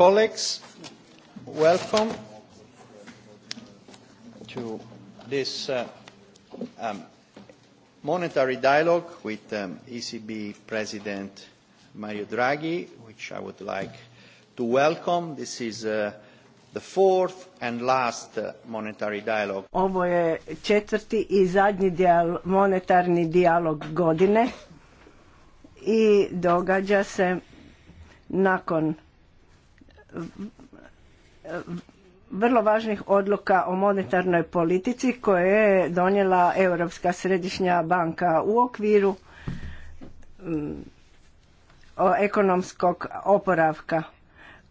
colleagues, welcome to this uh, um, monetary dialogue with um, ECB President Mario Draghi, which I would like to welcome. This is uh, the fourth and last uh, monetary dialogue. Ovo je četvrti i zadnji monetarni dijalog godine i događa se nakon vrlo važnih odluka o monetarnoj politici koje je donijela Europska središnja banka u okviru mm, ekonomskog oporavka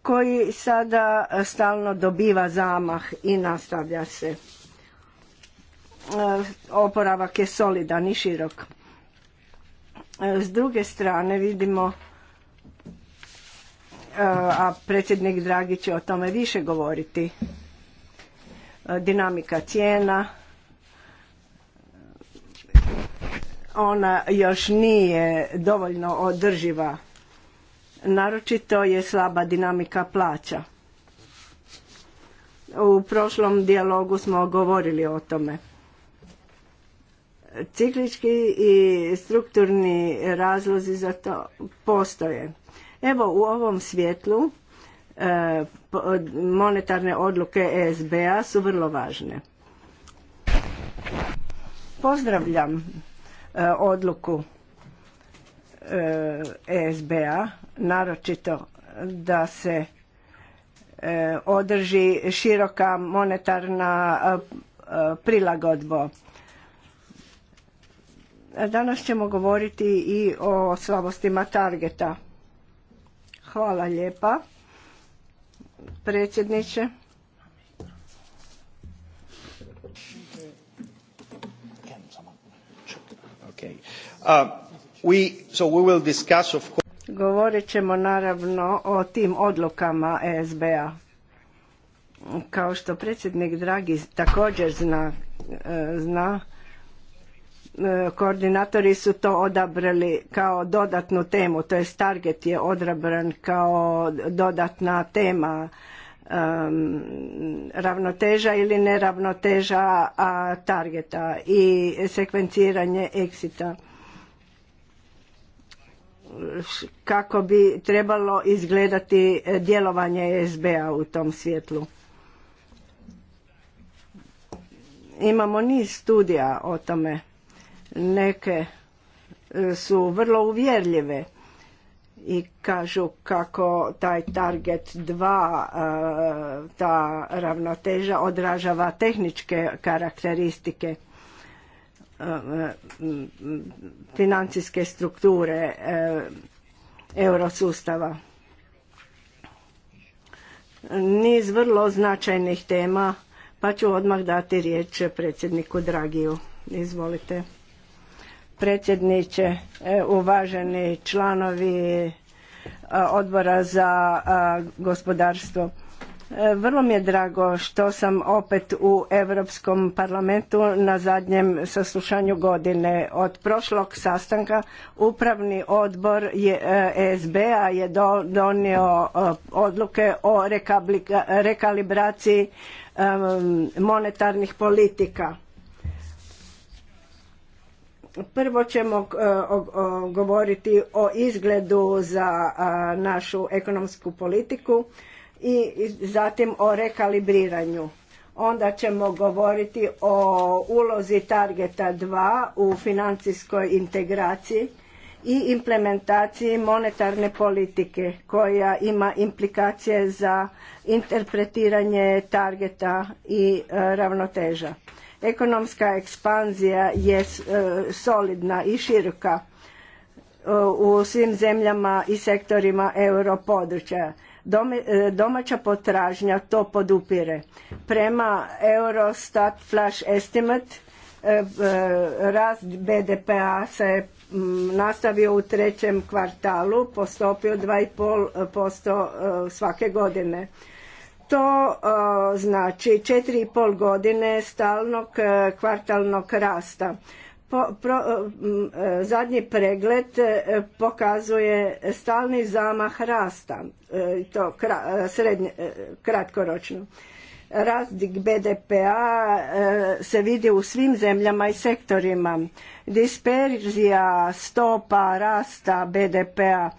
koji sada stalno dobiva zamah i nastavlja se. E, oporavak je solidan i širok. E, s druge strane vidimo a predsjednik Dragi će o tome više govoriti. Dinamika cijena, ona još nije dovoljno održiva. Naročito je slaba dinamika plaća. U prošlom dijalogu smo govorili o tome. Ciklički i strukturni razlozi za to postoje. Evo u ovom svjetlu e, monetarne odluke ESB-a su vrlo važne. Pozdravljam e, odluku ESB-a, e naročito da se održi široka monetarna prilagodba. Danas ćemo govoriti i o slabostima targeta Hvala lijepa, predsjedniče. Uh, Govorit ćemo naravno o tim odlukama ESB-a. Kao što predsjednik Dragi također zna, e, zna koordinatori su to odabrali kao dodatnu temu, to je Target je odabran kao dodatna tema ravnoteža ili neravnoteža a, targeta i sekvenciranje eksita kako bi trebalo izgledati djelovanje SBA u tom svjetlu. Imamo niz studija o tome Neke e, su vrlo uvjerljive i kažu kako taj target 2, e, ta ravnoteža odražava tehničke karakteristike e, financijske strukture eurosustava. Niz vrlo značajnih tema, pa ću odmah dati riječ predsjedniku Dragiju. Izvolite predsjedniče, e, uvaženi članovi e, odbora za e, gospodarstvo. Vrlo mi je drago što sam opet u Europskom parlamentu na zadnjem saslušanju godine. Od prošlog sastanka upravni odbor je a je donio odluke o rekalibraciji monetarnih politika Prvo ćemo e, govoriti o izgledu za našu ekonomsku politiku i zatim o rekalibriranju. Onda ćemo govoriti o ulozi Targeta 2 u financijskoj integraciji i implementaciji monetarne politike koja ima implikacije za interpretiranje targeta i e, ravnoteža. Ekonomska ekspanzija je e, solidna i široka e, u svim zemljama i sektorima europodručja. E, domaća potražnja to podupire. Prema Eurostat Flash Estimate rast BDP-a se nastavio u trećem kvartalu po stopi od 2,5% svake godine. To e, znači 4,5 godine stalnog e, kvartalnog rasta. Po, e, zadnji pregled pokazuje stalni zamah rasta, to srednje, kratkoročno. Rast BDP-a se vidi u svim zemljama i sektorima. Disperzija stopa rasta BDP-a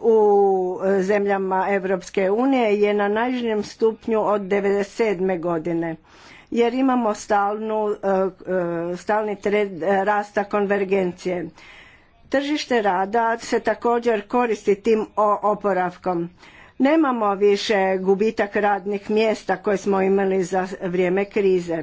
u e, zemljama Europske unije je na najnižem stupnju od 1997. godine jer imamo stalnu, e, e, stalni trend rasta konvergencije. Tržište rada se također koristi tim oporavkom. Nemamo više gubitak radnih mjesta koje smo imali za vrijeme krize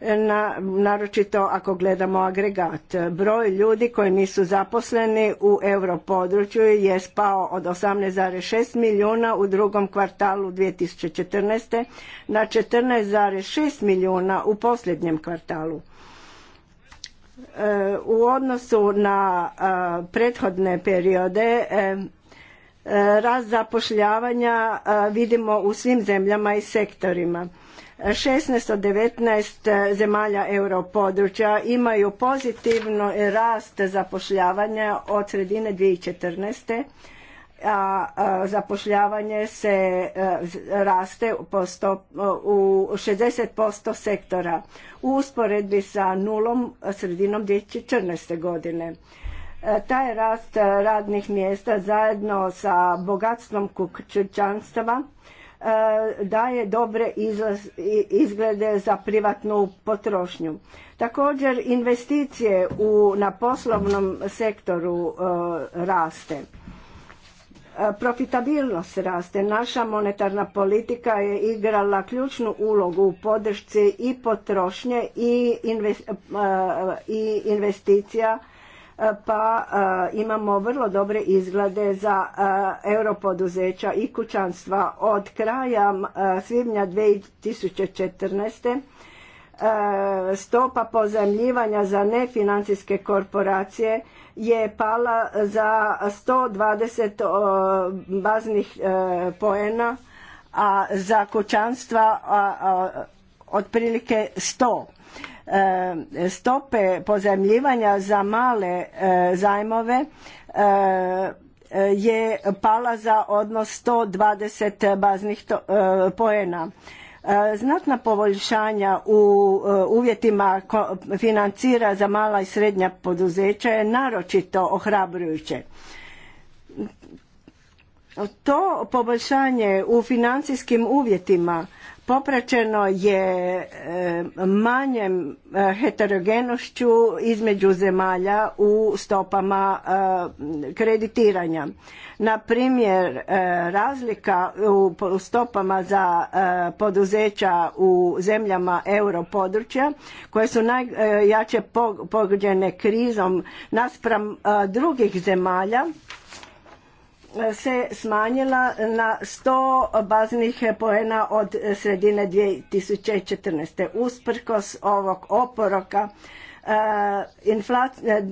na, naročito ako gledamo agregat. Broj ljudi koji nisu zaposleni u europodručju je spao od 18,6 milijuna u drugom kvartalu 2014. na 14,6 milijuna u posljednjem kvartalu. E, u odnosu na e, prethodne periode e, rast zapošljavanja vidimo u svim zemljama i sektorima. 16 od 19 zemalja europodručja imaju pozitivno rast zapošljavanja od sredine 2014. A zapošljavanje se e, raste u šezdeset u 60% sektora u usporedbi sa nulom sredinom 2014. godine. E, taj rast radnih mjesta zajedno sa bogatstvom kućanstava E, daje dobre izglede za privatnu potrošnju. Također investicije na poslovnom sektoru e, raste. E, profitabilnost raste. Naša monetarna politika je igrala ključnu ulogu u podršci i potrošnje i investicija E, pa e, imamo vrlo dobre izglede za e, europoduzeća i kućanstva. Od kraja svibnja 2014 stopa pozemljivanja za nefinancijske korporacije je pala za 120 baznih poena, a za kućanstva otprilike 100. E, stope pozajmljivanja za male e, zajmove e, je pala za odnos 120 baznih poena. znatna poboljšanja u uvjetima financira za mala i srednja poduzeća je naročito ohrabrujuće. To poboljšanje u financijskim uvjetima Popraćeno je e, manjem e, heterogenošću između zemalja u stopama e, kreditiranja. Na primjer, razlika u stopama za poduzeća u zemljama europodručja koje su najjače pogođene krizom naspram drugih zemalja se smanjila na 100 baznih poena od sredine 2014. Usprkos ovog oporoka e,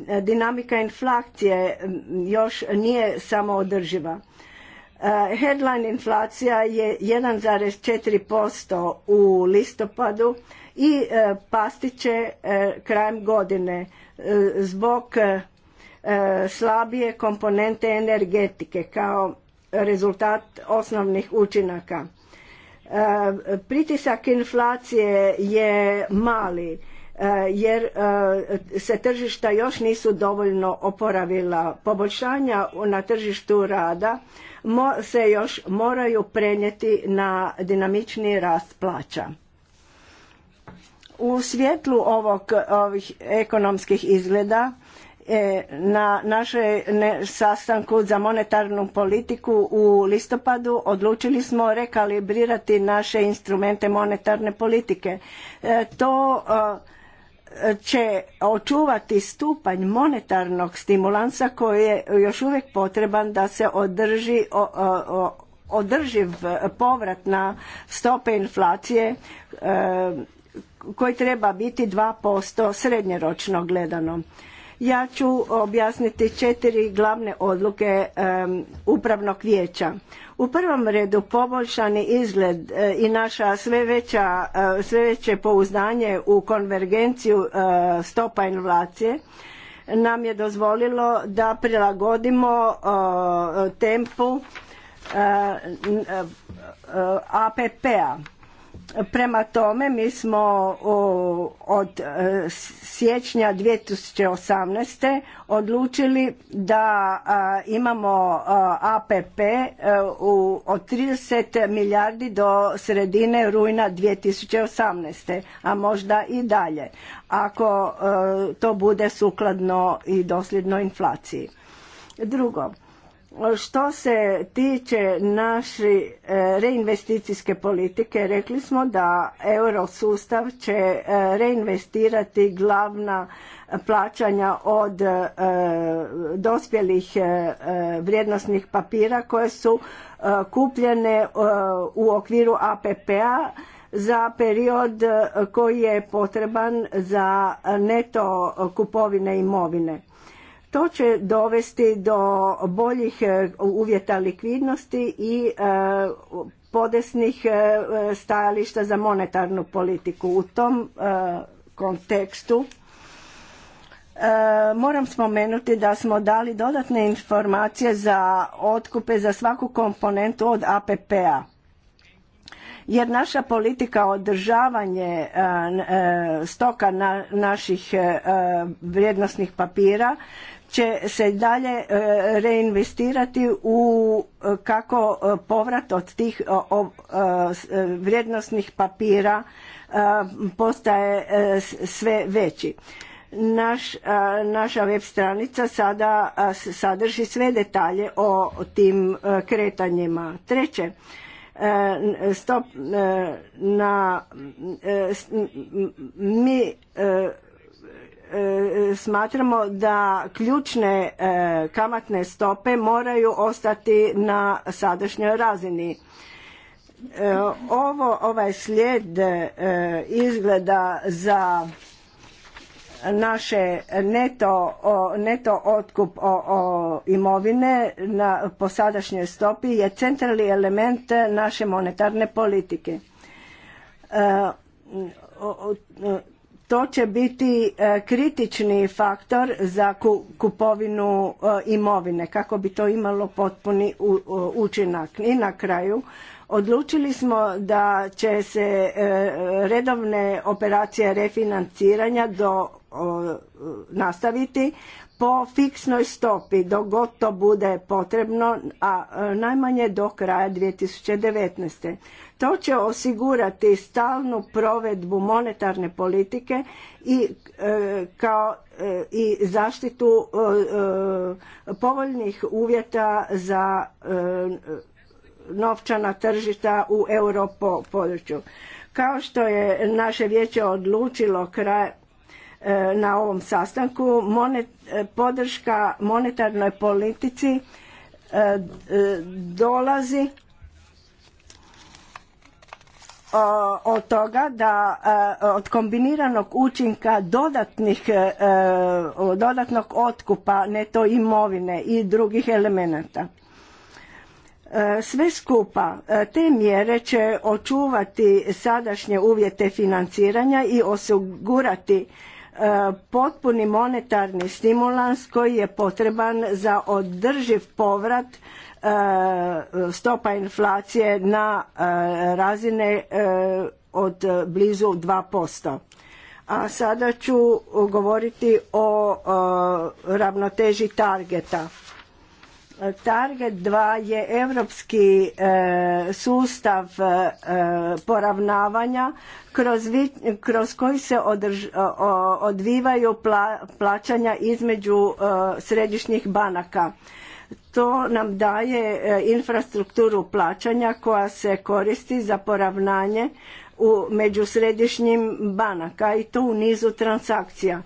e, dinamika inflacije još nije samoodrživa. E, headline inflacija je 1,4% u listopadu i pastiće krajem godine zbog E, slabije komponente energetike kao rezultat osnovnih učinaka. E, pritisak inflacije je mali e, jer se tržišta još nisu dovoljno oporavila. Poboljšanja na tržištu rada se još moraju prenijeti na dinamični rast plaća. U svjetlu ovog, ovih ekonomskih izgleda E, na našoj sastanku za monetarnu politiku u listopadu odlučili smo rekalibrirati naše instrumente monetarne politike. E, to e, će očuvati stupanj monetarnog stimulansa koji je još uvijek potreban da se održi održiv povrat na stope inflacije koji treba biti 2% srednjeročno gledano ja ću objasniti četiri glavne odluke upravnog vijeća. U prvom redu poboljšani izgled eh, i naša eh, sve, veće pouzdanje u konvergenciju eh, stopa inflacije nam je dozvolilo da prilagodimo tempu APP-a Prema tome, mi smo od e, siječnja 2018. odlučili da imamo APP e, od 30 milijardi do sredine rujna 2018. a možda i dalje, ako e, to bude sukladno i dosljedno inflaciji. Drugo, što se tiče naše e, reinvesticijske politike, rekli smo da eurosustav će e, reinvestirati glavna plaćanja od e, dospjelih vrijednosnih papira koje su kupljene u okviru APP-a za period koji je potreban za neto kupovine imovine to će dovesti do boljih e, uvjeta likvidnosti i e, podesnih e, stajališta za monetarnu politiku. U tom kontekstu moram spomenuti da smo dali dodatne informacije za otkupe za svaku komponentu od APP-a. Jer naša politika održavanje stoka naših vrijednosnih papira će se dalje e, reinvestirati u e, kako e, povrat od tih vrijednosnih papira postaje sve veći. Naš, naša web stranica sada sadrži sve detalje o tim kretanjima. Treće, stop na mi E, smatramo da ključne e, kamatne stope moraju ostati na sadašnjoj razini. E, ovo, ovaj slijed izgleda za naše neto, neto otkup o, imovine na, po sadašnjoj stopi je centralni element naše monetarne politike to će biti e, kritični faktor za kupovinu e, imovine kako bi to imalo potpuni učinak. I na kraju odlučili smo da će se e, redovne operacije refinanciranja do nastaviti po fiksnoj stopi dok god to bude potrebno, a najmanje do kraja 2019. To će osigurati stalnu provedbu monetarne politike i e, kao e, i zaštitu e, povoljnih uvjeta za novčana tržišta u Europo području. Kao što je naše vijeće odlučilo kraj na ovom sastanku podrška monetarnoj politici dolazi od toga da e, od kombiniranog učinka dodatnih, e, e, dodatnog otkupa neto imovine i drugih elemenata. Sve skupa te mjere će očuvati sadašnje uvjete financiranja i osigurati E, potpuni monetarni stimulans koji je potreban za održiv povrat e, stopa inflacije na e, razine od blizu 2%. A sada ću govoriti o ravnoteži targeta Target 2 je europski e, sustav e, poravnavanja kroz koji se odvivaju plaćanja između e, središnjih banaka. To nam daje infrastrukturu plaćanja koja se koristi za poravnanje u među središnjim banaka i to u nizu transakcija.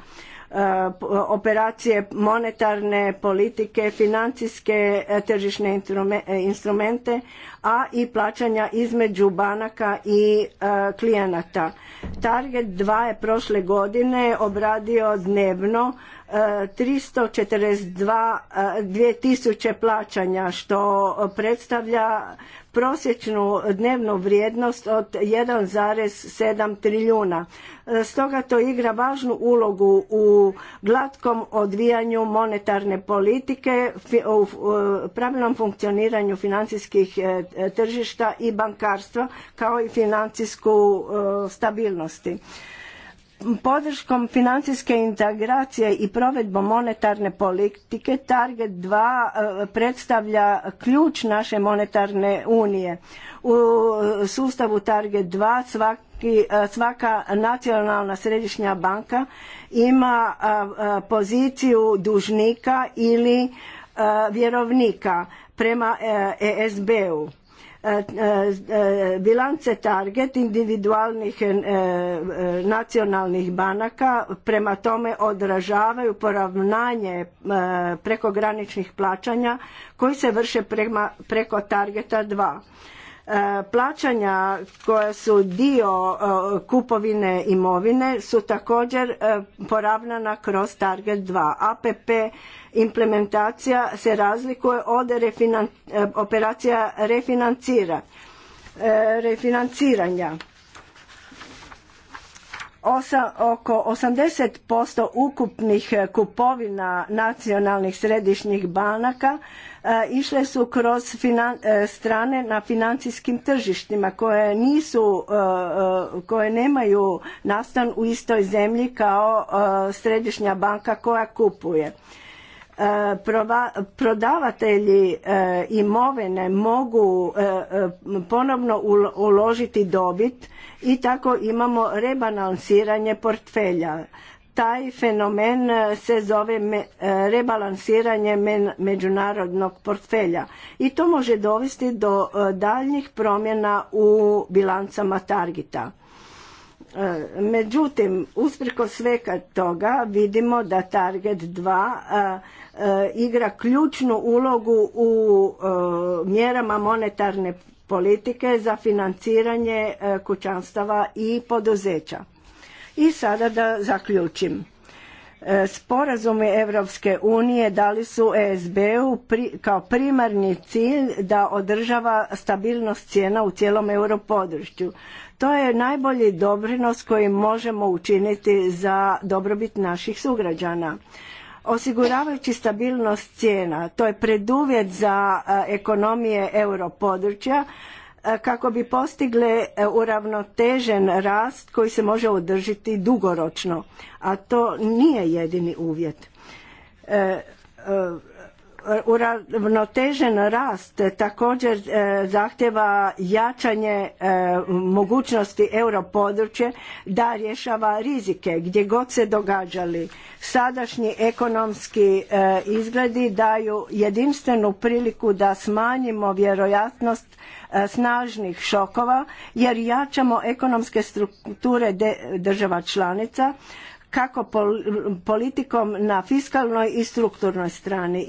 E, operacije monetarne politike, financijske e, tržišne e, instrumente, a i plaćanja između banaka i klijenata. Target 2 je prošle godine obradio dnevno 342 tisuće plaćanja što predstavlja prosječnu dnevnu vrijednost od 1,7 trilijuna. Stoga to igra važnu ulogu u glatkom odvijanju monetarne politike, u pravilnom funkcioniranju financijskih e, tržišta i bankarstva kao i financijsku e, stabilnosti. Podrškom financijske integracije i provedbom monetarne politike Target 2 e, predstavlja ključ naše monetarne unije. U sustavu Target 2 e, svaka nacionalna središnja banka ima e, poziciju dužnika ili vjerovnika prema ESB-u E, e, bilance target individualnih e, nacionalnih banaka prema tome odražavaju poravnanje prekograničnih plaćanja koji se vrše prema, preko targeta 2. Plaćanja koja su dio e, kupovine imovine su također e, poravnana kroz Target 2. APP implementacija se razlikuje od e, operacija refinanciranja oko oko 80% ukupnih e, kupovina nacionalnih središnjih banaka e, išle su kroz e, strane na financijskim tržištima koje nisu koje nemaju nastan u istoj zemlji kao središnja banka koja kupuje E, prodavatelji e, imovine mogu e, ponovno uložiti dobit i tako imamo rebalansiranje portfelja. Taj fenomen se zove rebalansiranje međunarodnog portfelja i to može dovesti do daljnjih promjena u bilancama targeta. Međutim, usprko svega toga vidimo da Target 2 E, igra ključnu ulogu u e, mjerama monetarne politike za financiranje e, kućanstava i poduzeća. I sada da zaključim. Sporazumi Europske unije dali su ESB-u kao primarni cilj da održava stabilnost cijena u cijelom europodručju. To je najbolji doprinos koji možemo učiniti za dobrobit naših sugrađana osiguravajući stabilnost cijena. To je preduvjet za e, ekonomije europodručja e, kako bi postigle e, uravnotežen rast koji se može održiti dugoročno, a to nije jedini uvjet uravnotežen rast također e, zahtjeva jačanje e, mogućnosti europodručje da rješava rizike gdje god se događali. Sadašnji ekonomski e, izgledi daju jedinstvenu priliku da smanjimo vjerojatnost snažnih šokova jer jačamo ekonomske strukture država članica kako politikom na fiskalnoj i strukturnoj strani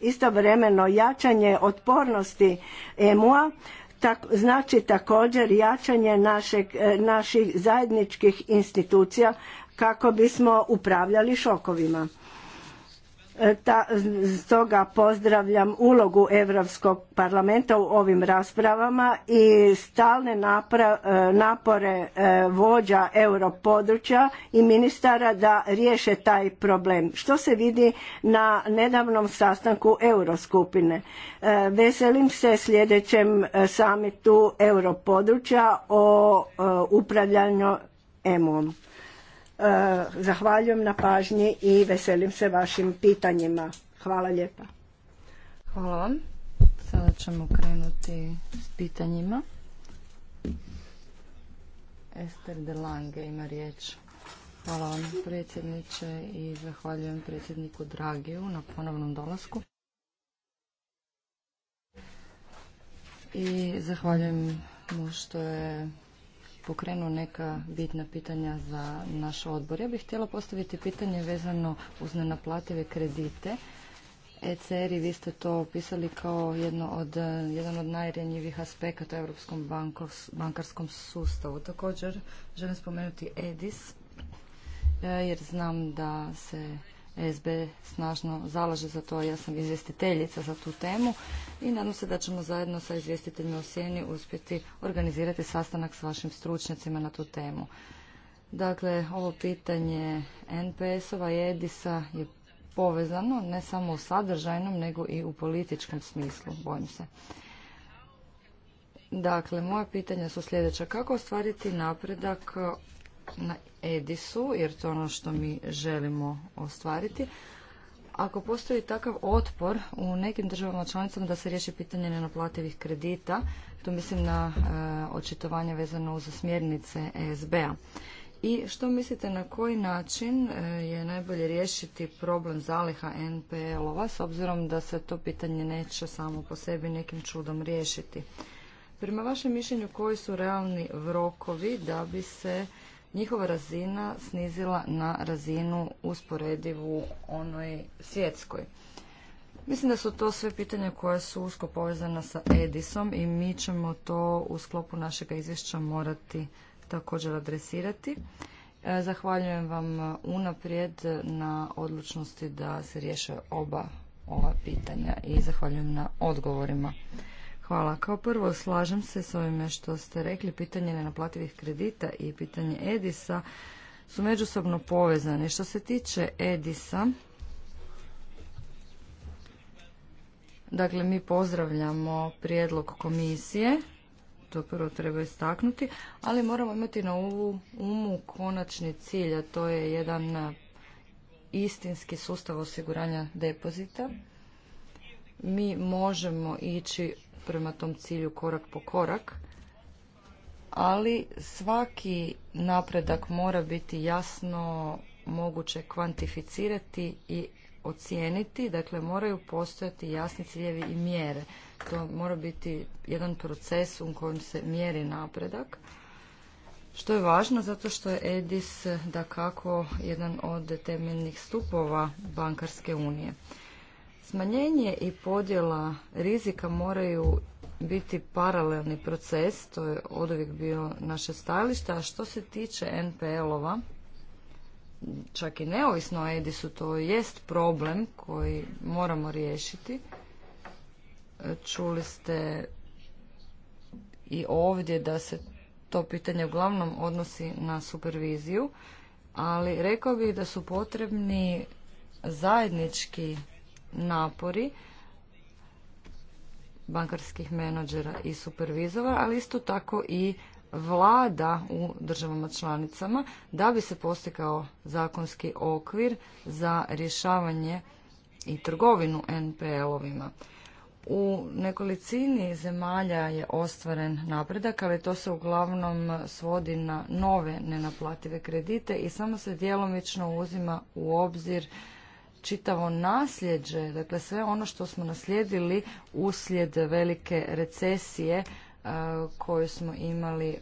istovremeno jačanje otpornosti EMU-a znači također jačanje e, naših zajedničkih institucija kako bismo upravljali šokovima. E, stoga pozdravljam ulogu Europskog parlamenta u ovim raspravama i stalne e, napore e, vođa europodručja i ministara da riješe taj problem. Što se vidi na nedavnom sastanku Euroskupine. Veselim se sljedećem samitu europodručja o upravljanju EMU-om. E, zahvaljujem na pažnji i veselim se vašim pitanjima. Hvala lijepa. Hvala vam. Sada ćemo krenuti s pitanjima. Ester de Lange ima riječ. Hvala vam predsjedniče i zahvaljujem predsjedniku Dragiju na ponovnom dolasku. I zahvaljujem mu što je pokrenuo neka bitna pitanja za naš odbor. Ja bih htjela postaviti pitanje vezano uz nenaplative kredite. ECR i vi ste to opisali kao jedno od, jedan od najrenjivih aspekata u europskom bankarskom sustavu. Također želim spomenuti EDIS e, jer znam da se SB snažno zalaže za to, ja sam izvjestiteljica za tu temu i nadam se da ćemo zajedno sa izvjestiteljima u Sjeni uspjeti organizirati sastanak s vašim stručnjacima na tu temu. Dakle, ovo pitanje NPS-ova i edis je povezano ne samo u sadržajnom, nego i u političkom smislu, bojim se. Dakle, moja pitanja su sljedeća. Kako ostvariti napredak na Edisu, jer to je ono što mi želimo ostvariti. Ako postoji takav otpor u nekim državama članicama da se riješi pitanje nenaplativih kredita, to mislim na e, očitovanje vezano uz smjernice ESB-a. I što mislite na koji način e, je najbolje riješiti problem zaliha NPL-ova s obzirom da se to pitanje neće samo po sebi nekim čudom riješiti? Prema vašem mišljenju koji su realni rokovi da bi se njihova razina snizila na razinu usporedivu onoj svjetskoj. Mislim da su to sve pitanja koja su usko povezana sa Edisom i mi ćemo to u sklopu našeg izvješća morati također adresirati. E, zahvaljujem vam unaprijed na odlučnosti da se riješe oba ova pitanja i zahvaljujem na odgovorima. Hvala. Kao prvo slažem se s ovime što ste rekli, pitanje nenaplativih kredita i pitanje Edisa su međusobno povezane. Što se tiče Edisa, dakle mi pozdravljamo prijedlog komisije, to prvo treba istaknuti, ali moramo imati na ovu umu konačni cilj, a to je jedan istinski sustav osiguranja depozita mi možemo ići prema tom cilju korak po korak, ali svaki napredak mora biti jasno moguće kvantificirati i ocijeniti, dakle moraju postojati jasni ciljevi i mjere. To mora biti jedan proces u kojem se mjeri napredak. Što je važno zato što je EDIS da kako jedan od temeljnih stupova bankarske unije. Smanjenje i podjela rizika moraju biti paralelni proces, to je od uvijek bio naše stajalište, a što se tiče NPL-ova, čak i neovisno o Edisu, to jest problem koji moramo riješiti. Čuli ste i ovdje da se to pitanje uglavnom odnosi na superviziju, ali rekao bih da su potrebni zajednički napori bankarskih menadžera i supervizora, ali isto tako i vlada u državama članicama da bi se postigao zakonski okvir za rješavanje i trgovinu NPL-ovima. U nekolicini zemalja je ostvaren napredak, ali to se uglavnom svodi na nove nenaplative kredite i samo se djelomično uzima u obzir čitavo nasljeđe, dakle sve ono što smo naslijedili uslijed velike recesije koju smo imali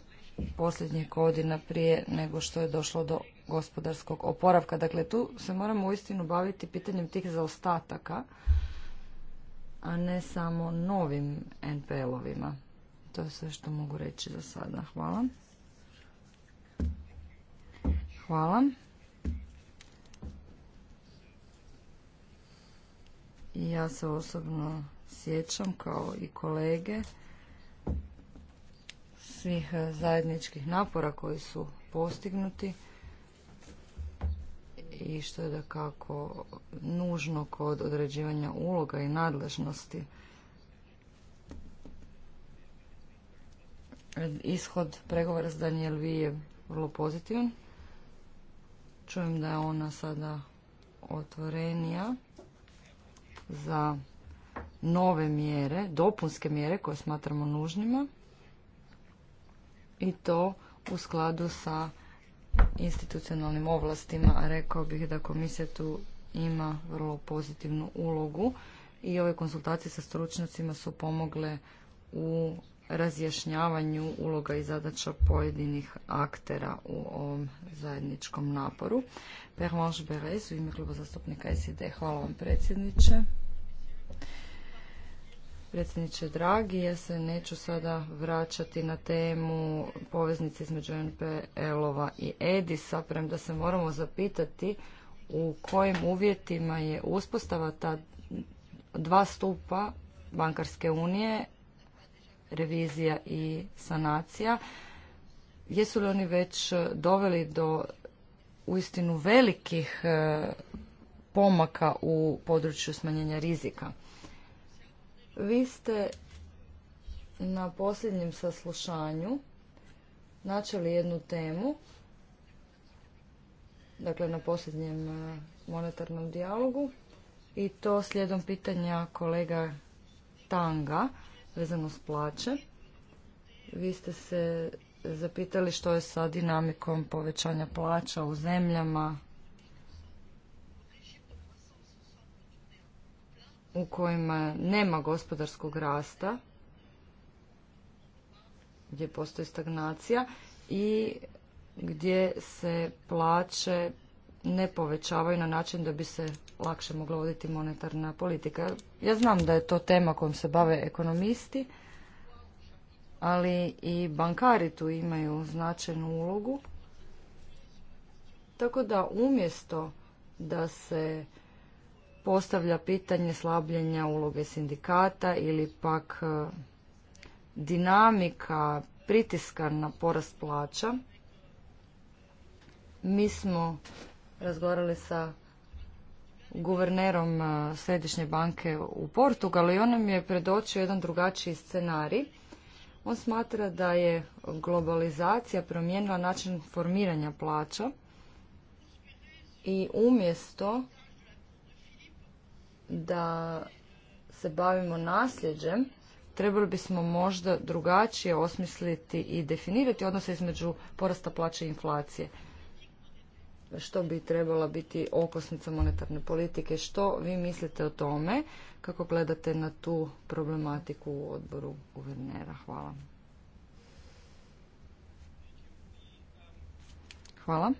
posljednjih godina prije nego što je došlo do gospodarskog oporavka. Dakle, tu se moramo uistinu baviti pitanjem tih zaostataka, a ne samo novim NPL-ovima. To je sve što mogu reći za sada. Hvala. Hvala. I ja se osobno sjećam kao i kolege svih eh, zajedničkih napora koji su postignuti i što je da kako nužno kod određivanja uloga i nadležnosti. Ishod pregovora s Daniel V je vrlo pozitivan. Čujem da je ona sada otvorenija za nove mjere, dopunske mjere koje smatramo nužnima i to u skladu sa institucionalnim ovlastima. A rekao bih da komisija tu ima vrlo pozitivnu ulogu i ove konsultacije sa stručnjacima su pomogle u razjašnjavanju uloga i zadaća pojedinih aktera u ovom zajedničkom naporu. Permanche Beres, u ime kluba zastupnika SID. Hvala vam predsjedniče. Predsjedniče dragi, ja se neću sada vraćati na temu poveznice između NPL-ova i EDIS-a, premda se moramo zapitati u kojim uvjetima je uspostava ta dva stupa bankarske unije revizija i sanacija. Jesu li oni već e, doveli do uistinu velikih e, pomaka u području smanjenja rizika? Vi ste na posljednjem saslušanju načeli jednu temu, dakle na posljednjem e, monetarnom dijalogu i to slijedom pitanja kolega Tanga vezano s plaće. Vi ste se zapitali što je sa dinamikom povećanja plaća u zemljama u kojima nema gospodarskog rasta, gdje postoji stagnacija i gdje se plaće ne povećavaju na način da bi se lakše mogla voditi monetarna politika. Ja znam da je to tema kojom se bave ekonomisti, ali i bankari tu imaju značajnu ulogu. Tako da umjesto da se postavlja pitanje slabljenja uloge sindikata ili pak e, dinamika pritiska na porast plaća, mi smo razgovarali sa guvernerom Središnje banke u Portugalu i on nam je predočio jedan drugačiji scenarij. On smatra da je globalizacija promijenila način formiranja plaća i umjesto da se bavimo nasljeđem, trebali bismo možda drugačije osmisliti i definirati odnose između porasta plaća i inflacije što bi trebala biti okosnica monetarne politike. Što vi mislite o tome? Kako gledate na tu problematiku u odboru guvernera? Hvala. Hvala.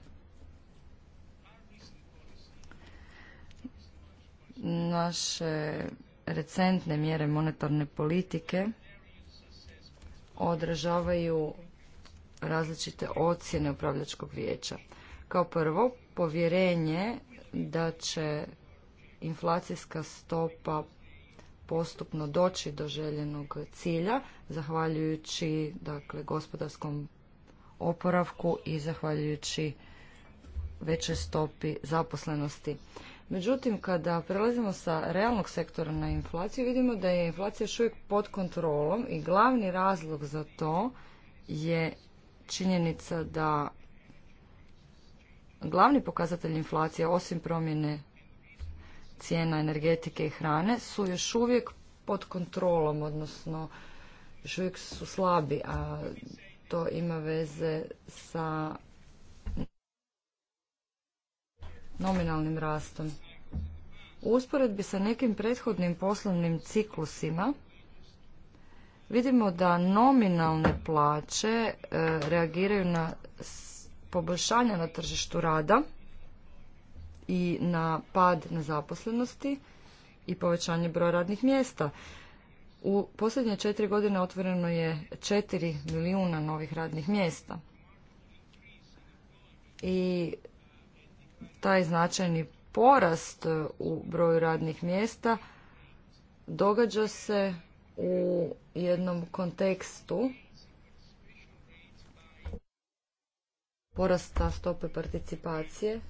Naše recentne mjere monetarne politike odražavaju različite ocjene upravljačkog vijeća. Kao prvo, povjerenje da će inflacijska stopa postupno doći do željenog cilja, zahvaljujući dakle, gospodarskom oporavku i zahvaljujući većoj stopi zaposlenosti. Međutim, kada prelazimo sa realnog sektora na inflaciju, vidimo da je inflacija još uvijek pod kontrolom i glavni razlog za to je činjenica da Glavni pokazatelj inflacije, osim promjene cijena energetike i hrane, su još uvijek pod kontrolom, odnosno još uvijek su slabi, a to ima veze sa nominalnim rastom. U usporedbi sa nekim prethodnim poslovnim ciklusima vidimo da nominalne plaće e, reagiraju na poboljšanja na tržištu rada i na pad nezaposlenosti i povećanje broja radnih mjesta. U posljednje četiri godine otvoreno je četiri milijuna novih radnih mjesta. I taj značajni porast u broju radnih mjesta događa se u jednom kontekstu porasta stope participacije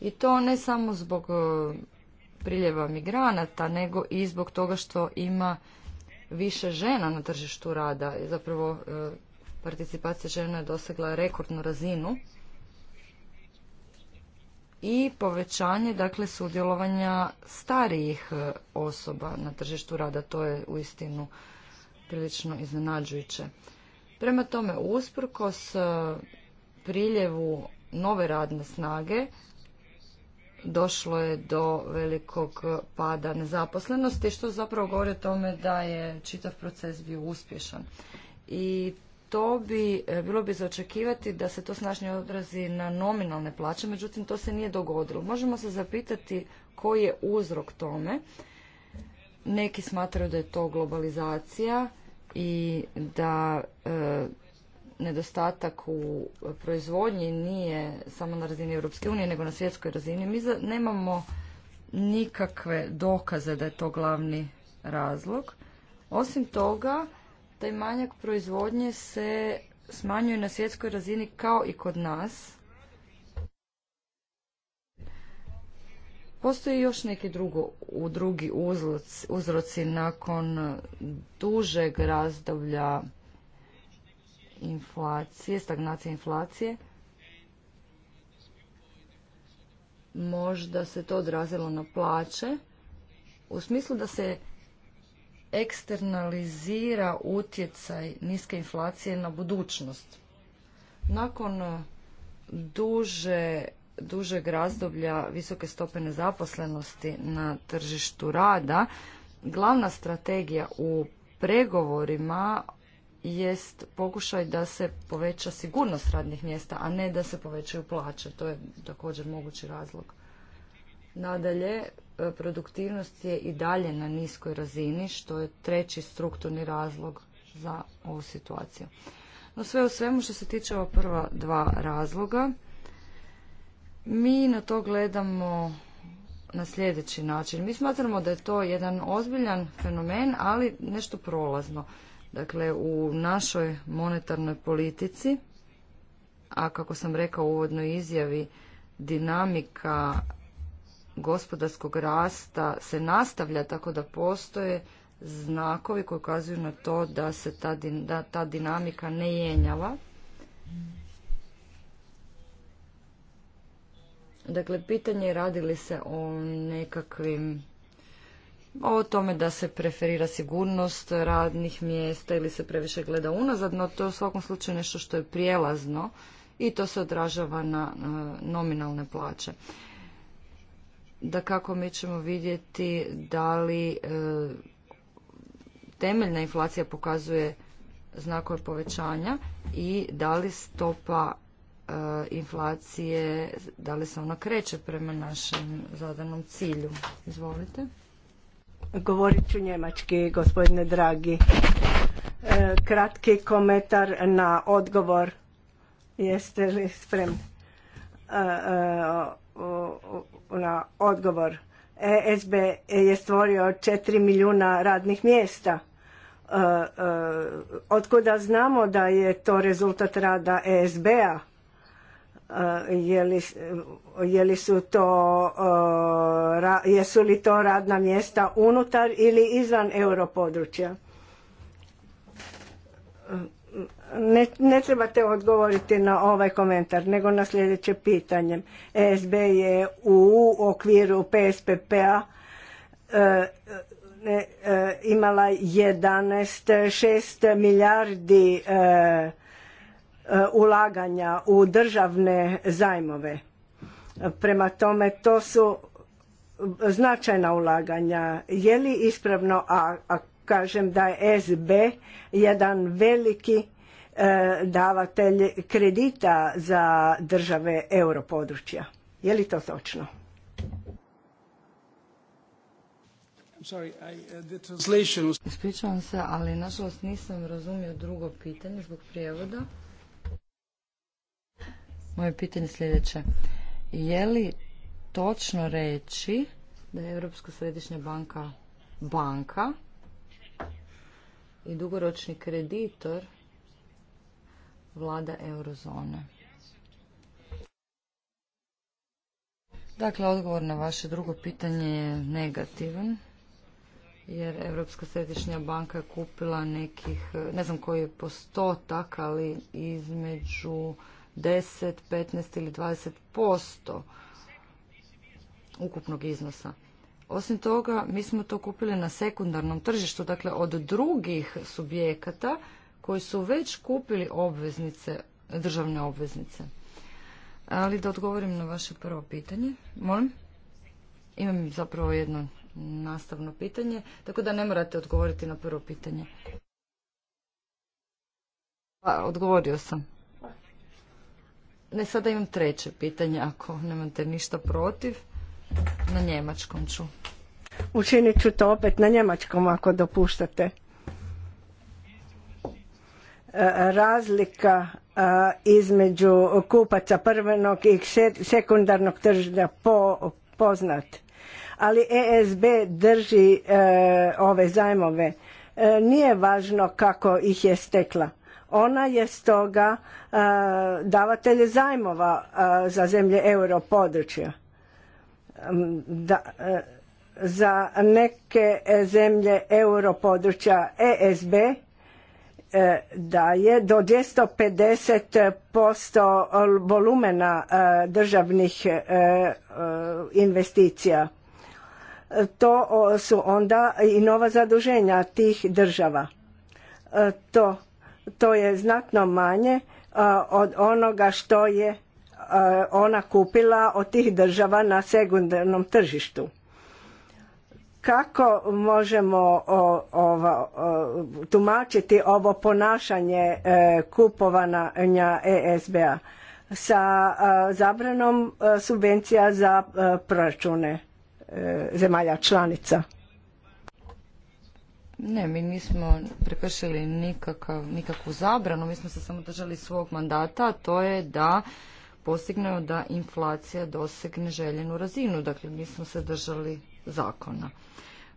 i to ne samo zbog e, priljeva migranata, nego i zbog toga što ima više žena na tržištu rada. Zapravo e, participacija žena je dosegla rekordnu razinu i povećanje dakle sudjelovanja starijih e, osoba na tržištu rada. To je uistinu prilično iznenađujuće. Prema tome, usprkos e, priljevu nove radne snage, došlo je do velikog pada nezaposlenosti, što zapravo govori o tome da je čitav proces bio uspješan. I to bi, e, bilo bi zaočekivati da se to snažnije odrazi na nominalne plaće, međutim to se nije dogodilo. Možemo se zapitati koji je uzrok tome. Neki smatraju da je to globalizacija, i da e, nedostatak u proizvodnji nije samo na razini Europske unije, nego na svjetskoj razini. Mi nemamo nikakve dokaze da je to glavni razlog. Osim toga, taj manjak proizvodnje se smanjuje na svjetskoj razini kao i kod nas, Postoji još neki drugo, u drugi uzroci, uzroci nakon dužeg razdoblja inflacije, stagnacije inflacije. Možda se to odrazilo na plaće, u smislu da se eksternalizira utjecaj niske inflacije na budućnost. Nakon duže dužeg razdoblja visoke stope nezaposlenosti na tržištu rada, glavna strategija u pregovorima jest pokušaj da se poveća sigurnost radnih mjesta, a ne da se povećaju plaće. To je također mogući razlog. Nadalje, produktivnost je i dalje na niskoj razini, što je treći strukturni razlog za ovu situaciju. No sve u svemu što se tiče ova prva dva razloga, mi na to gledamo na sljedeći način. Mi smatramo da je to jedan ozbiljan fenomen, ali nešto prolazno. Dakle, u našoj monetarnoj politici, a kako sam rekao u uvodnoj izjavi, dinamika gospodarskog rasta se nastavlja tako da postoje znakovi koji ukazuju na to da se ta, ta dinamika ne jenjava Dakle, pitanje je radi li se o nekakvim o tome da se preferira sigurnost radnih mjesta ili se previše gleda unazad, no to je u svakom slučaju nešto što je prijelazno i to se odražava na nominalne plaće. Da kako mi ćemo vidjeti da li e, temeljna inflacija pokazuje znakove povećanja i da li stopa E, inflacije, da li se ona kreće prema našem zadanom cilju. Izvolite. Govorit ću njemački, gospodine dragi. E, kratki komentar na odgovor. Jeste li spremni? E, na odgovor. ESB je stvorio 4 milijuna radnih mjesta. Otkuda znamo da je to rezultat rada ESB-a? Eh, je eh, su to, eh, jesu li to radna mjesta unutar ili izvan europodručja? Ne, ne trebate odgovoriti na ovaj komentar, nego na sljedeće pitanje. ESB je u okviru PSPP-a imala 11,6 milijardi E, ulaganja u državne zajmove. Prema tome to su značajna ulaganja. Je li ispravno, a, kažem da je SB jedan veliki e, davatelj kredita za države europodručja? Je li to točno? Uh, Ispričavam se, ali nažalost nisam razumio drugo pitanje zbog prijevoda. Moje pitanje sljedeće. Je li točno reći da je Europska središnja banka banka i dugoročni kreditor vlada eurozone? Dakle, odgovor na vaše drugo pitanje je negativan jer Europska središnja banka je kupila nekih, ne znam koji je postotak, ali između 10, 15 ili 20% ukupnog iznosa. Osim toga, mi smo to kupili na sekundarnom tržištu, dakle od drugih subjekata koji su već kupili obveznice, državne obveznice. Ali da odgovorim na vaše prvo pitanje. Molim? Imam zapravo jedno nastavno pitanje, tako da ne morate odgovoriti na prvo pitanje. Pa, odgovorio sam. Ne, sada imam treće pitanje, ako nemate ništa protiv. Na njemačkom ću. Učinit ću to opet na njemačkom, ako dopuštate. E, razlika e, između kupaca prvenog i sekundarnog tržnja po, poznat. Ali ESB drži e, ove zajmove. Nije važno kako ih je stekla ona je stoga e, davatelj zajmova e, za zemlje europodručja. Da, e, za neke zemlje europodručja ESB daje do 250% volumena državnih investicija. To su onda i nova zaduženja tih država. To to je znatno manje od onoga što je ona kupila od tih država na sekundarnom tržištu. Kako možemo tumačiti ovo ponašanje e, kupovanja ESB-a sa zabranom subvencija za proračune e, zemalja članica? Ne, mi nismo prekršili nikakvu zabranu, mi smo se samo držali svog mandata, a to je da postignemo da inflacija dosegne željenu razinu. Dakle, mi smo se držali zakona.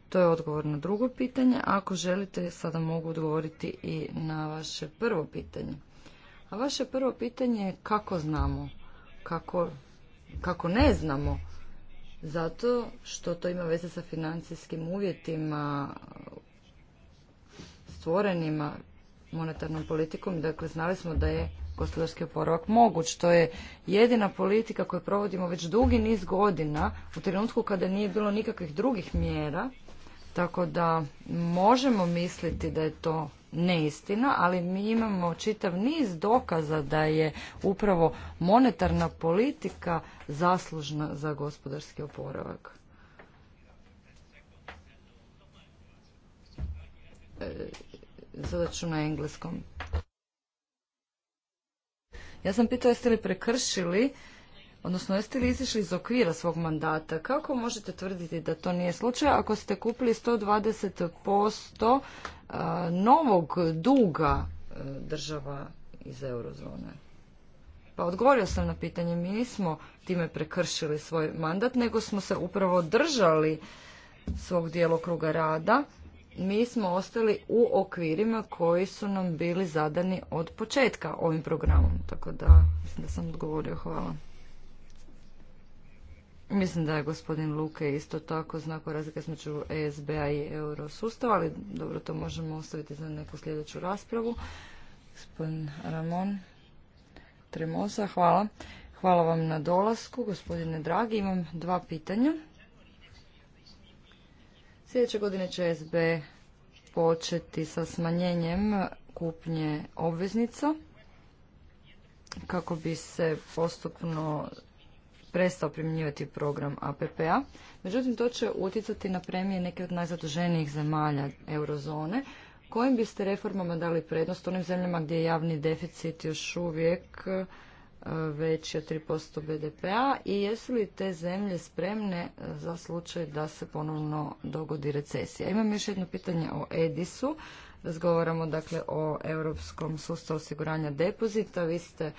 To je odgovor na drugo pitanje. Ako želite, sada mogu odgovoriti i na vaše prvo pitanje. A vaše prvo pitanje je kako znamo, kako, kako ne znamo, zato što to ima veze sa financijskim uvjetima stvorenima monetarnom politikom, dakle znali smo da je gospodarski oporavak moguć. To je jedina politika koju provodimo već dugi niz godina u trenutku kada nije bilo nikakvih drugih mjera, tako da možemo misliti da je to neistina, ali mi imamo čitav niz dokaza da je upravo monetarna politika zaslužna za gospodarski oporavak. E, Sada ću na engleskom. Ja sam pitao jeste li prekršili, odnosno jeste li izišli iz okvira svog mandata. Kako možete tvrditi da to nije slučaj ako ste kupili 120% e, novog duga e, država iz eurozone? Pa odgovorio sam na pitanje, mi nismo time prekršili svoj mandat, nego smo se upravo držali svog djelokruga rada mi smo ostali u okvirima koji su nam bili zadani od početka ovim programom. Tako da, mislim da sam odgovorio. Hvala. Mislim da je gospodin Luke isto tako znako razlika e između ESB-a i eurosustava, ali dobro, to možemo ostaviti za neku sljedeću raspravu. Gospodin Ramon Tremosa, hvala. Hvala vam na dolasku, gospodine dragi. Imam dva pitanja. Sljedeće godine će SB početi sa smanjenjem kupnje obveznica kako bi se postupno prestao primjenjivati program APPA. Međutim, to će utjecati na premije neke od najzaduženijih zemalja eurozone. Kojim biste reformama dali prednost onim zemljama gdje je javni deficit još uvijek veći od 3% BDP-a i jesu li te zemlje spremne e, za slučaj da se ponovno dogodi recesija? Imam još jedno pitanje o Edisu. Razgovaramo dakle o europskom sustavu osiguranja depozita. Vi ste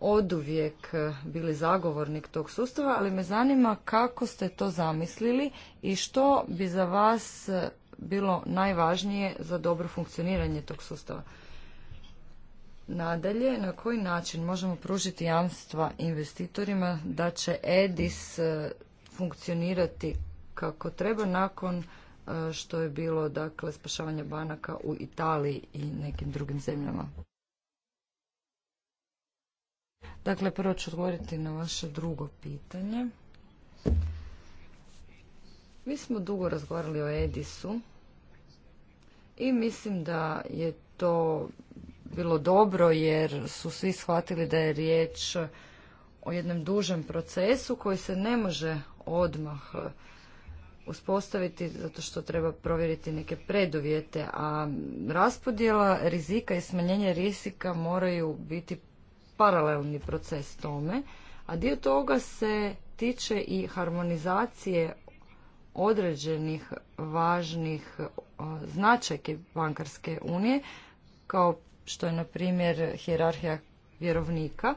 oduvijek bili zagovornik tog sustava, ali me zanima kako ste to zamislili i što bi za vas bilo najvažnije za dobro funkcioniranje tog sustava. Nadalje, na koji način možemo pružiti jamstva investitorima da će EDIS e, funkcionirati kako treba nakon e, što je bilo dakle spašavanje banaka u Italiji i nekim drugim zemljama? Dakle, prvo ću odgovoriti na vaše drugo pitanje. Mi smo dugo razgovarali o Edisu i mislim da je to bilo dobro jer su svi shvatili da je riječ o jednom dužem procesu koji se ne može odmah e, uspostaviti zato što treba provjeriti neke preduvjete, a raspodjela rizika i smanjenje rizika moraju biti paralelni proces tome, a dio toga se tiče i harmonizacije određenih važnih e, značajke bankarske unije kao što je na primjer hjerarhija vjerovnika.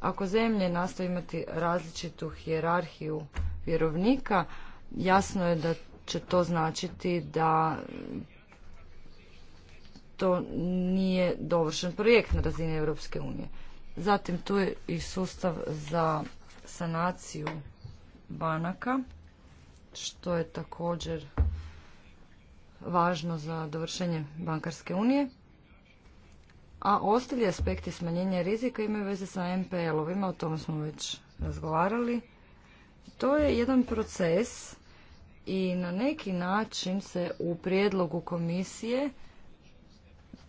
Ako zemlje nastoje imati različitu hjerarhiju vjerovnika, jasno je da će to značiti da to nije dovršen projekt na razini Europske unije. Zatim tu je i sustav za sanaciju banaka, što je također važno za dovršenje bankarske unije a ostali aspekti smanjenja rizika imaju veze sa MPL-ovima, o tom smo već razgovarali. To je jedan proces i na neki način se u prijedlogu komisije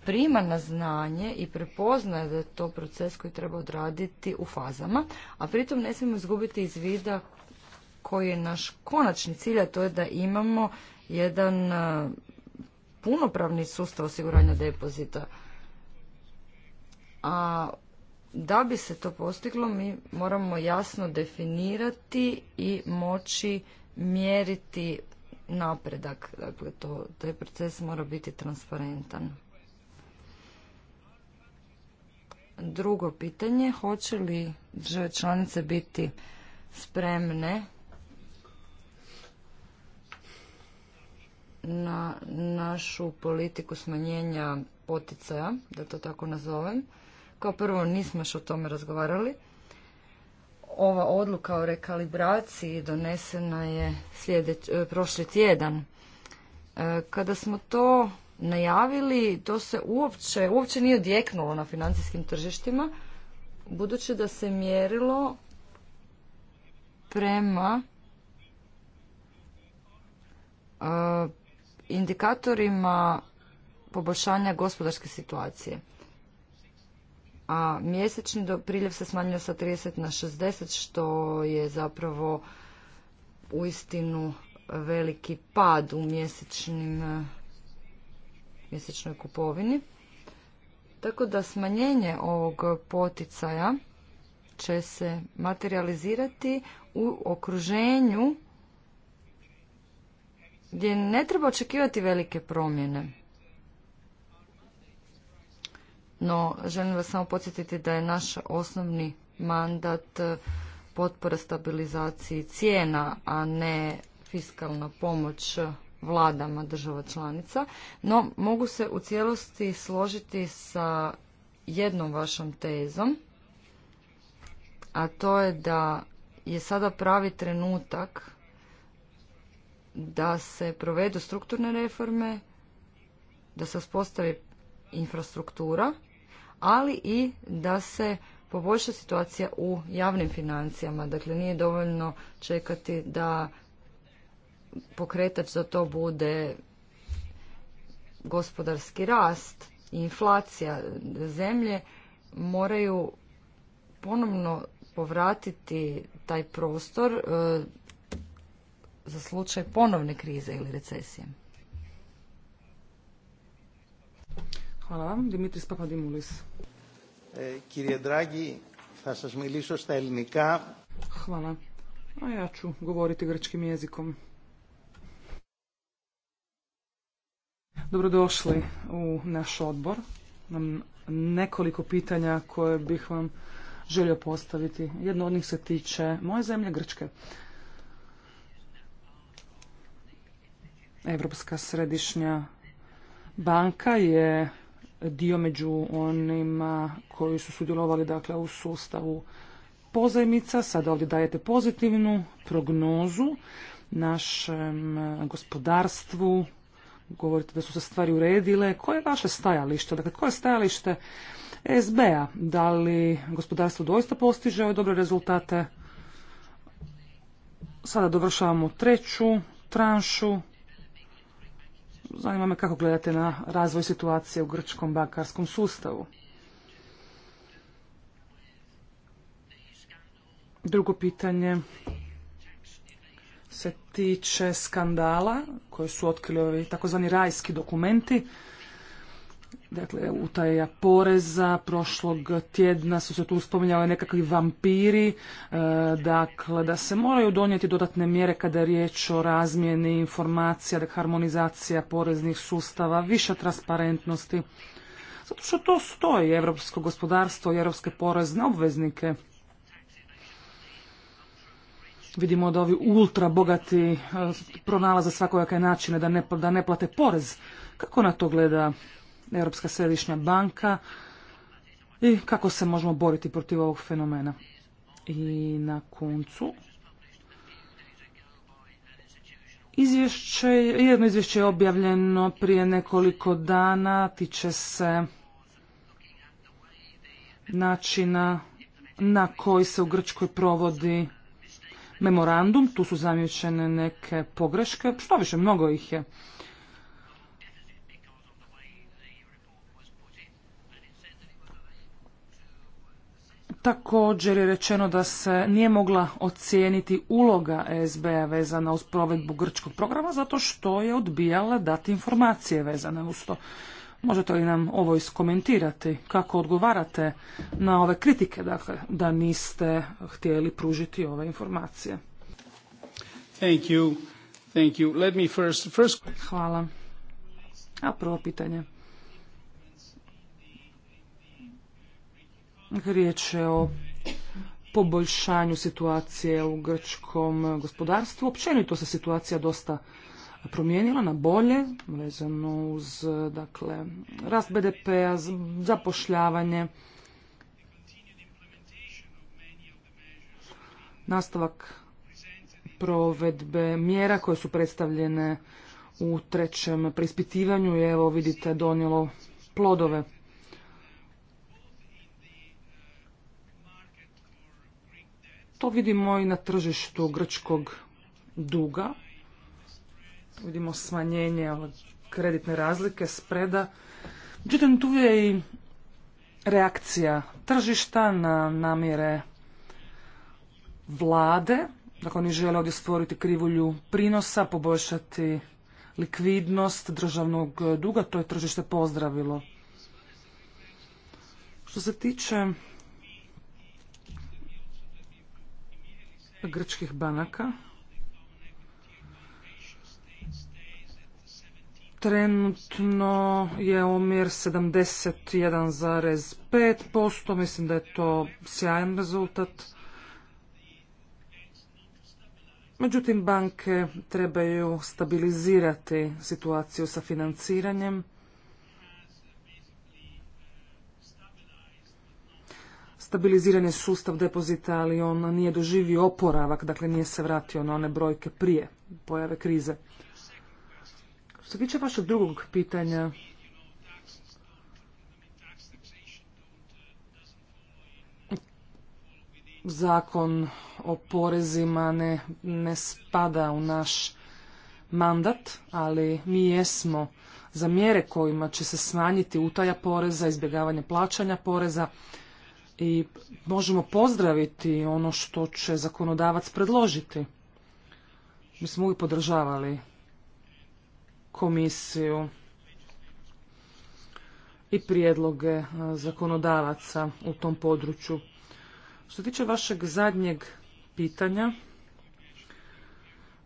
prima na znanje i prepoznaje da je to proces koji treba odraditi u fazama, a pritom ne smijemo izgubiti iz vida koji je naš konačni cilj, a to je da imamo jedan eh, punopravni sustav osiguranja depozita a da bi se to postiglo mi moramo jasno definirati i moći mjeriti napredak. Dakle, to, taj proces mora biti transparentan. Drugo pitanje, hoće li države članice biti spremne na našu politiku smanjenja poticaja, da to tako nazovem, kao prvo, nismo još o tome razgovarali. Ova odluka o rekalibraciji donesena je sljedeć, e, prošli tjedan. E, kada smo to najavili, to se uopće, uopće nije odjeknulo na financijskim tržištima, budući da se mjerilo prema e, indikatorima poboljšanja gospodarske situacije a mjesečni priljev se smanjio sa 30 na 60, što je zapravo uistinu veliki pad u mjesečnim, e, mjesečnoj kupovini. Tako da smanjenje ovog poticaja će se materializirati u okruženju gdje ne treba očekivati velike promjene no želim vas samo podsjetiti da je naš osnovni mandat e, potpora stabilizaciji cijena, a ne fiskalna pomoć vladama država članica, no mogu se u cijelosti složiti sa jednom vašom tezom, a to je da je sada pravi trenutak da se provedu strukturne reforme, da se uspostavi infrastruktura ali i da se poboljša situacija u javnim financijama. Dakle, nije dovoljno čekati da pokretač za to bude gospodarski rast i inflacija zemlje moraju ponovno povratiti taj prostor e, za slučaj ponovne krize ili recesije. Hvala vam. Dimitris Papadimulis. Kirje Dragi, θα σας μιλήσω στα ελληνικά. Hvala. A ja ću govoriti grčkim jezikom. Dobrodošli u naš odbor. Imam nekoliko pitanja koje bih vam želio postaviti. Jedno od njih se tiče moje zemlje Grčke. Evropska središnja banka je dio među onima koji su sudjelovali dakle u sustavu pozajmica. Sada ovdje dajete pozitivnu prognozu našem gospodarstvu, govorite da su se stvari uredile. Koje je vaše stajalište? Dakle, koje je stajalište SB-a? Da li gospodarstvo doista postiže ove dobre rezultate? Sada dovršavamo treću tranšu Zanima me kako gledate na razvoj situacije u grčkom bankarskom sustavu. Drugo pitanje se tiče skandala koje su otkrili ovi takozvani rajski dokumenti. Dakle, utaja poreza, prošlog tjedna su se tu spominjali nekakvi vampiri, e, dakle, da se moraju donijeti dodatne mjere kada je riječ o razmjeni informacija, da harmonizacija poreznih sustava, viša transparentnosti. Zato što to stoji evropsko gospodarstvo i evropske porezne obveznike. Vidimo da ovi ultra bogati e, pronalaze svakojake načine da ne, da ne plate porez. Kako na to gleda Europska središnja banka i kako se možemo boriti protiv ovog fenomena. I na koncu izvješće, jedno izvješće je objavljeno prije nekoliko dana, tiče se načina na koji se u Grčkoj provodi memorandum, tu su zamjećene neke pogreške, što više, mnogo ih je. Također je rečeno da se nije mogla ocijeniti uloga SBA vezana uz provedbu grčkog programa zato što je odbijala dati informacije vezane uz to. Možete li nam ovo iskomentirati? Kako odgovarate na ove kritike, dakle, da niste htjeli pružiti ove informacije? Hvala. A prvo pitanje. Riječ je o poboljšanju situacije u grčkom gospodarstvu. Općenito se situacija dosta promijenila na bolje, vezano uz dakle, rast BDP-a, zapošljavanje, nastavak provedbe mjera koje su predstavljene u trećem prispitivanju, je, evo vidite, donijelo plodove. vidimo i na tržištu grčkog duga. Vidimo smanjenje kreditne razlike, spreda. Međutim, tu je i reakcija tržišta na namjere vlade. Dakle, oni žele ovdje stvoriti krivulju prinosa, poboljšati likvidnost državnog duga. To je tržište pozdravilo. Što se tiče grčkih banaka. Trenutno je omjer 71,5%, mislim da je to sjajan rezultat. Međutim, banke trebaju stabilizirati situaciju sa financiranjem. stabiliziran je sustav depozita, ali on nije doživio oporavak, dakle nije se vratio na one brojke prije pojave krize. Što se tiče vašeg drugog pitanja, zakon o porezima ne, ne spada u naš mandat, ali mi jesmo za mjere kojima će se smanjiti utaja poreza, izbjegavanje plaćanja poreza, i možemo pozdraviti ono što će zakonodavac predložiti. Mi smo uvijek podržavali komisiju i prijedloge e, zakonodavaca u tom području. Što tiče vašeg zadnjeg pitanja,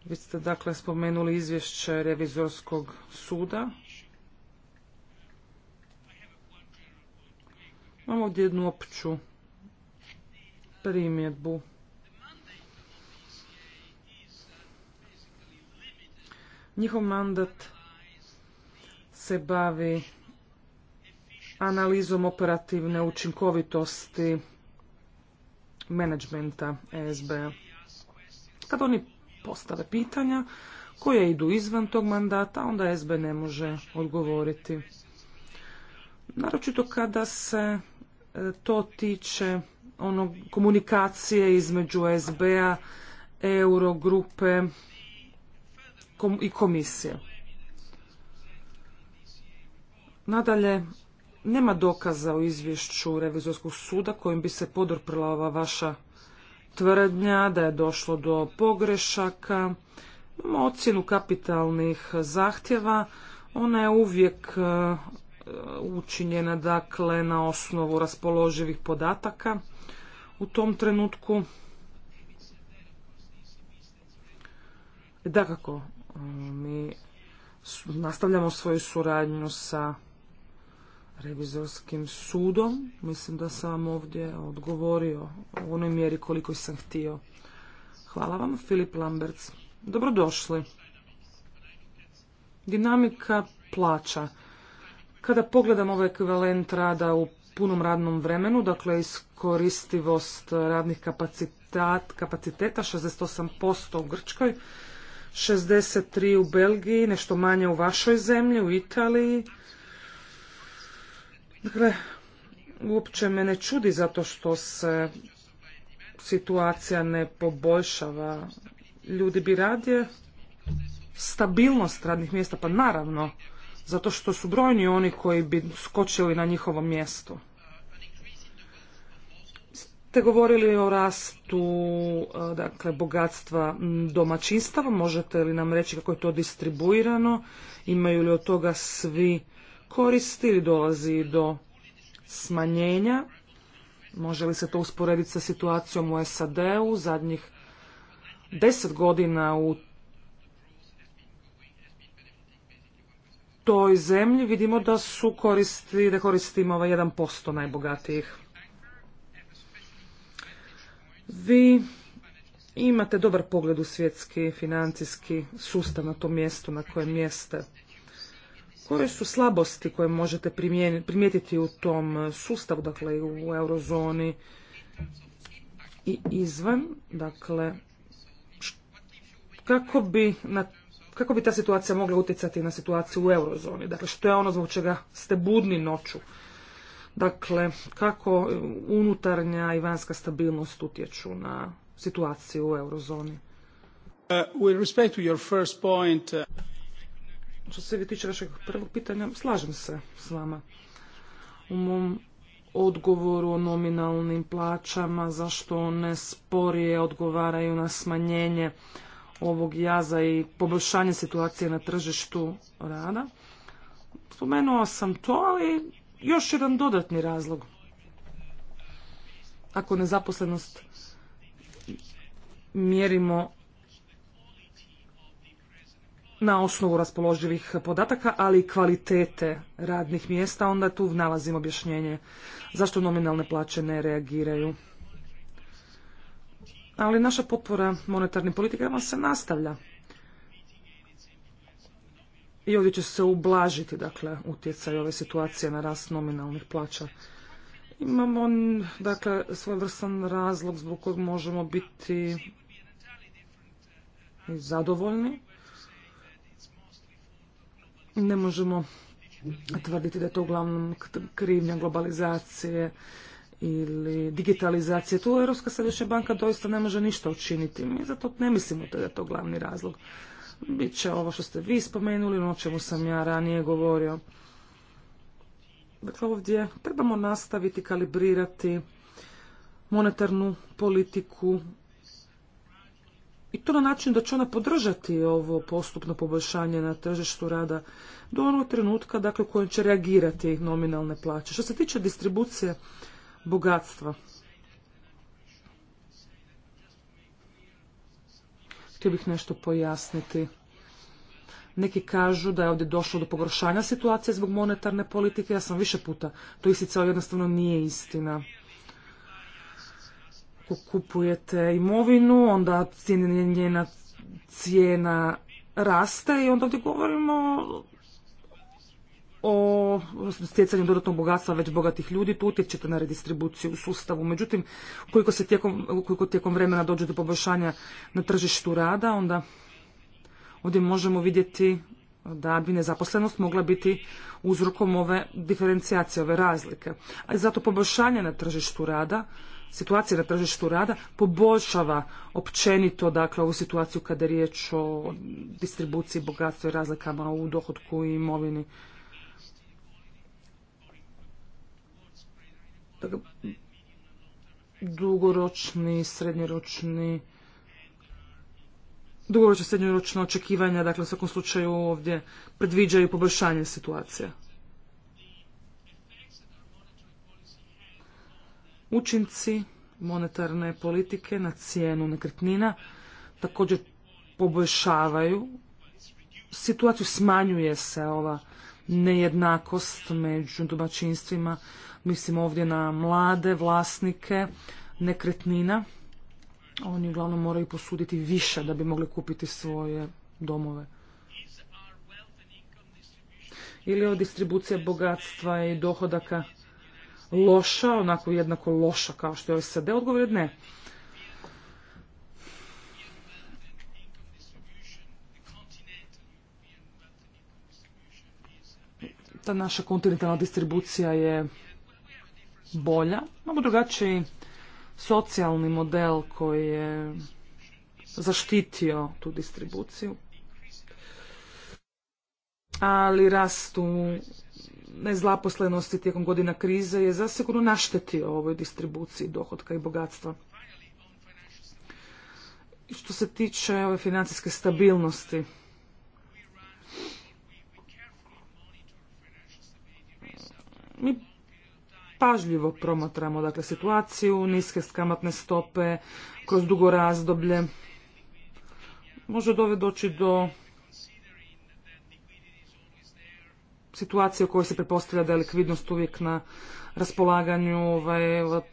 vi ste dakle spomenuli izvješće revizorskog suda Imamo ovdje jednu opću primjedbu. Njihov mandat se bavi analizom operativne učinkovitosti menadžmenta ESB. Kad oni postave pitanja koje idu izvan tog mandata, onda e SB ne može odgovoriti. Naročito kada se to tiče ono komunikacije između SB-a, Eurogrupe i komisije. Nadalje, nema dokaza u izvješću Revizorskog suda kojim bi se podoprla ova vaša tvrdnja da je došlo do pogrešaka. Imamo ocjenu kapitalnih zahtjeva. Ona je uvijek učinjena dakle na osnovu raspoloživih podataka u tom trenutku. Dakako, mi nastavljamo svoju suradnju sa revizorskim sudom. Mislim da sam vam ovdje odgovorio u onoj mjeri koliko sam htio. Hvala vam, Filip Lamberts. Dobrodošli. Dinamika plaća. Kada pogledam ovaj ekvivalent rada u punom radnom vremenu, dakle iskoristivost radnih kapaciteta 68% u Grčkoj, 63 u Belgiji, nešto manje u vašoj zemlji, u Italiji. Dakle, uopće me ne čudi zato što se situacija ne poboljšava. Ljudi bi radije stabilnost radnih mjesta, pa naravno zato što su brojni oni koji bi skočili na njihovo mjesto. Ste govorili o rastu e, dakle, bogatstva domaćinstava, možete li nam reći kako je to distribuirano, imaju li od toga svi koristi ili dolazi do smanjenja, može li se to usporediti sa situacijom u SAD-u, zadnjih deset godina u toj zemlji vidimo da su koristi, da koristimo ovaj 1% najbogatijih. Vi imate dobar pogled u svjetski financijski sustav na tom mjestu na kojem jeste. Koje su slabosti koje možete primijetiti u tom sustavu, dakle u eurozoni i izvan, dakle kako bi na kako bi ta situacija mogla utjecati na situaciju u eurozoni? Dakle, što je ono zbog čega ste budni noću? Dakle, kako unutarnja i vanjska stabilnost utječu na situaciju u eurozoni? Uh, respect to uh, Što se tiče vašeg prvog pitanja, slažem se s vama. U mom odgovoru o nominalnim plaćama, zašto one sporije odgovaraju na smanjenje ovog jaza i poboljšanje situacije na tržištu rada. Spomenuo sam to, ali još jedan dodatni razlog. Ako nezaposlenost mjerimo na osnovu raspoloživih podataka, ali i kvalitete radnih mjesta, onda tu nalazim objašnjenje zašto nominalne plaće ne reagiraju ali naša potpora monetarnim politikama se nastavlja. I ovdje će se ublažiti, dakle, utjecaj ove situacije na rast nominalnih plaća. Imamo, dakle, vrstan razlog zbog kojeg možemo biti zadovoljni. Ne možemo tvrditi da je to uglavnom krivnja globalizacije, ili digitalizacije. Tu Europska središnja banka doista ne može ništa učiniti. Mi zato ne mislimo da je to glavni razlog. Biće ovo što ste vi spomenuli, ono o čemu sam ja ranije govorio. Dakle, ovdje trebamo nastaviti kalibrirati monetarnu politiku i to na način da će ona podržati ovo postupno poboljšanje na tržištu rada do onog trenutka dakle, u kojem će reagirati nominalne plaće. Što se tiče distribucije bogatstva. Htio bih nešto pojasniti. Neki kažu da je ovdje došlo do pogoršanja situacije zbog monetarne politike. Ja sam više puta to isticao, jednostavno nije istina. Ako kupujete imovinu, onda njena cijena raste i onda ovdje govorimo o stjecanju dodatnog bogatstva već bogatih ljudi, tu utječete na redistribuciju u sustavu. Međutim, koliko se tijekom, ukoliko tijekom vremena dođe do poboljšanja na tržištu rada, onda ovdje možemo vidjeti da bi nezaposlenost mogla biti uzrokom ove diferencijacije, ove razlike. A zato poboljšanje na tržištu rada, situacija na tržištu rada poboljšava općenito dakle ovu situaciju kada je riječ o distribuciji bogatstva i razlikama u dohotku i imovini. Dakle, dugoročni, srednjoročni dugoročno srednjoročno očekivanja, dakle u svakom slučaju ovdje predviđaju poboljšanje situacije. Učinci monetarne politike na cijenu nekretnina također poboljšavaju situaciju, smanjuje se ova nejednakost među domaćinstvima Mislim ovdje na mlade vlasnike nekretnina. Oni uglavnom moraju posuditi više da bi mogli kupiti svoje domove. Ili je distribucija bogatstva i dohodaka loša, onako jednako loša kao što je SAD? Odgovor je ne. Ta naša kontinentalna distribucija je bolja. Imamo drugačiji socijalni model koji je zaštitio tu distribuciju. Ali rastu nezaposlenosti tijekom godina krize je zasigurno naštetio ovoj distribuciji dohotka i bogatstva. što se tiče ove financijske stabilnosti, mi pažljivo promatramo dakle, situaciju, niske skamatne stope kroz dugo razdoblje, može doći do situacije u kojoj se prepostavlja da je likvidnost uvijek na raspolaganju, ovaj,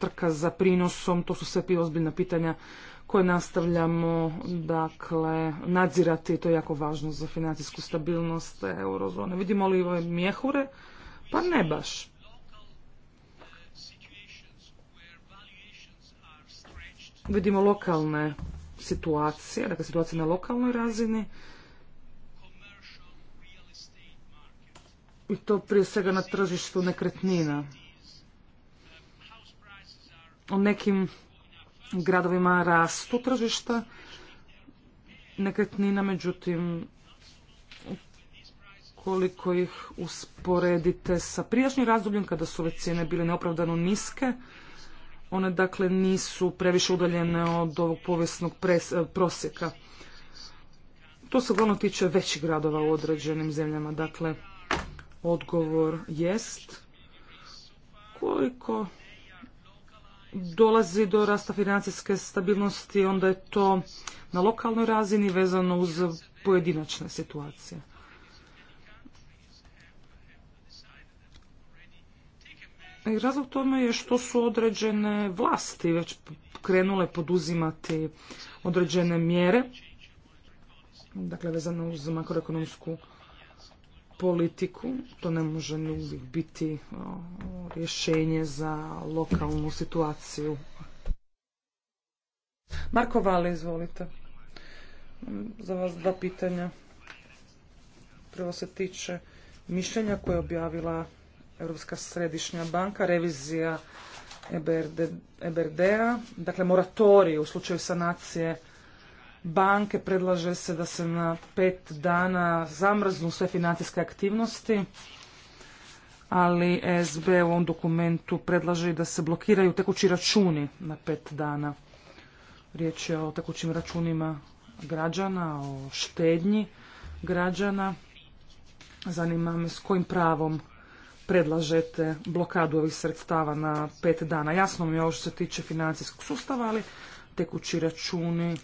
trka za prinosom, to su sve ozbiljna pitanja koje nastavljamo dakle, nadzirati, to je jako važno za financijsku stabilnost eurozone. Vidimo li ove mjehure? Pa ne baš. vidimo lokalne situacije, dakle situacije na lokalnoj razini. I to prije svega na tržištu nekretnina. U nekim gradovima rastu tržišta nekretnina, međutim koliko ih usporedite sa prijašnjim razdobljem kada su ove cijene bile neopravdano niske, one dakle nisu previše udaljene od ovog povijesnog e, prosjeka. To se uglavnom tiče većih gradova u određenim zemljama. Dakle, odgovor jest koliko dolazi do rasta financijske stabilnosti, onda je to na lokalnoj razini vezano uz pojedinačne situacije. I razlog tome je što su određene vlasti već krenule poduzimati određene mjere, dakle vezano uz makroekonomsku politiku. To ne može uvijek biti rješenje za lokalnu situaciju. Marko Vale, izvolite. Za vas dva pitanja. Prvo se tiče mišljenja koje je objavila Europska središnja banka, revizija EBRD, e a dakle moratorij u slučaju sanacije banke predlaže se da se na pet dana zamrznu sve financijske aktivnosti, ali e SB u ovom dokumentu predlaže da se blokiraju tekući računi na pet dana. Riječ je o tekućim računima građana, o štednji građana. Zanima me s kojim pravom predlažete blokadu ovih sredstava na pet dana. Jasno mi je ovo što se tiče financijskog sustava, ali tekući računi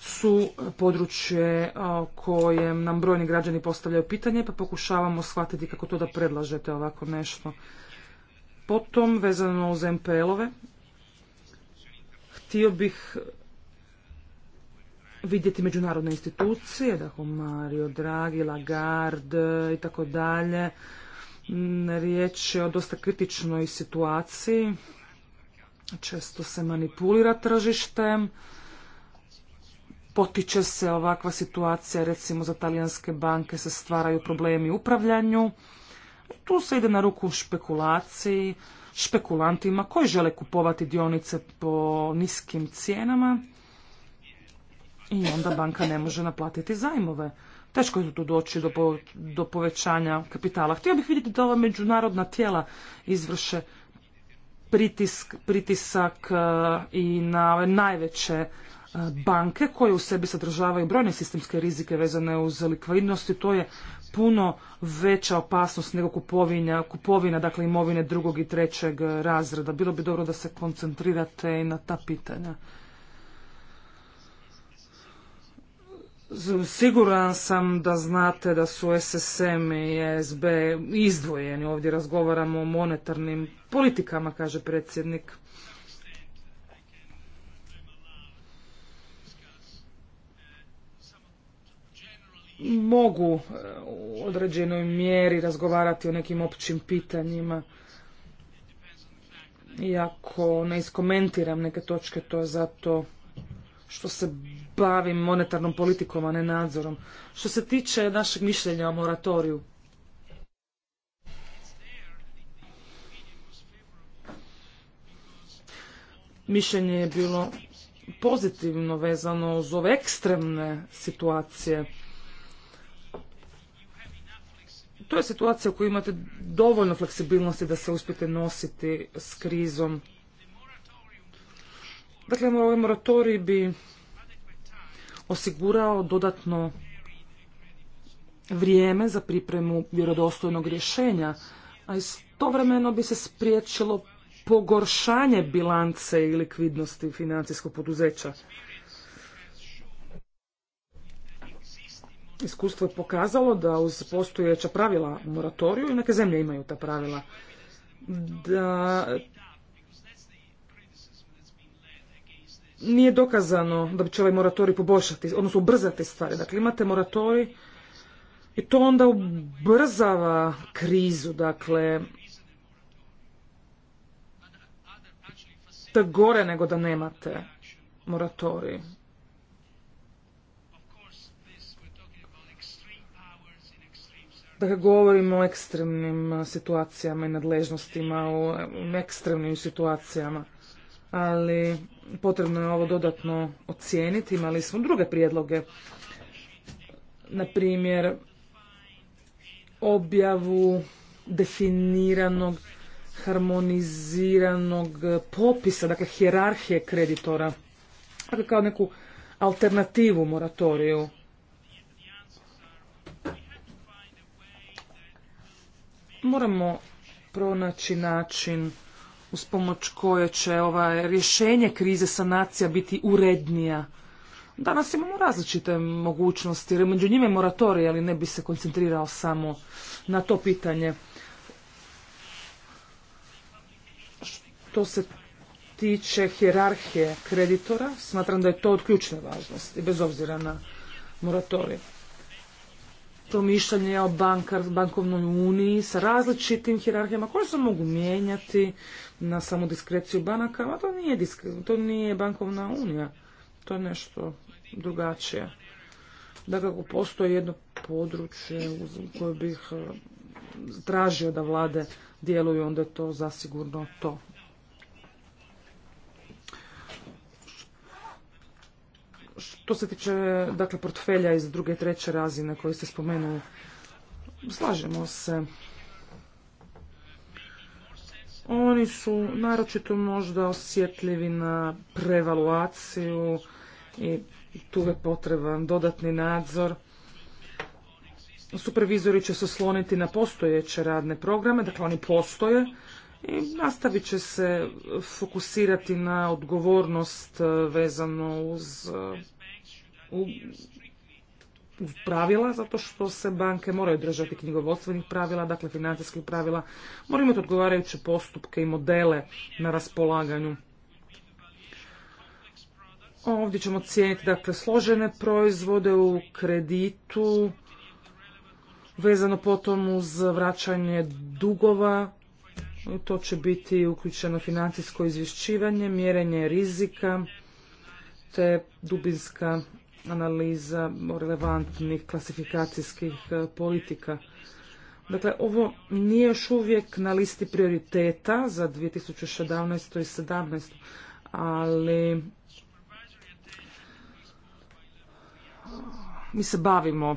su područje koje nam brojni građani postavljaju pitanje, pa pokušavamo shvatiti kako to da predlažete ovako nešto. Potom, vezano uz MPL-ove, htio bih vidjeti međunarodne institucije, dakle Mario Draghi, Lagarde i tako dalje, Mm, riječ je o dosta kritičnoj situaciji. Često se manipulira tržištem. Potiče se ovakva situacija, recimo za talijanske banke se stvaraju problemi u upravljanju. Tu se ide na ruku špekulaciji, špekulantima koji žele kupovati dionice po niskim cijenama i onda banka ne može naplatiti zajmove. Teško je tu doći do, povećanja kapitala. Htio bih vidjeti da ova međunarodna tijela izvrše pritisak e, i na ove najveće e, banke koje u sebi sadržavaju brojne sistemske rizike vezane uz likvidnost i to je puno veća opasnost nego kupovina, kupovina dakle imovine drugog i trećeg razreda. Bilo bi dobro da se koncentrirate i na ta pitanja. Siguran sam da znate da su SSM i SB izdvojeni. Ovdje razgovaramo o monetarnim politikama, kaže predsjednik. Mogu e, u određenoj mjeri razgovarati o nekim općim pitanjima. Iako ne iskomentiram neke točke, to je zato što se bavim monetarnom politikom, a ne nadzorom. Što se tiče našeg mišljenja o moratoriju, mišljenje je bilo pozitivno vezano uz ove ekstremne situacije. To je situacija u kojoj imate dovoljno fleksibilnosti da se uspite nositi s krizom. Dakle, ovaj moratorij bi osigurao dodatno vrijeme za pripremu vjerodostojnog rješenja, a istovremeno bi se spriječilo pogoršanje bilance i likvidnosti financijskog poduzeća. Iskustvo je pokazalo da uz postojeća pravila u moratoriju i neke zemlje imaju ta pravila, da nije dokazano da će ovaj moratorij poboljšati, odnosno ubrzati stvari. Dakle, imate moratorij i to onda ubrzava krizu, dakle, da gore nego da nemate moratorij. Dakle, govorimo o ekstremnim situacijama i nadležnostima, o ekstremnim situacijama ali potrebno je ovo dodatno ocijeniti. Imali smo druge prijedloge, na primjer objavu definiranog, harmoniziranog popisa, dakle hjerarhije kreditora, dakle kao neku alternativu moratoriju. Moramo pronaći način uz pomoć koje će ovaj, rješenje krize sanacija biti urednija. Danas imamo različite mogućnosti, jer među njime moratorij, ali ne bi se koncentrirao samo na to pitanje. Što se tiče hierarhije kreditora, smatram da je to od ključne važnosti, bez obzira na moratorij. je o bankar, bankovnoj uniji sa različitim hjerarhijama koje se mogu mijenjati, na samu diskreciju banaka, a to nije, diskre, to nije bankovna unija. To je nešto drugačije. Dakle, ako postoji jedno područje u koje bih e, tražio da vlade djeluju, onda je to zasigurno to. Što se tiče dakle, portfelja iz druge i treće razine koje ste spomenuli, slažemo se oni su naročito možda osjetljivi na prevaluaciju i tu je potreban dodatni nadzor. Supervizori će se sloniti na postojeće radne programe, dakle oni postoje i nastavit će se fokusirati na odgovornost eh, vezano uz eh, pravila, zato što se banke moraju držati knjigovodstvenih pravila, dakle financijskih pravila, moraju imati odgovarajuće postupke i modele na raspolaganju. Ovdje ćemo cijeniti dakle, složene proizvode u kreditu, vezano potom uz vraćanje dugova, to će biti uključeno financijsko izvješćivanje, mjerenje rizika, te dubinska analiza relevantnih klasifikacijskih e, politika. Dakle, ovo nije još uvijek na listi prioriteta za 2017. i 2017. Ali mi se bavimo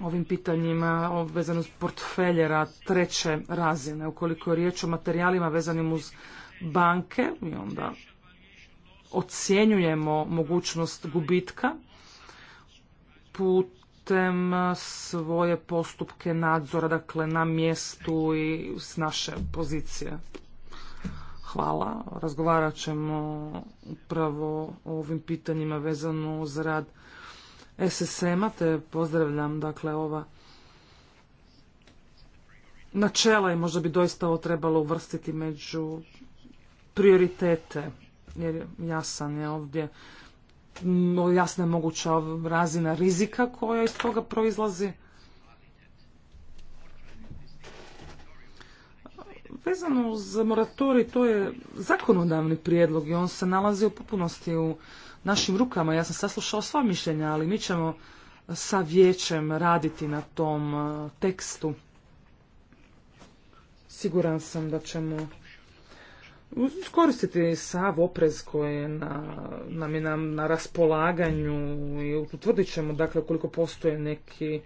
ovim pitanjima vezano uz portfeljera treće razine. Ukoliko je riječ o materijalima vezanim uz banke i onda ocjenjujemo mogućnost gubitka putem svoje postupke nadzora, dakle na mjestu i s naše pozicije. Hvala. Razgovarat ćemo upravo o ovim pitanjima vezano uz rad SSM-a, te pozdravljam dakle ova načela i možda bi doista ovo trebalo uvrstiti među prioritete jer jasan je ovdje jasna je moguća razina rizika koja iz toga proizlazi. Vezano uz moratorij, to je zakonodavni prijedlog i on se nalazi u popunosti u našim rukama. Ja sam saslušao sva mišljenja, ali mi ćemo sa vijećem raditi na tom e, tekstu. Siguran sam da ćemo iskoristiti sav oprez koji nam je na, raspolaganju i utvrdit ćemo dakle koliko postoje neki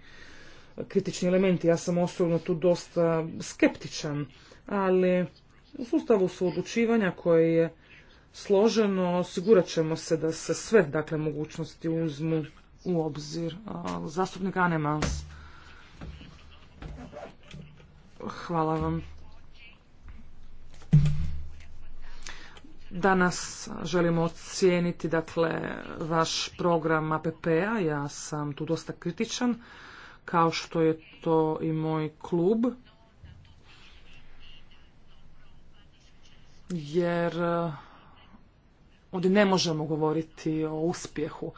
kritični elementi. Ja sam osobno tu dosta skeptičan, ali u sustavu odlučivanja koje je složeno osigurat ćemo se da se sve dakle mogućnosti uzmu u obzir. Zastupnik Anemans. Hvala vam. Danas želimo ocijeniti dakle, vaš program APP-a. Ja sam tu dosta kritičan, kao što je to i moj klub. Jer eh, ovdje ne možemo govoriti o uspjehu.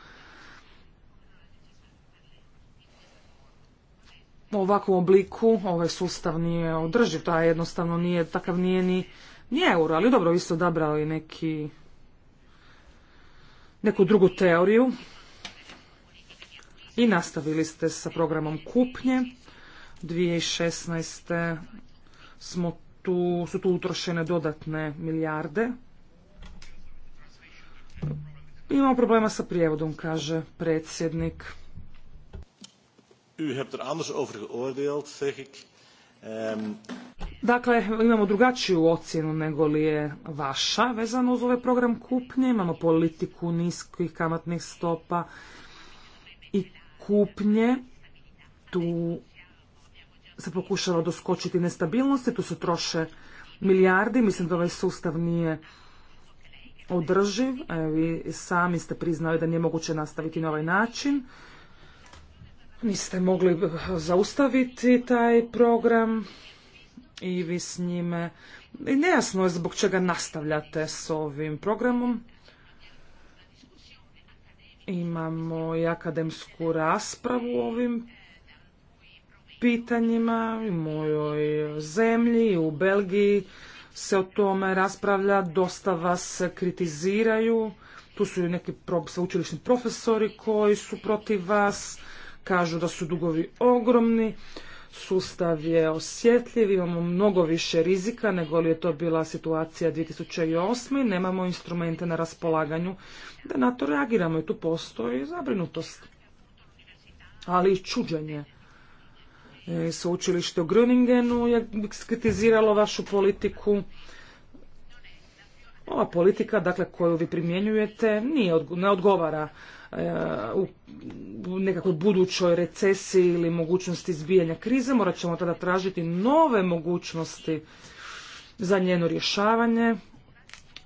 U ovakvom obliku ovaj sustav nije održiv, to jednostavno nije, takav nije ni nije euro, ali dobro, vi ste odabrali neki, neku drugu teoriju i nastavili ste sa programom kupnje. 2016. smo tu, su tu utrošene dodatne milijarde. Imamo problema sa prijevodom, kaže predsjednik. U hebt er anders over geoordeeld, zeg ik. Ehm, Dakle, imamo drugačiju ocjenu nego li je vaša vezano uz ovaj program kupnje. Imamo politiku niskih kamatnih stopa i kupnje. Tu se pokušava doskočiti nestabilnosti, tu se troše milijardi. Mislim da ovaj sustav nije održiv. vi sami ste priznali da nije moguće nastaviti na ovaj način. Niste mogli zaustaviti taj program i vi s njime. I nejasno je zbog čega nastavljate s ovim programom. Imamo i akademsku raspravu o ovim pitanjima u mojoj zemlji, u Belgiji se o tome raspravlja, dosta vas kritiziraju. Tu su i neki sveučilišni profesori koji su protiv vas, kažu da su dugovi ogromni sustav je osjetljiv, imamo mnogo više rizika nego li je to bila situacija 2008. Nemamo instrumente na raspolaganju da na to reagiramo i tu postoji zabrinutost. Ali i čuđenje. E, Sveučilište u Gröningenu je skritiziralo vašu politiku ova politika dakle, koju vi primjenjujete nije, ne odgovara e, u nekakvoj budućoj recesiji ili mogućnosti izbijanja krize. Morat ćemo tada tražiti nove mogućnosti za njeno rješavanje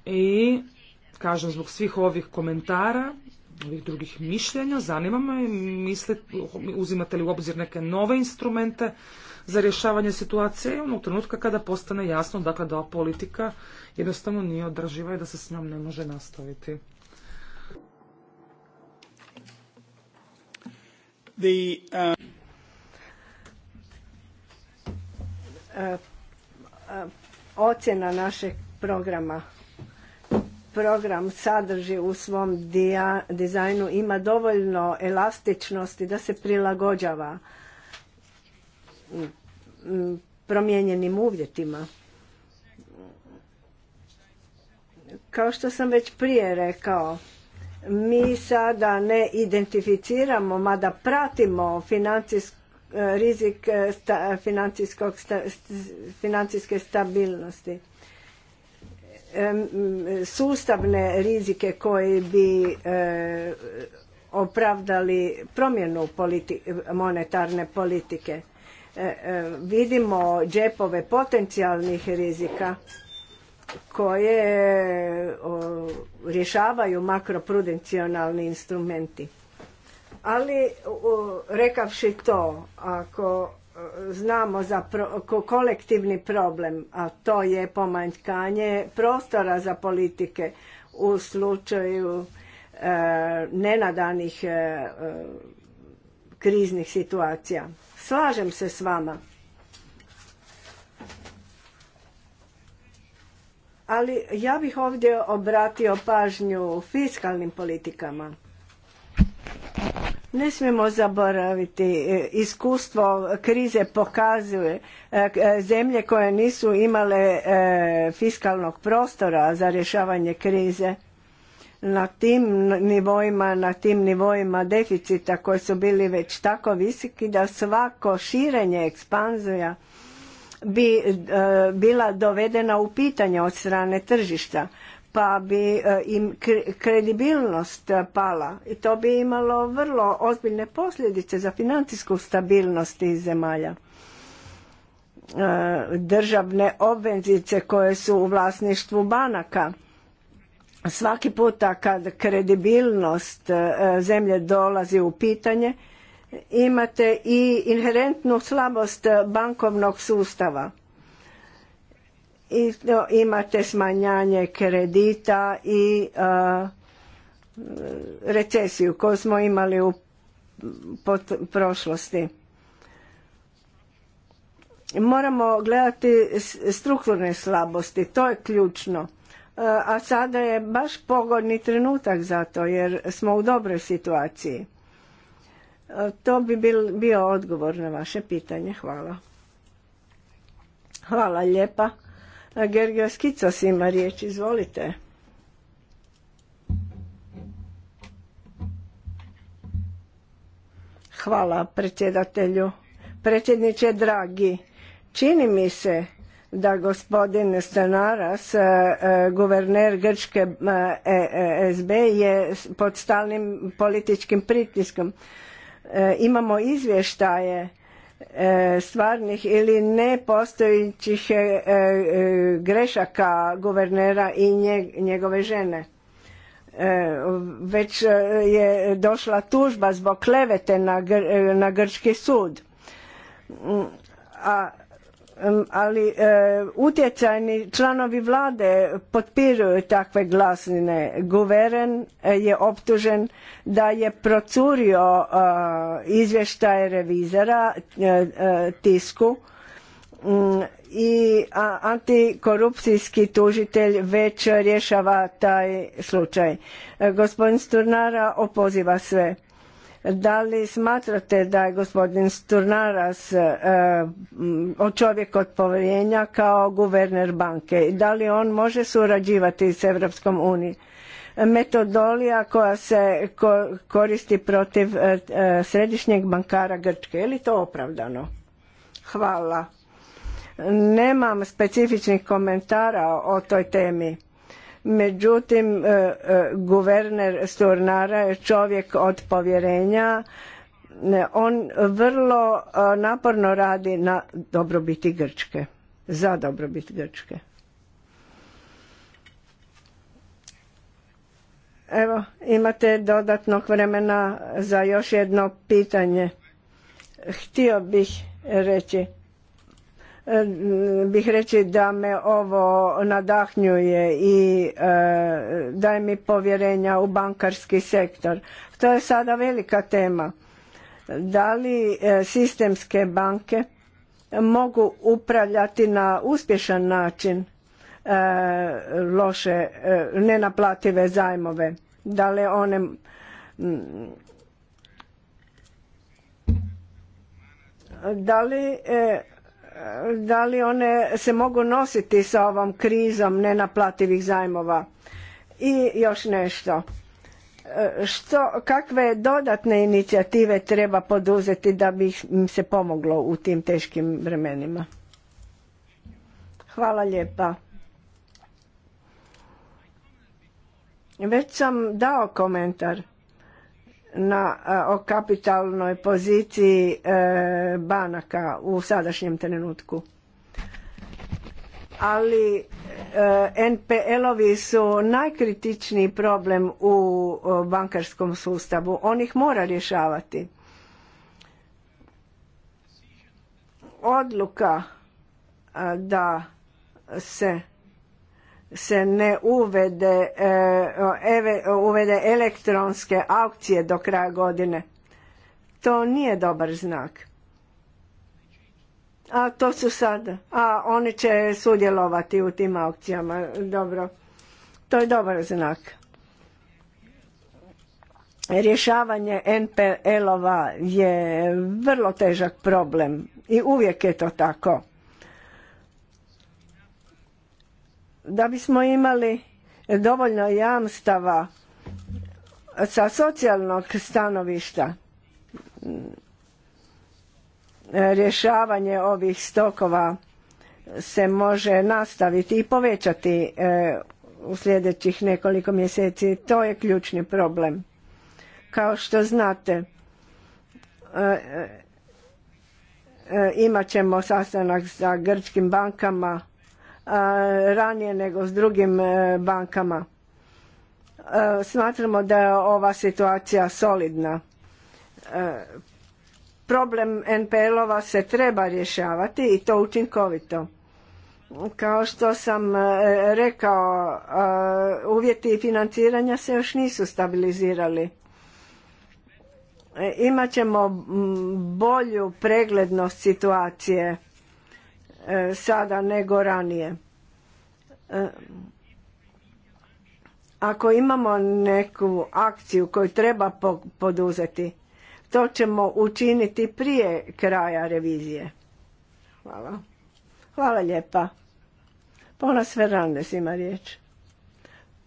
i kažem zbog svih ovih komentara ovih drugih mišljenja, zanima me, uzimate li u obzir neke nove instrumente za rješavanje situacije onog trenutka kada postane jasno dakle, da kada politika jednostavno nije održiva i da se s njom ne može nastaviti. Uh, uh, ocjena našeg programa program sadrži u svom dizajnu ima dovoljno elastičnosti da se prilagođava promijenjenim uvjetima. Kao što sam već prije rekao, mi sada ne identificiramo, mada pratimo rizik financijske stabilnosti. E, sustavne rizike koji bi e, opravdali promjenu monetarne politike. E, e, vidimo džepove potencijalnih rizika koje rješavaju makroprudencionalni instrumenti. Ali rekavši to, ako e, znamo za kolektivni problem, a to je pomanjkanje prostora za politike u slučaju nenadanih kriznih situacija. Slažem se s vama. Ali ja bih ovdje obratio pažnju fiskalnim politikama. Ne smijemo zaboraviti, e, iskustvo krize pokazuje e, e, zemlje koje nisu imale fiskalnog prostora za rješavanje krize na tim nivoima, na tim nivoima deficita koji su bili već tako visoki da svako širenje ekspanzija bi e, bila dovedena u pitanje od strane tržišta pa bi e, im kredibilnost e, pala i to bi imalo vrlo ozbiljne posljedice za financijsku stabilnost tih zemalja državne obveznice koje su u vlasništvu banaka svaki puta kad kredibilnost e, zemlje dolazi u pitanje imate i inherentnu slabost bankovnog sustava i imate smanjanje kredita i e, recesiju koju smo imali u prošlosti moramo gledati strukturne slabosti to je ključno E, a sada je baš pogodni trenutak za to jer smo u dobroj situaciji. E, to bi bil, bio odgovor na vaše pitanje. Hvala. Hvala lijepa. E, Gergio Kicos ima riječ, izvolite. Hvala predsjedatelju. Predsjedniče dragi, čini mi se da gospodin Stanaras, e, e, guverner Grčke e, SB, je pod stalnim političkim pritiskom. Imamo izvještaje stvarnih ili nepostojećih grešaka guvernera i njegove žene. Već je došla tužba zbog klevete na grčki sud. Mm, a ali e, utjecajni članovi vlade potpiruju takve glasnine. Guveren e, je optužen da je procurio e, izvještaje revizora tisku mm, i antikorupcijski tužitelj već rješava taj slučaj. Gospodin Sturnara opoziva sve da li smatrate da je gospodin Sturnaras e, čovjek od povjerenja kao guverner banke? Da li on može surađivati s Europskom unijom? Metodolija koja se koristi protiv e, e, središnjeg bankara Grčke, je li to opravdano? Hvala. Nemam specifičnih komentara o toj temi Međutim, e, e, guverner Stornara je čovjek od povjerenja. On vrlo e, naporno radi na dobrobiti Grčke, za dobrobit Grčke. Evo, imate dodatnog vremena za još jedno pitanje. Htio bih reći bih reći da me ovo nadahnjuje i e, daje mi povjerenja u bankarski sektor. To je sada velika tema. Da li e, sistemske banke mogu upravljati na uspješan način e, loše, nenaplative zajmove? Da li one da li da li one se mogu nositi sa ovom krizom nenaplativih zajmova i još nešto e, što, kakve dodatne inicijative treba poduzeti da bi im se pomoglo u tim teškim vremenima hvala lijepa već sam dao komentar na o kapitalnoj poziciji e, banaka u sadašnjem trenutku. Ali e, NPL-ovi su najkritičniji problem u bankarskom sustavu. On ih mora rješavati. Odluka da se se ne e, uvede, elektronske aukcije do kraja godine. To nije dobar znak. A to su sad, A oni će sudjelovati u tim aukcijama. Dobro. To je dobar znak. Rješavanje NPL-ova je vrlo težak problem i uvijek je to tako da bismo imali dovoljno jamstava sa socijalnog stanovišta rješavanje ovih stokova se može nastaviti i povećati e, u sljedećih nekoliko mjeseci. To je ključni problem. Kao što znate, e, e, imat ćemo sastanak sa grčkim bankama ranije nego s drugim e, bankama. E, smatramo da je ova situacija solidna. E, problem NPL-ova se treba rješavati i to učinkovito. Kao što sam rekao, uvjeti financiranja se još nisu stabilizirali. Imaćemo bolju preglednost situacije E, sada nego ranije. E, ako imamo neku akciju koju treba poduzeti, to ćemo učiniti prije kraja revizije. Hvala. Hvala lijepa. sve Sverrandes ima riječ.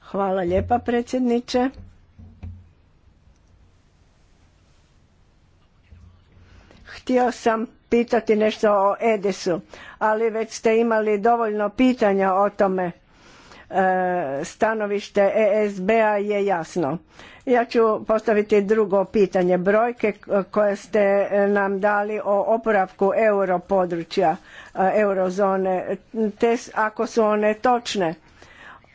Hvala lijepa predsjedniče. Htio sam pitati nešto o Edisu, ali već ste imali dovoljno pitanja o tome. E, stanovište ESB-a je jasno. Ja ću postaviti drugo pitanje. Brojke koje ste nam dali o oporavku europodručja, e, eurozone, te ako su one točne,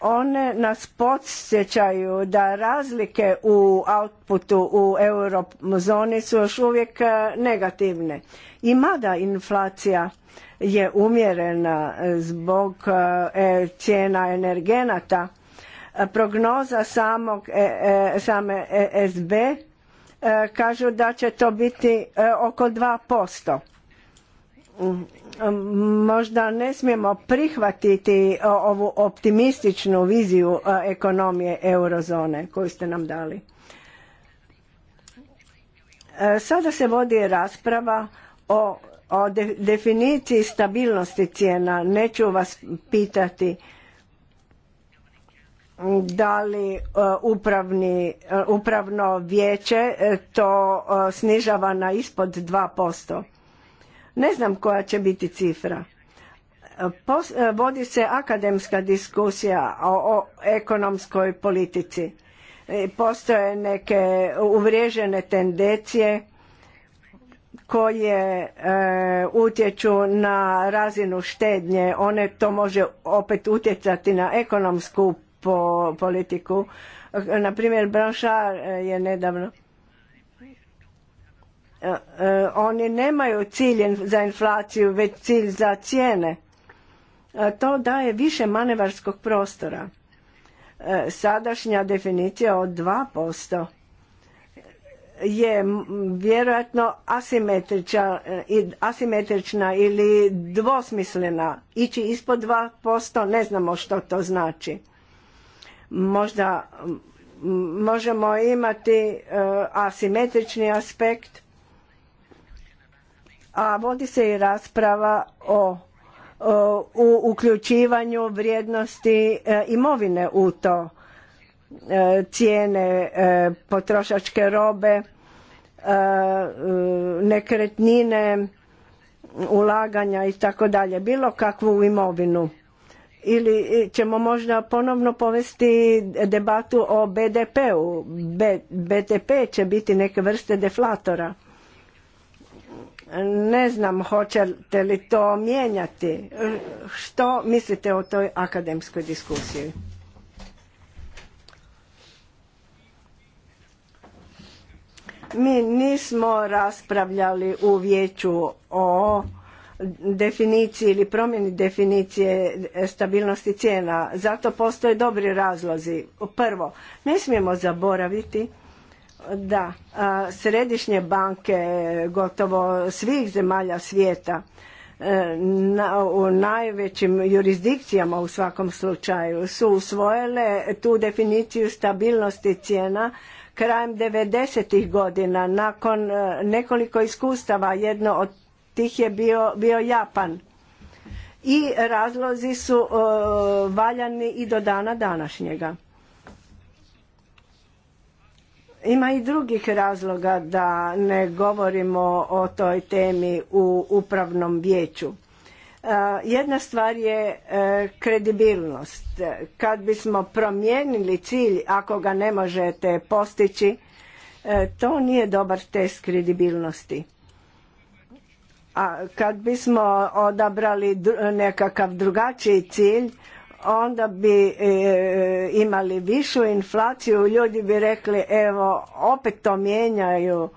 one nas podsjećaju da razlike u outputu u eurozoni su još uvijek e, negativne i mada inflacija je umjerena zbog e, cijena energenata, prognoza samog, e, e, same SB kažu da će to biti oko 2%. Možda ne smijemo prihvatiti ovu optimističnu viziju ekonomije eurozone koju ste nam dali. Sada se vodi rasprava o, o definiciji stabilnosti cijena neću vas pitati da li e, upravni, e, upravno vijeće e, to snižava na ispod 2%. Ne znam koja će biti cifra. vodi se akademska diskusija o, o ekonomskoj politici. Postoje neke uvriježene tendencije koje e, utječu na razinu štednje, one to može opet utjecati na ekonomsku po, politiku. Na primjer, Branšar e, je nedavno e, e, oni nemaju cilj za inflaciju, već cilj za cijene. To daje više manevarskog prostora. Sadašnja definicija od 2% je vjerojatno asimetrična, e, asimetrična ili dvosmislena. Ići ispod 2% ne znamo što to znači. Možda možemo imati e, asimetrični aspekt, a vodi se i rasprava o, uključivanju vrijednosti e, imovine u to cijene e, potrošačke robe, e, e, nekretnine, ulaganja i tako dalje, bilo kakvu imovinu. Ili ćemo možda ponovno povesti debatu o BDP-u. BDP će biti neke vrste deflatora. Ne znam hoćete li to mijenjati. Što mislite o toj akademskoj diskusiji? Mi nismo raspravljali u vijeću o definiciji ili promjeni definicije stabilnosti cijena. Zato postoje dobri razlozi. Prvo, ne smijemo zaboraviti da središnje banke gotovo svih zemalja svijeta e, u najvećim jurisdikcijama u svakom slučaju su usvojile tu definiciju stabilnosti cijena Krajem 90. godina, nakon e, nekoliko iskustava, jedno od tih je bio, bio Japan. I razlozi su e, valjani i do dana današnjega. Ima i drugih razloga da ne govorimo o toj temi u upravnom vijeću. E, jedna stvar je e, kredibilnost. Kad bismo promijenili cilj, ako ga ne možete postići, e, to nije dobar test kredibilnosti. A kad bismo odabrali nekakav drugačiji cilj, onda bi imali višu inflaciju, ljudi bi rekli evo opet to mijenjaju,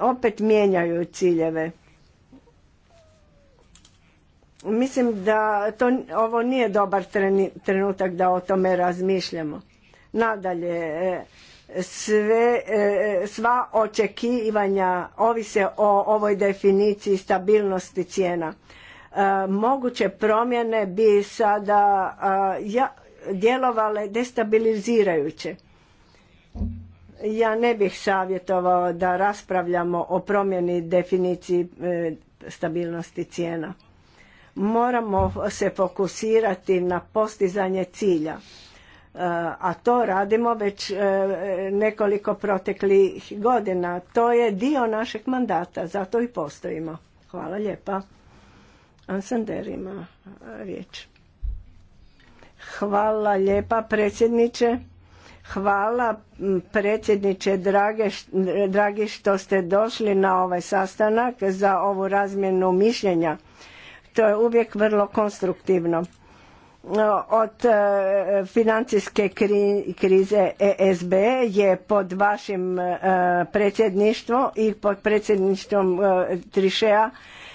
opet mijenjaju ciljeve Mislim da to, ovo nije dobar trenutak da o tome razmišljamo. Nadalje, e, sve, e, sva očekivanja ovise o ovoj definiciji stabilnosti cijena. E, moguće promjene bi sada djelovale destabilizirajuće. Ja ne bih savjetovao da raspravljamo o promjeni definiciji stabilnosti cijena. Moramo se fokusirati na postizanje cilja, e, a to radimo već e, nekoliko proteklih godina. To je dio našeg mandata, zato i postojimo. Hvala lijepa. Ansander ima e, riječ. Hvala lijepa predsjedniče. Hvala predsjedniče dragi što ste došli na ovaj sastanak za ovu razmjenu mišljenja. To je uvijek vrlo konstruktivno. Od e, financijske krize ESB je pod vašim e, predsjedništvom i pod predsjedništvom e, Trišeja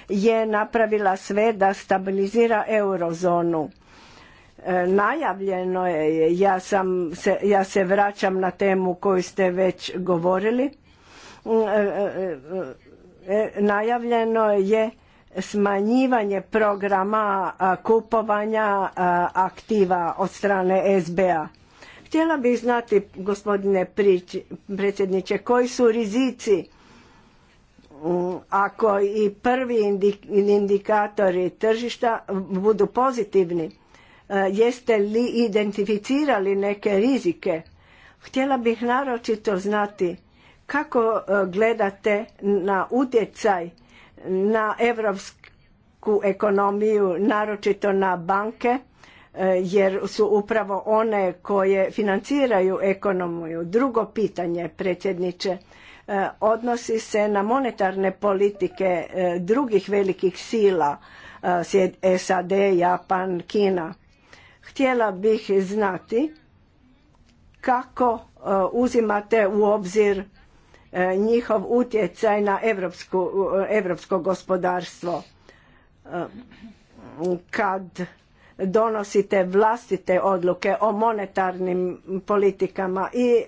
je napravila sve da stabilizira eurozonu. Najavljeno je, ja, sam se, ja se vraćam na temu koju ste već govorili, najavljeno je smanjivanje programa kupovanja aktiva od strane SBA. Htjela bih znati, gospodine predsjedniče, koji su rizici mm, ako i prvi indikatori tržišta budu pozitivni. E, jeste li identificirali neke rizike? Htjela bih naročito znati kako e, gledate na utjecaj na europsku ekonomiju, naročito na banke, e, jer su upravo one koje financiraju ekonomiju. Drugo pitanje, predsjedniče, e, odnosi se na monetarne politike e, drugih velikih sila, SAD, Japan, Kina. Htjela bih znati kako uzimate u obzir E, njihov utjecaj na europsko gospodarstvo e, kad donosite vlastite odluke o monetarnim politikama i e,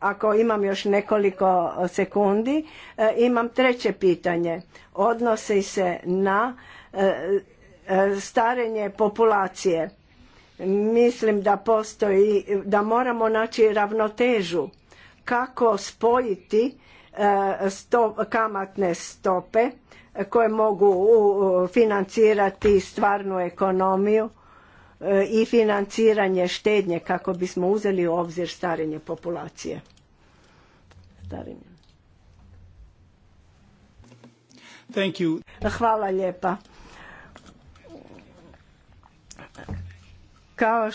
ako imam još nekoliko sekundi imam treće pitanje odnosi se na starenje populacije mislim da postoji da moramo naći ravnotežu kako spojiti E, kamatne stope koje mogu financirati stvarnu ekonomiju e, i financiranje štednje kako bismo uzeli u obzir starenje populacije. Hvala lijepa. Kao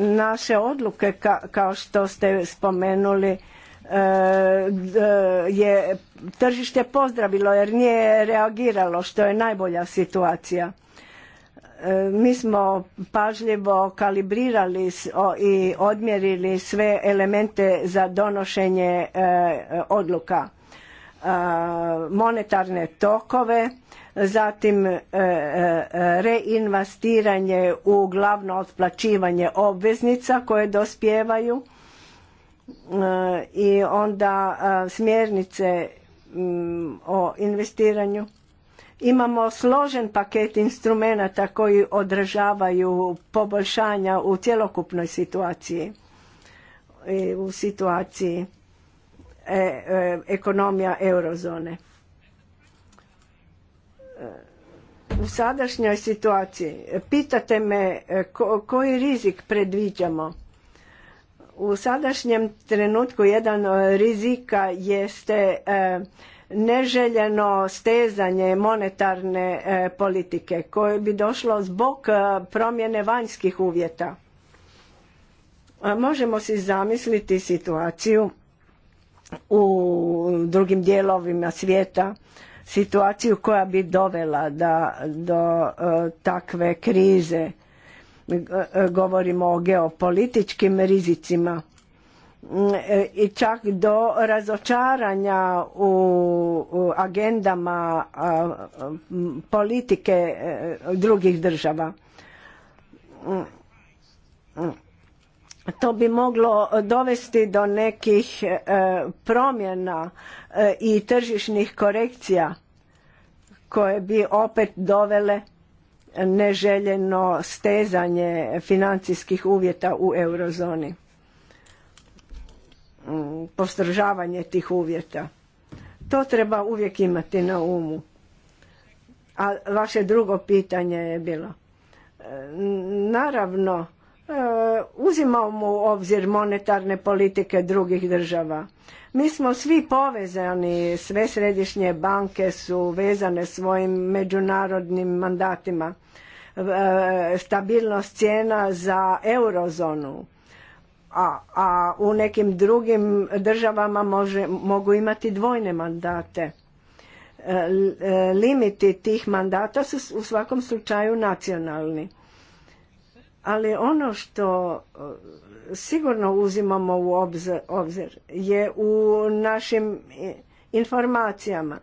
naše odluke, kao što ste spomenuli, E, je tržište pozdravilo jer nije reagiralo što je najbolja situacija. E, mi smo pažljivo kalibrirali i odmjerili sve elemente za donošenje e, odluka. Monetarne tokove, zatim reinvestiranje u glavno otplaćivanje obveznica koje dospijevaju E, i onda e, smjernice o investiranju. Imamo složen paket instrumenata koji održavaju poboljšanja u cjelokupnoj situaciji, e, u situaciji ekonomija eurozone. U sadašnjoj situaciji pitate me koji rizik predviđamo u sadašnjem trenutku jedan rizika jeste e, neželjeno stezanje monetarne e, politike koje bi došlo zbog e, promjene vanjskih uvjeta. Možemo si zamisliti situaciju u drugim dijelovima svijeta, situaciju koja bi dovela da, do takve krize govorimo o geopolitičkim rizicima mm, e, i čak do razočaranja u agendama politike e, drugih država. Mm, mm. To bi moglo dovesti do nekih e, promjena i tržišnih korekcija koje bi opet dovele neželjeno stezanje financijskih uvjeta u eurozoni mm, postržavanje tih uvjeta to treba uvijek imati na umu a vaše drugo pitanje je bilo e, naravno E, uzimao mu u obzir monetarne politike drugih država. Mi smo svi povezani, sve središnje banke su vezane svojim međunarodnim mandatima. E, stabilnost cijena za eurozonu, a, a u nekim drugim državama može, mogu imati dvojne mandate. E, limiti tih mandata su u svakom slučaju nacionalni ali ono što e, sigurno uzimamo u obzir, je u našim informacijama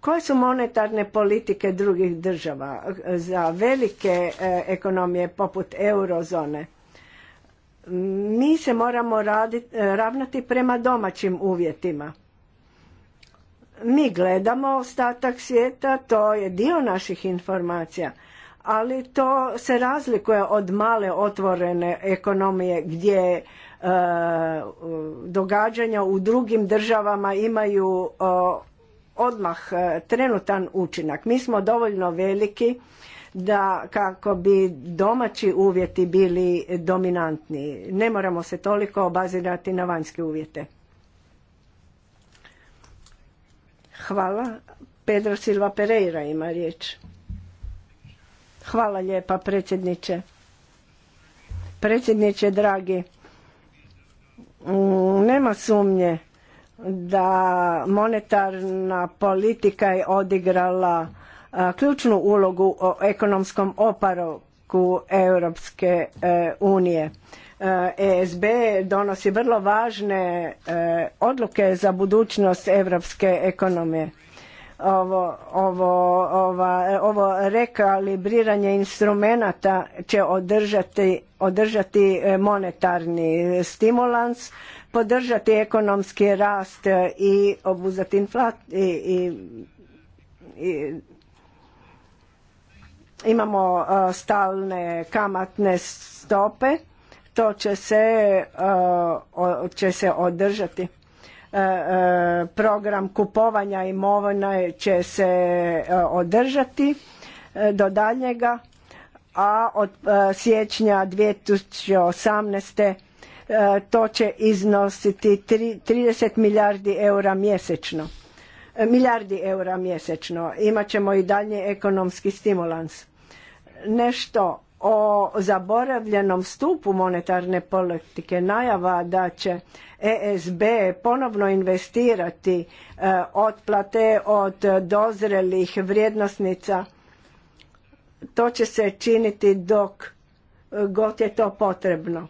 koje su monetarne politike drugih država e, za velike e, ekonomije poput eurozone mi se moramo ravnati prema domaćim uvjetima mi gledamo ostatak svijeta to je dio naših informacija ali to se razlikuje od male otvorene ekonomije gdje e, događanja u drugim državama imaju odmah e, trenutan učinak. Mi smo dovoljno veliki da kako bi domaći uvjeti bili dominantni. Ne moramo se toliko obazirati na vanjske uvjete. Hvala. Pedro Silva Pereira ima riječ. Hvala lijepa predsjedniče. Predsjedniče dragi, mm, nema sumnje da monetarna politika je odigrala ključnu ulogu o ekonomskom oparoku Europske e, unije. ESB e donosi vrlo važne e, odluke za budućnost europske ekonomije ovo, ovo, ova, ovo rekalibriranje instrumenata će održati, održati e, monetarni stimulans, podržati ekonomski rast e, i obuzati inflaciju imamo e, stalne kamatne stope, to će se, će se održati. E, e, program kupovanja imovine će se e, održati do daljnjega, a od siječnja 2018. to će iznositi 30 milijardi eura mjesečno. Milijardi eura mjesečno. Imaćemo i dalje ekonomski stimulans. Nešto o zaboravljenom stupu monetarne politike najava da će ESB ponovno investirati e, otplate od dozrelih vrijednosnica to će se činiti dok god je to potrebno.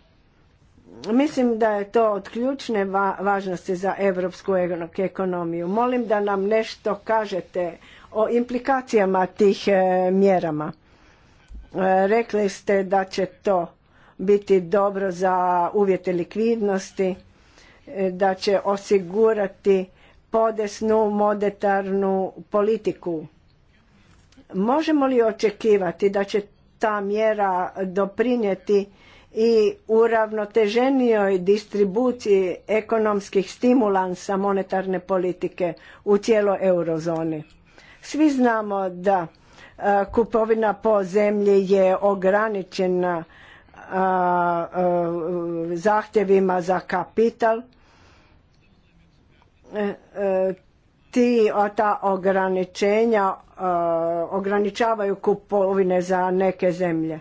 Mislim da je to od ključne važnosti za europsku ekonomiju. Molim da nam nešto kažete o implikacijama tih e, mjerama E, rekli ste da će to biti dobro za uvjete likvidnosti, e, da će osigurati podesnu monetarnu politiku. Možemo li očekivati da će ta mjera doprinijeti i uravnoteženijoj distribuciji ekonomskih stimulansa monetarne politike u cijeloj eurozoni? Svi znamo da E, kupovina po zemlji je ograničena e, e, zahtjevima za kapital ti ta ograničenja ograničavaju kupovine za neke zemlje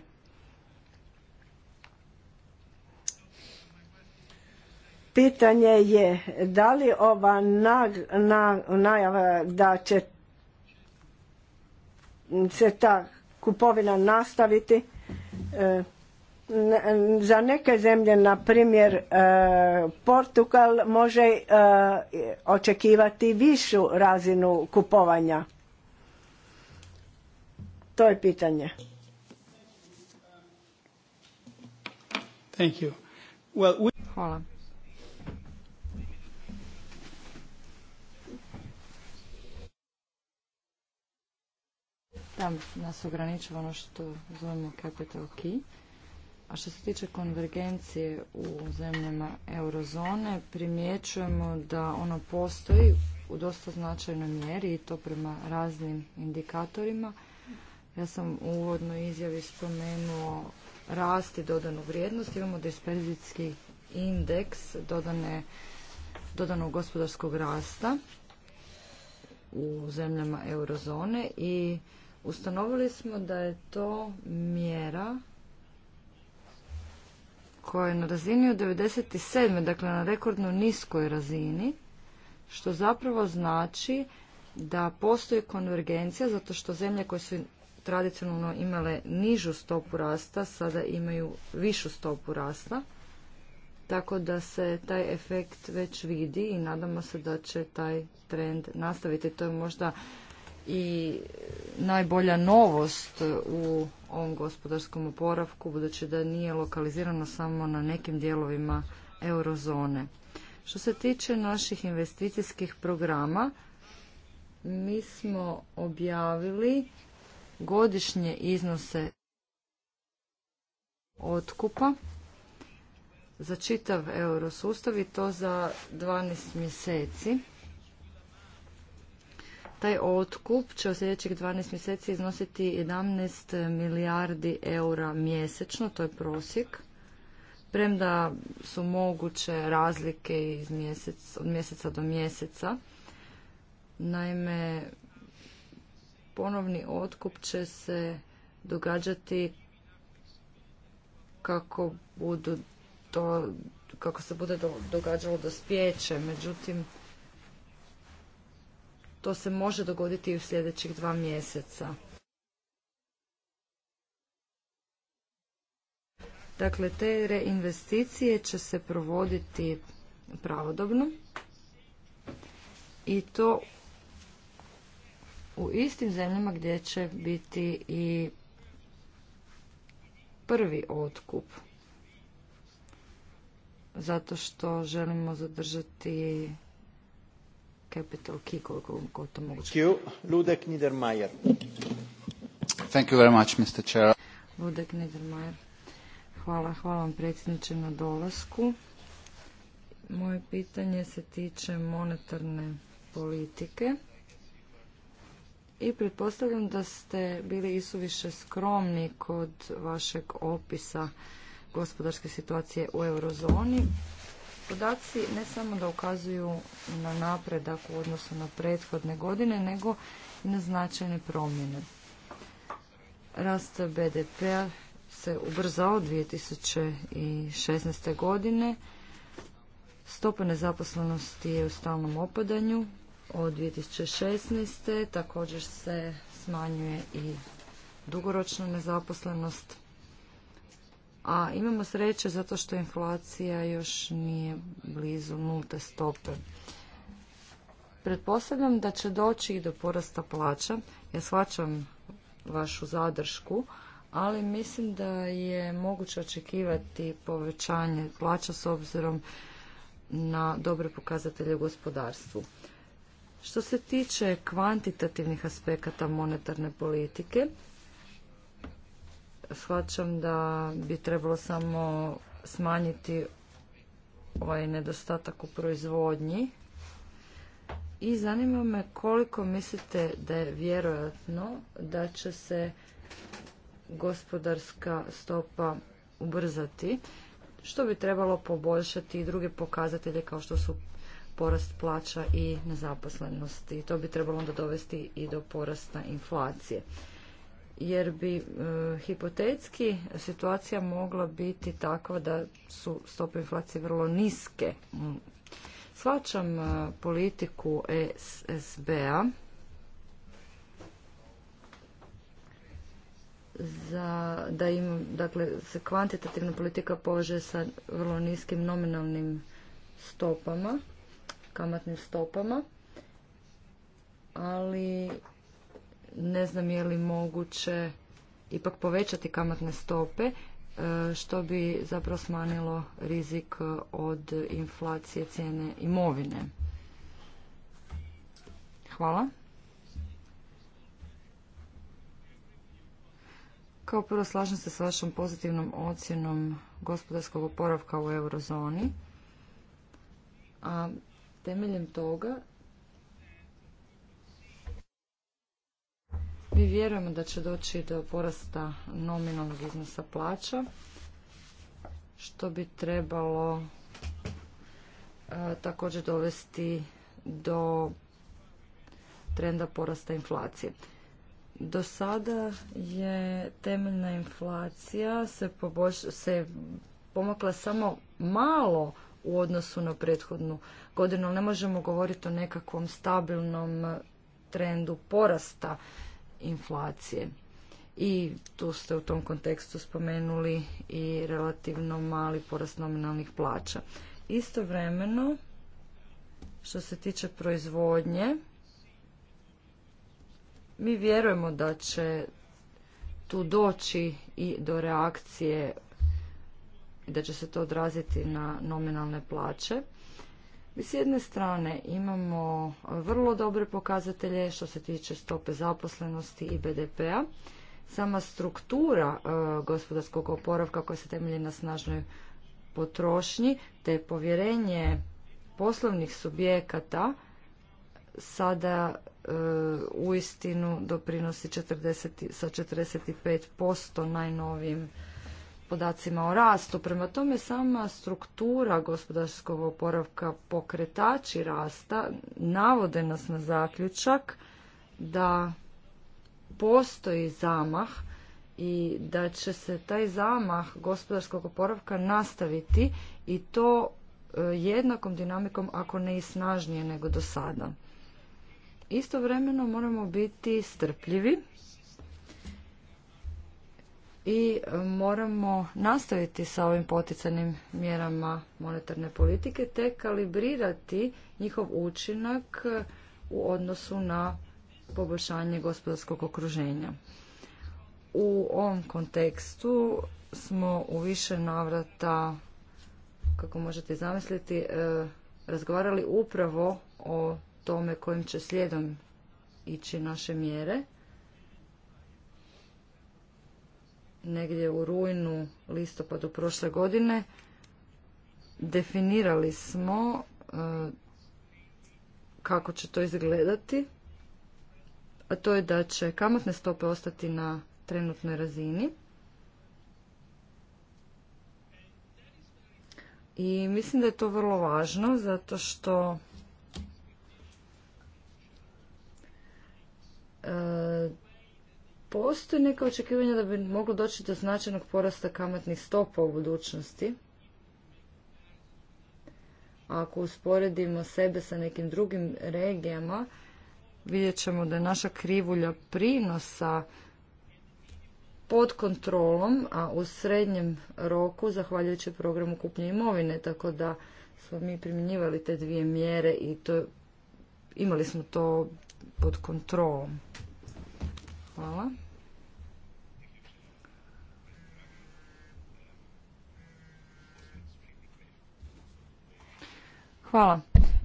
pitanje je da li ova najava da će se ta kupovina nastaviti. E, za neke zemlje, na primjer e, Portugal, može e, očekivati višu razinu kupovanja. To je pitanje. Hvala. Tam nas ograničava ono što zovemo capital key. A što se tiče konvergencije u zemljama eurozone, primjećujemo da ono postoji u dosta značajnoj mjeri i to prema raznim indikatorima. Ja sam u uvodnoj izjavi spomenuo rast i dodanu vrijednost. Imamo disperzijski indeks dodane, dodanog gospodarskog rasta u zemljama eurozone i Ustanovili smo da je to mjera koja je na razini od 97. dakle na rekordno niskoj razini, što zapravo znači da postoji konvergencija zato što zemlje koje su tradicionalno imale nižu stopu rasta sada imaju višu stopu rasta. Tako da se taj efekt već vidi i nadamo se da će taj trend nastaviti. To je možda i najbolja novost u ovom gospodarskom oporavku, budući da nije lokalizirano samo na nekim dijelovima eurozone. Što se tiče naših investicijskih programa, mi smo objavili godišnje iznose otkupa za čitav eurosustav i to za 12 mjeseci. Taj otkup će u sljedećih 12 mjeseci iznositi 11 milijardi eura mjesečno, to je prosjek. Premda su moguće razlike iz mjesec, od mjeseca do mjeseca. Naime, ponovni otkup će se događati kako budu to, kako se bude događalo spjeće, Međutim, to se može dogoditi i u sljedećih dva mjeseca. Dakle, te reinvesticije će se provoditi pravodobno i to u istim zemljama gdje će biti i prvi otkup. Zato što želimo zadržati capital key koliko to moguće. Thank you. Ludek Niedermayer. Thank you very much, Mr. Chair. Ludek Niedermayer. Hvala, hvala vam predsjedniče na dolasku. Moje pitanje se tiče monetarne politike i pretpostavljam da ste bili isuviše skromni kod vašeg opisa gospodarske situacije u eurozoni podaci ne samo da ukazuju na napredak u odnosu na prethodne godine, nego i na značajne promjene. Rast BDP-a se ubrzao 2016. godine. Stopa nezaposlenosti je u stalnom opadanju od 2016. Također se smanjuje i dugoročna nezaposlenost a imamo sreće zato što inflacija još nije blizu nulte stope. Pretpostavljam da će doći i do porasta plaća. Ja shvaćam vašu zadršku, ali mislim da je moguće očekivati povećanje plaća s obzirom na dobre pokazatelje u gospodarstvu. Što se tiče kvantitativnih aspekata monetarne politike, shvaćam da bi trebalo samo smanjiti ovaj nedostatak u proizvodnji. I zanima me koliko mislite da je vjerojatno da će se gospodarska stopa ubrzati, što bi trebalo poboljšati i druge pokazatelje kao što su porast plaća i nezaposlenosti. To bi trebalo onda dovesti i do porasta inflacije jer bi e, hipotetski situacija mogla biti takva da su stope inflacije vrlo niske. Mm. Svačam e, politiku SSB-a za da im dakle se kvantitativna politika poveže sa vrlo niskim nominalnim stopama, kamatnim stopama, ali ne znam je li moguće ipak povećati kamatne stope e, što bi zapravo smanjilo rizik od inflacije cijene imovine. Hvala. Kao prvo slažem se s vašom pozitivnom ocjenom gospodarskog oporavka u eurozoni. A temeljem toga Mi vjerujemo da će doći do porasta nominalnog iznosa plaća, što bi trebalo e, također dovesti do trenda porasta inflacije. Do sada je temeljna inflacija se, pomakla samo malo u odnosu na prethodnu godinu. Ne možemo govoriti o nekakvom stabilnom trendu porasta inflacije. I tu ste u tom kontekstu spomenuli i relativno mali porast nominalnih plaća. Istovremeno, što se tiče proizvodnje, mi vjerujemo da će tu doći i do reakcije da će se to odraziti na nominalne plaće. S jedne strane imamo vrlo dobre pokazatelje što se tiče stope zaposlenosti i BDP-a. Sama struktura e, gospodarskog oporavka koja se temelji na snažnoj potrošnji te povjerenje poslovnih subjekata sada u e, uistinu doprinosi sa 45% najnovijim podacima o rastu. Prema tome sama struktura gospodarskog oporavka pokretači rasta navode nas na zaključak da postoji zamah i da će se taj zamah gospodarskog oporavka nastaviti i to e, jednakom dinamikom ako ne i snažnije nego do sada. Istovremeno moramo biti strpljivi i e, moramo nastaviti sa ovim poticanim mjerama monetarne politike te kalibrirati njihov učinak e, u odnosu na poboljšanje gospodarskog okruženja. U ovom kontekstu smo u više navrata, kako možete zamisliti, e, razgovarali upravo o tome kojim će slijedom ići naše mjere negdje u rujnu, listopadu prošle godine, definirali smo e, kako će to izgledati, a to je da će kamatne stope ostati na trenutnoj razini. I mislim da je to vrlo važno zato što e, Postoje neka očekivanja da bi moglo doći do značajnog porasta kamatnih stopa u budućnosti. Ako usporedimo sebe sa nekim drugim regijama, vidjet ćemo da je naša krivulja prinosa pod kontrolom, a u srednjem roku, zahvaljujući programu kupnje imovine, tako da smo mi primjenjivali te dvije mjere i to, imali smo to pod kontrolom. Hvala. Hvala.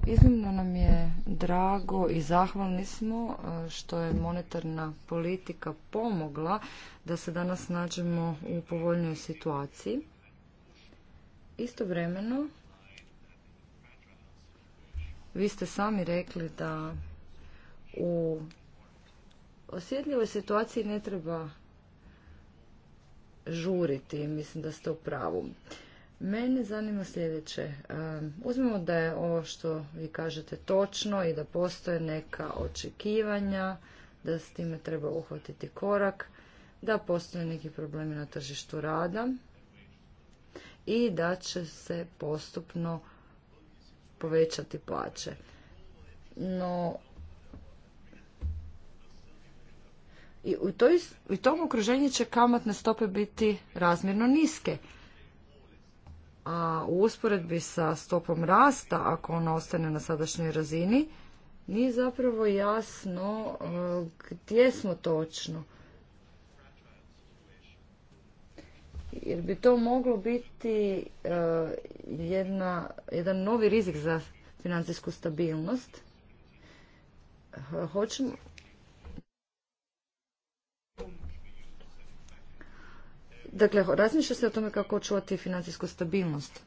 Iznimno nam je drago i zahvalni smo e, što je monetarna politika pomogla da se danas nađemo u povoljnoj situaciji. Istovremeno, vi ste sami rekli da u osjetljivoj situaciji ne treba žuriti. Mislim da ste u pravu. Mene zanima sljedeće. Uzmimo da je ovo što vi kažete točno i da postoje neka očekivanja, da s time treba uhvatiti korak, da postoje neki problemi na tržištu rada i da će se postupno povećati plaće. No, i u, u tom okruženju će kamatne stope biti razmjerno niske a u usporedbi sa stopom rasta, ako ona ostane na sadašnjoj razini, nije zapravo jasno e, gdje smo točno. Jer bi to moglo biti e, jedan novi rizik za financijsku stabilnost. Hoćemo, Dakle, razmišlja se o tome kako očuvati financijsku stabilnost.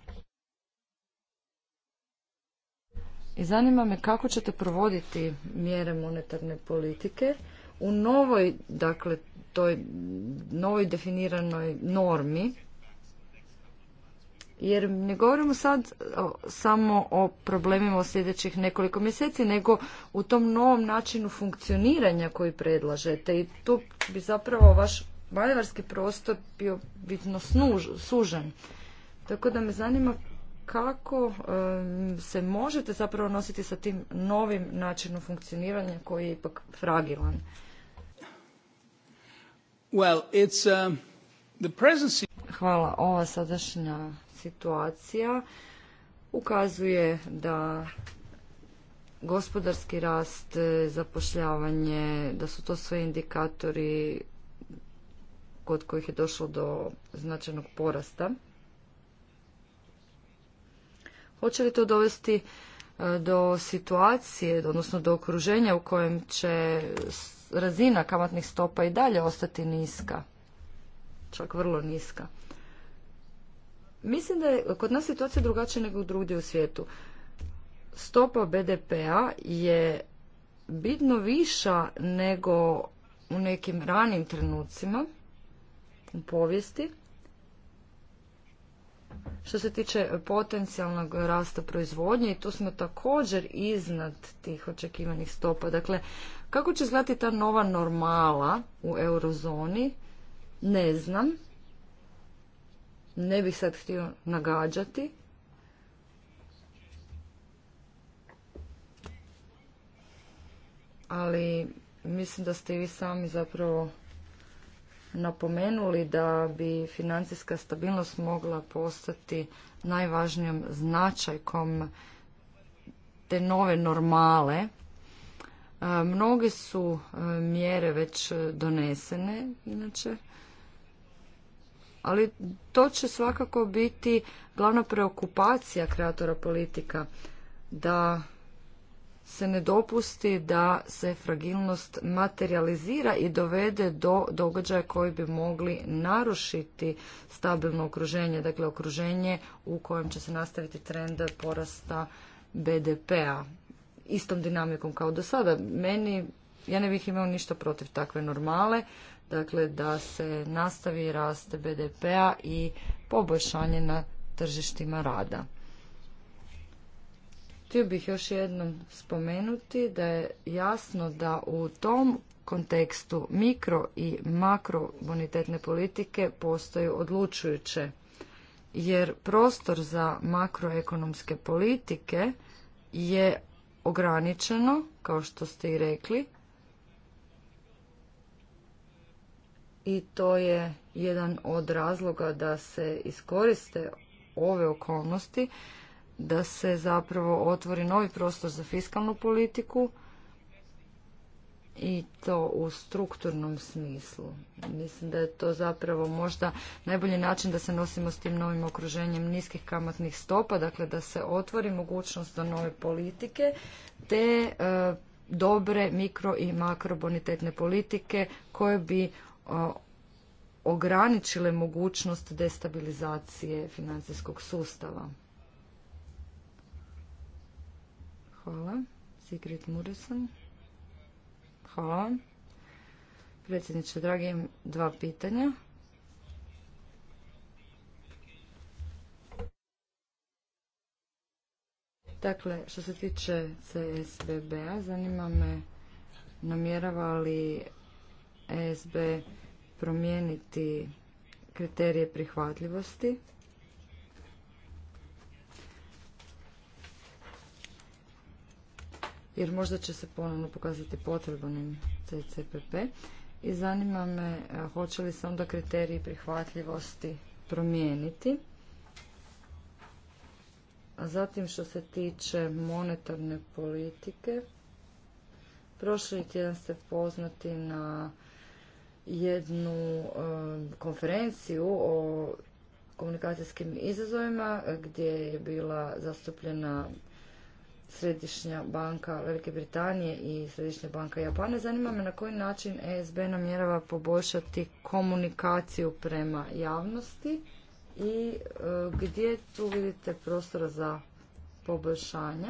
I zanima me kako ćete provoditi mjere monetarne politike u novoj, dakle, toj novoj definiranoj normi, jer ne govorimo sad samo o problemima u sljedećih nekoliko mjeseci, nego u tom novom načinu funkcioniranja koji predlažete i tu bi zapravo vaš manevarski prostor bio bitno sužen. Tako da me zanima kako e, se možete zapravo nositi sa tim novim načinom funkcioniranja koji je ipak fragilan. Well, it's, uh, the presence... Hvala. Ova sadašnja situacija ukazuje da gospodarski rast, e, zapošljavanje, da su to sve indikatori kod kojih je došlo do značajnog porasta. Hoće li to dovesti e, do situacije, odnosno do okruženja u kojem će razina kamatnih stopa i dalje ostati niska, čak vrlo niska? Mislim da je kod nas situacija drugačija nego drugdje u svijetu. Stopa BDP-a je bitno viša nego u nekim ranim trenucima u povijesti. Što se tiče potencijalnog rasta proizvodnje i tu smo također iznad tih očekivanih stopa. Dakle, kako će izgledati ta nova normala u eurozoni, ne znam. Ne bih sad htio nagađati. Ali mislim da ste i vi sami zapravo napomenuli da bi financijska stabilnost mogla postati najvažnijom značajkom te nove normale. E, Mnoge su e, mjere već donesene, inače, ali to će svakako biti glavna preokupacija kreatora politika, da se ne dopusti da se fragilnost materializira i dovede do događaja koji bi mogli narušiti stabilno okruženje, dakle okruženje u kojem će se nastaviti trend porasta BDP-a istom dinamikom kao do sada. Meni, ja ne bih imao ništa protiv takve normale, dakle da se nastavi rast BDP-a i poboljšanje na tržištima rada. Htio bih još jednom spomenuti da je jasno da u tom kontekstu mikro i makro bonitetne politike postoju odlučujuće jer prostor za makroekonomske politike je ograničeno, kao što ste i rekli. I to je jedan od razloga da se iskoriste ove okolnosti da se zapravo otvori novi prostor za fiskalnu politiku i to u strukturnom smislu. Mislim da je to zapravo možda najbolji način da se nosimo s tim novim okruženjem niskih kamatnih stopa, dakle da se otvori mogućnost za nove politike te e, dobre mikro i makrobonitetne politike koje bi e, ograničile mogućnost destabilizacije financijskog sustava. Hvala. Sigrid Mureson. Hvala Predsjedniče, dragi, imam dva pitanja. Dakle, što se tiče CSBB-a, zanima me namjerava li ESB promijeniti kriterije prihvatljivosti jer možda će se ponovno pokazati potrebanim CCPP. I zanima me e, hoće li se onda kriteriji prihvatljivosti promijeniti. A zatim što se tiče monetarne politike, prošli tjedan ste poznati na jednu e, konferenciju o komunikacijskim izazovima gdje je bila zastupljena Središnja banka Velike Britanije i Središnja banka Japana. Zanima me na koji način ESB namjerava poboljšati komunikaciju prema javnosti i e, gdje tu vidite prostora za poboljšanje.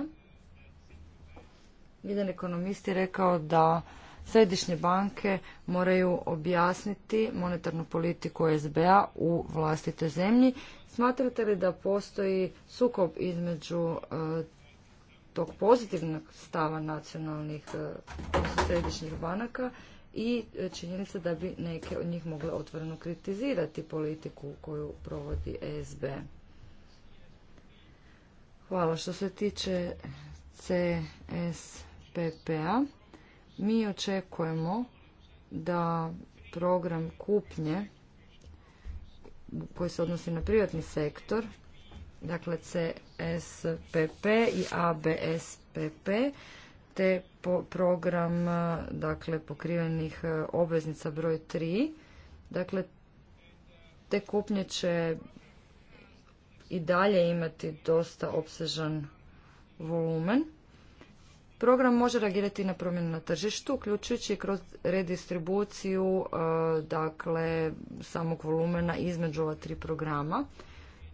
Jedan ekonomist je rekao da središnje banke moraju objasniti monetarnu politiku e SBA u vlastitoj zemlji. Smatrate li da postoji sukob između e, tog pozitivnog stava nacionalnih e, središnjih banaka i e, činjenica da bi neke od njih mogle otvoreno kritizirati politiku koju provodi ESB. Hvala. Što se tiče CSPPA, mi očekujemo da program kupnje koji se odnosi na privatni sektor dakle CSPP i ABSPP, te program dakle, pokrivenih e, obveznica broj 3. Dakle, te kupnje će i dalje imati dosta opsežan volumen. Program može reagirati na promjenu na tržištu, uključujući kroz redistribuciju e, dakle, samog volumena između ova tri programa.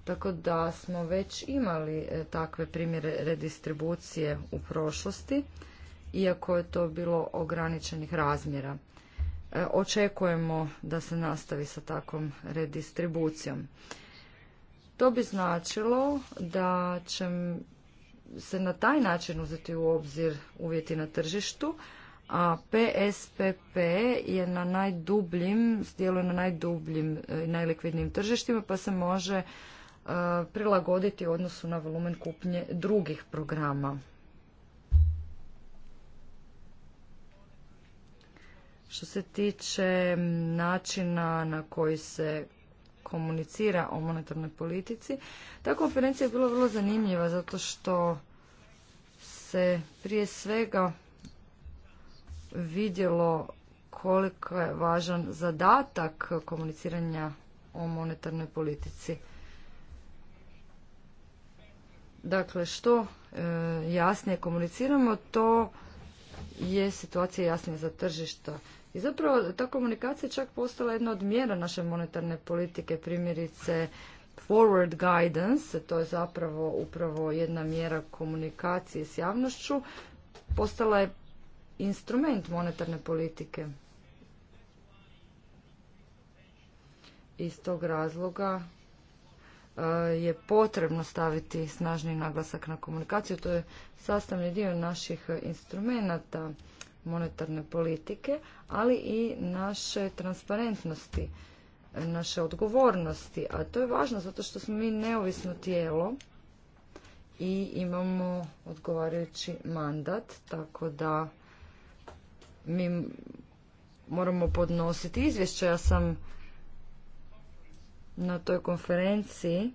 Tako da smo već imali e, takve primjere redistribucije u prošlosti, iako je to bilo ograničenih razmjera. E, očekujemo da se nastavi sa takvom redistribucijom. To bi značilo da će se na taj način uzeti u obzir uvjeti na tržištu, a PSPP je na najdubljim, djeluje na najdubljim i e, najlikvidnijim tržištima, pa se može E, prilagoditi u odnosu na volumen kupnje drugih programa. Što se tiče načina na koji se komunicira o monetarnoj politici, ta konferencija je bila vrlo zanimljiva zato što se prije svega vidjelo koliko je važan zadatak komuniciranja o monetarnoj politici. Dakle, što e, jasnije komuniciramo, to je situacija jasnija za tržišta. I zapravo ta komunikacija je čak postala jedna od mjera naše monetarne politike, primjerice forward guidance, to je zapravo upravo jedna mjera komunikacije s javnošću, postala je instrument monetarne politike. Iz tog razloga E, je potrebno staviti snažni naglasak na komunikaciju. To je sastavni dio naših instrumenata monetarne politike, ali i naše transparentnosti, naše odgovornosti. A to je važno zato što smo mi neovisno tijelo i imamo odgovarajući mandat, tako da mi moramo podnositi izvješće. Ja sam na toj konferenciji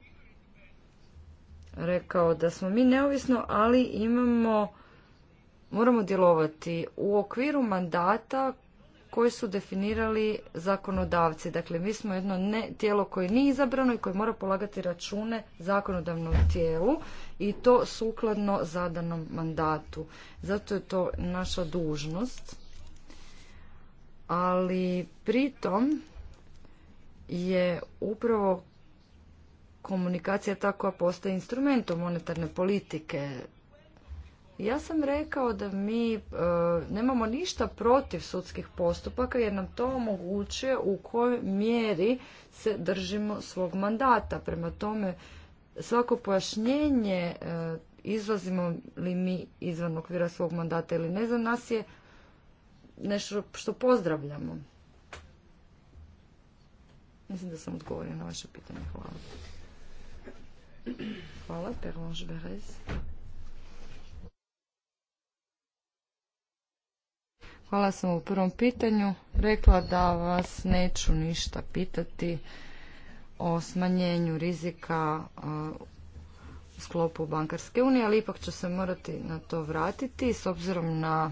rekao da smo mi neovisno, ali imamo, moramo djelovati u okviru mandata koji su definirali zakonodavci. Dakle, mi smo jedno ne, tijelo koje nije izabrano i koje mora polagati račune zakonodavnom tijelu i to sukladno zadanom mandatu. Zato je to naša dužnost. Ali pritom je upravo komunikacija ta koja postaje instrumentom monetarne politike. Ja sam rekao da mi e, nemamo ništa protiv sudskih postupaka jer nam to omogućuje u kojoj mjeri se držimo svog mandata. Prema tome svako pojašnjenje e, izlazimo li mi izvan okvira svog mandata ili ne za nas je nešto što pozdravljamo. Mislim da sam odgovorio na vaše pitanje. Hvala. Hvala, Berez. Hvala sam u prvom pitanju. Rekla da vas neću ništa pitati o smanjenju rizika u sklopu bankarske unije, ali ipak ću se morati na to vratiti s obzirom na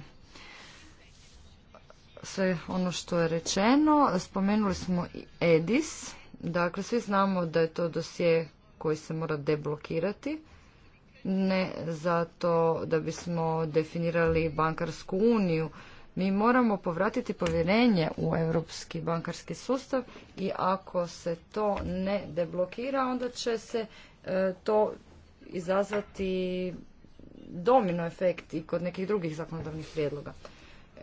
sve ono što je rečeno. Spomenuli smo i EDIS. Dakle, svi znamo da je to dosje koji se mora deblokirati. Ne zato da bismo definirali bankarsku uniju. Mi moramo povratiti povjerenje u europski bankarski sustav i ako se to ne deblokira, onda će se e, to izazvati domino efekt i kod nekih drugih zakonodavnih prijedloga.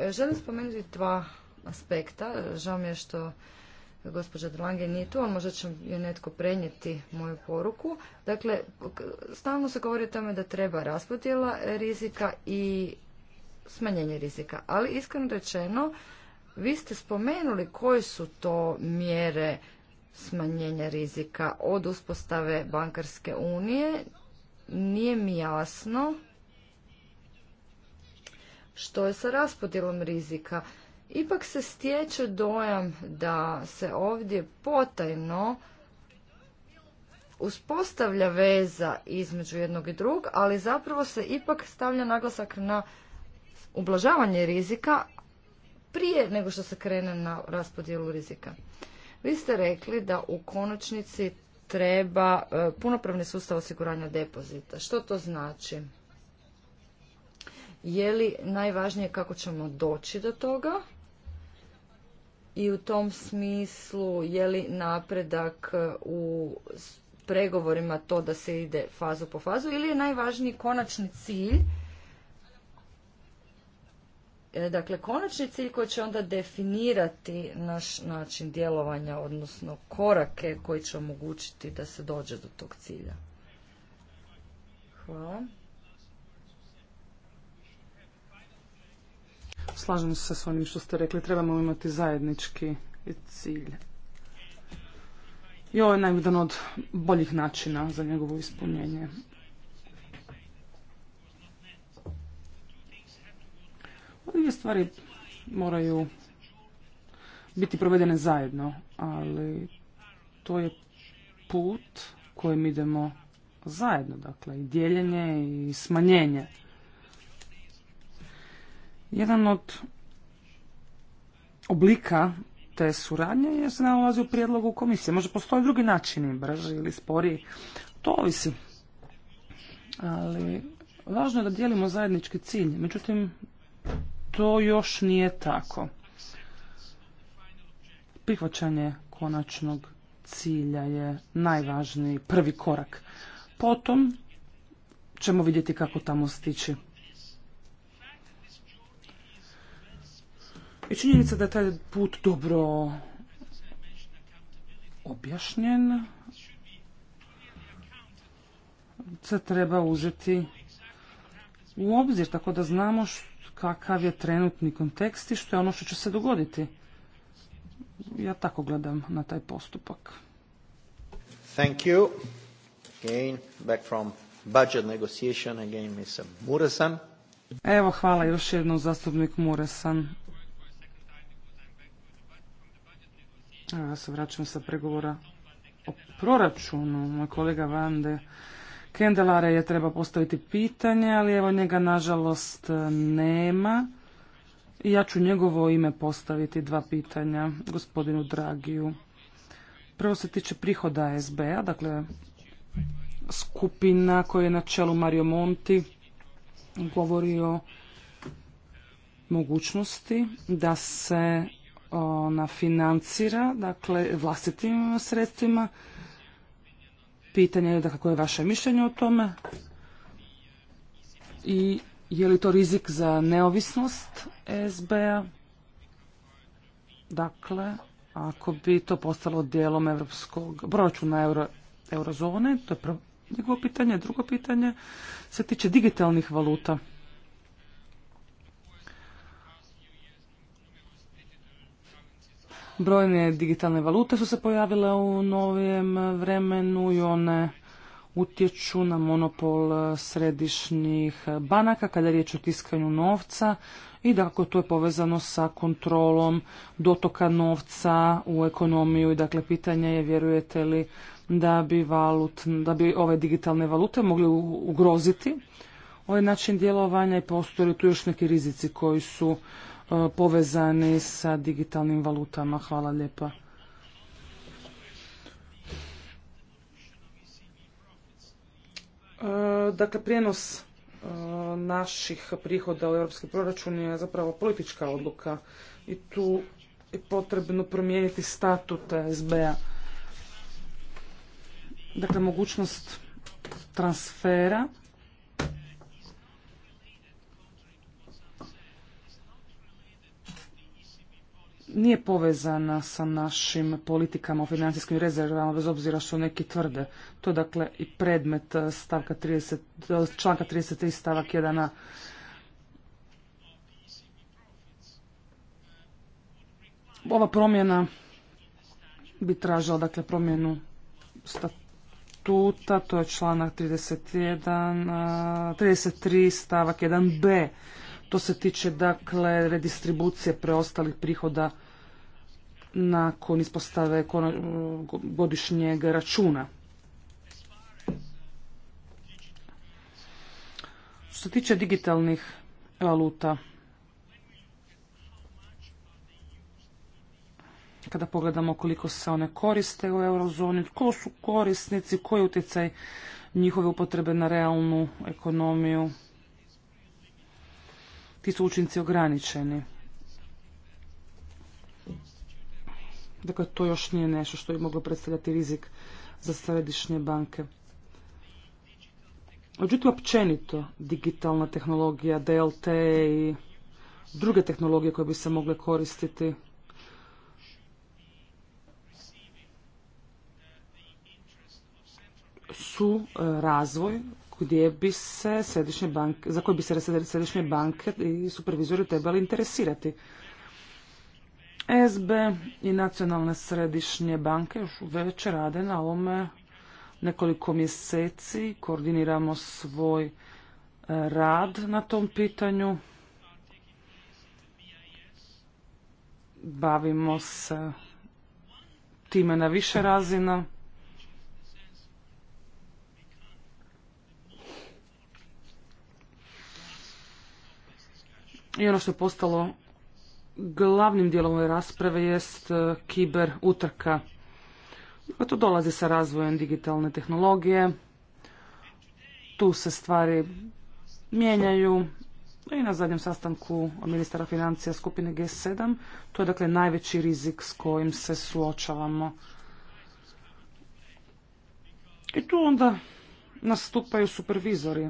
Želim spomenuti dva aspekta. Žao mi je što gospođa Drlange nije tu, ali možda će joj netko prenijeti moju poruku. Dakle, stalno se govori o tome da treba raspodjela rizika i smanjenje rizika. Ali iskreno rečeno, vi ste spomenuli koje su to mjere smanjenja rizika od uspostave bankarske unije. Nije mi jasno što je sa raspodjelom rizika. Ipak se stječe dojam da se ovdje potajno uspostavlja veza između jednog i drugog, ali zapravo se ipak stavlja naglasak na ublažavanje rizika prije nego što se krene na raspodjelu rizika. Vi ste rekli da u konačnici treba e, punopravni sustav osiguranja depozita. Što to znači? je li najvažnije kako ćemo doći do toga i u tom smislu je li napredak u pregovorima to da se ide fazu po fazu ili je najvažniji konačni cilj e, dakle konačni cilj koji će onda definirati naš način djelovanja odnosno korake koji će omogućiti da se dođe do tog cilja. Hvala. Slažem se s onim što ste rekli, trebamo imati zajednički cilj. I ovo je najvidan od boljih načina za njegovo ispunjenje. Dvije stvari moraju biti provedene zajedno, ali to je put kojim idemo zajedno, dakle i dijeljenje i smanjenje. Jedan od oblika te suradnje je se nalazi u prijedlogu komisije. Može postoje drugi načini, brži ili sporiji. To ovisi. Ali važno je da dijelimo zajednički cilj. Međutim, to još nije tako. Prihvaćanje konačnog cilja je najvažniji prvi korak. Potom ćemo vidjeti kako tamo stići. I činjenica da je taj put dobro objašnjen, se treba uzeti u obzir, tako da znamo kakav je trenutni kontekst i što je ono što će se dogoditi. Ja tako gledam na taj postupak. Thank you. Again, back from budget negotiation, again, Muresan. Evo, hvala još jednom zastupnik Muresan. Ja se vraćam sa pregovora o proračunu. Moj kolega Vande Kendelare je treba postaviti pitanje, ali evo njega nažalost nema. I ja ću njegovo ime postaviti dva pitanja gospodinu Dragiju. Prvo se tiče prihoda SBA, dakle skupina koja je na čelu Mario Monti govori o mogućnosti da se ona financira, dakle, vlastitim sredstvima. Pitanje je da dakle, kako je vaše mišljenje o tome i je li to rizik za neovisnost SB-a? Dakle, ako bi to postalo dijelom evropskog proračuna eurozone, to je prvo njegovo pitanje. Drugo pitanje se tiče digitalnih valuta. Brojne digitalne valute su se pojavile u novijem vremenu i one utječu na monopol središnjih banaka kada je riječ o tiskanju novca i dakle to je povezano sa kontrolom dotoka novca u ekonomiju i dakle pitanje je vjerujete li da bi, valut, da bi ove digitalne valute mogli ugroziti ovaj način djelovanja i postoje tu još neki rizici koji su E, povezani sa digitalnim valutama. Hvala lijepa. E, dakle, prijenos e, naših prihoda u europski proračun je zapravo politička odluka i tu je potrebno promijeniti statut SBA. Dakle, mogućnost transfera nije povezana sa našim politikama o financijskim rezervama, bez obzira što neki tvrde. To je dakle i predmet e, stavka 30, e, članka 33 stavak 1a. Ova promjena bi tražila dakle promjenu statuta, to je članak 31, 33 stavak 1b to se tiče dakle redistribucije preostalih prihoda nakon ispostave godišnjeg računa. Što se tiče digitalnih valuta, kada pogledamo koliko se one koriste u eurozoni, ko su korisnici, koji je utjecaj njihove upotrebe na realnu ekonomiju, ti su učinci ograničeni. Dakle, to još nije nešto što bi moglo predstavljati rizik za središnje banke. Međutim, općenito digitalna tehnologija, DLT i druge tehnologije koje bi se mogle koristiti su e, razvoj gdje bi se središnje banke, za koje bi se središnje banke i supervizori trebali interesirati. SB i nacionalne središnje banke još već rade na ovome nekoliko mjeseci, koordiniramo svoj e, rad na tom pitanju. Bavimo se time na više razina. I ono što je postalo glavnim dijelom ove rasprave jest e, kiber utrka. Dakle, to dolazi sa razvojem digitalne tehnologije. Tu se stvari mijenjaju. I na zadnjem sastanku ministara financija skupine G7, to je dakle najveći rizik s kojim se suočavamo. I tu onda nastupaju supervizori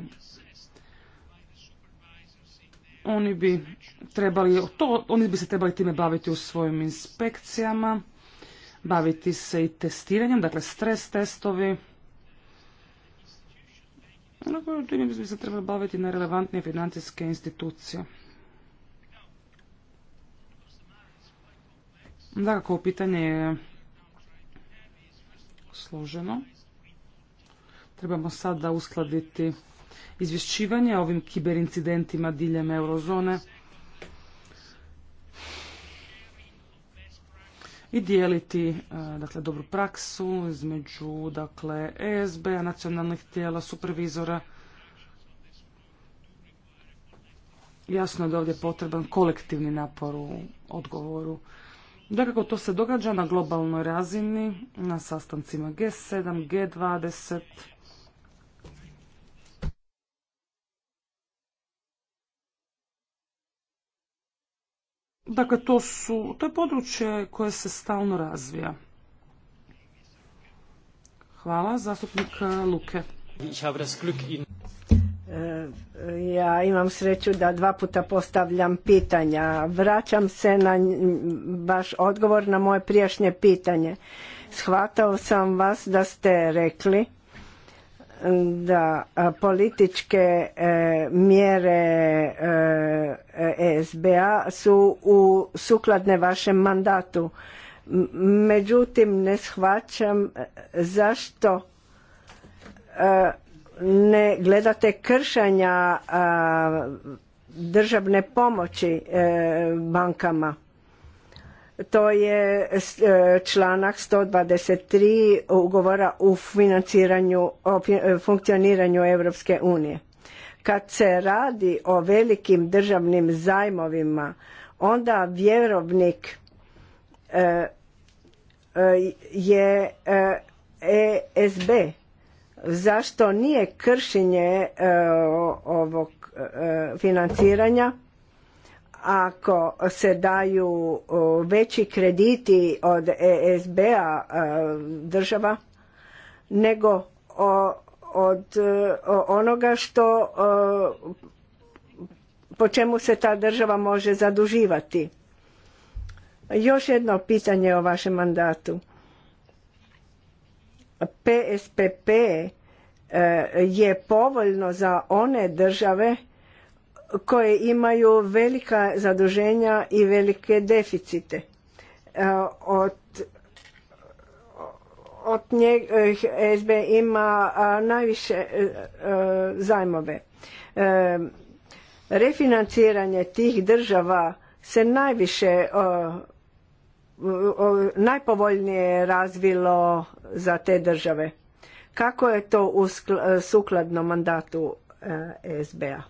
oni bi trebali, to, oni bi se trebali time baviti u svojim inspekcijama, baviti se i testiranjem, dakle stres testovi. Oni time bi se trebali baviti na relevantne financijske institucije. Dakako, pitanje je složeno. Trebamo sada uskladiti izvješćivanje o ovim kiberincidentima diljem eurozone i dijeliti e, dakle, dobru praksu između dakle, ESB-a, nacionalnih tijela, supervizora. Jasno je da ovdje je potreban kolektivni napor u odgovoru. Dakako, to se događa na globalnoj razini, na sastancima G7, G20, Dakle, to, su, to je područje koje se stalno razvija. Hvala, zastupnik Luke. E, ja imam sreću da dva puta postavljam pitanja. Vraćam se na vaš odgovor na moje prijašnje pitanje. Shvatao sam vas da ste rekli da političke e, mjere e, e SBA su u sukladne vašem mandatu. Međutim, ne shvaćam zašto ne gledate kršanja državne pomoći bankama to je e, članak 123 ugovora u financiranju, o e, funkcioniranju Europske unije. Kad se radi o velikim državnim zajmovima, onda vjerovnik e, je ESB. Zašto nije kršenje ovog financiranja? ako se daju veći krediti od ESB-a e, država nego od e, onoga što po čemu se ta država može zaduživati. Još jedno pitanje o vašem mandatu. PSPP e, je povoljno za one države koje imaju velika zaduženja i velike deficite. E, od, od eh, SB ima najviše e, e, zajmove. Refinanciranje tih država se najviše najpovoljnije razvilo za te države. Kako je to u sukladno mandatu SBA?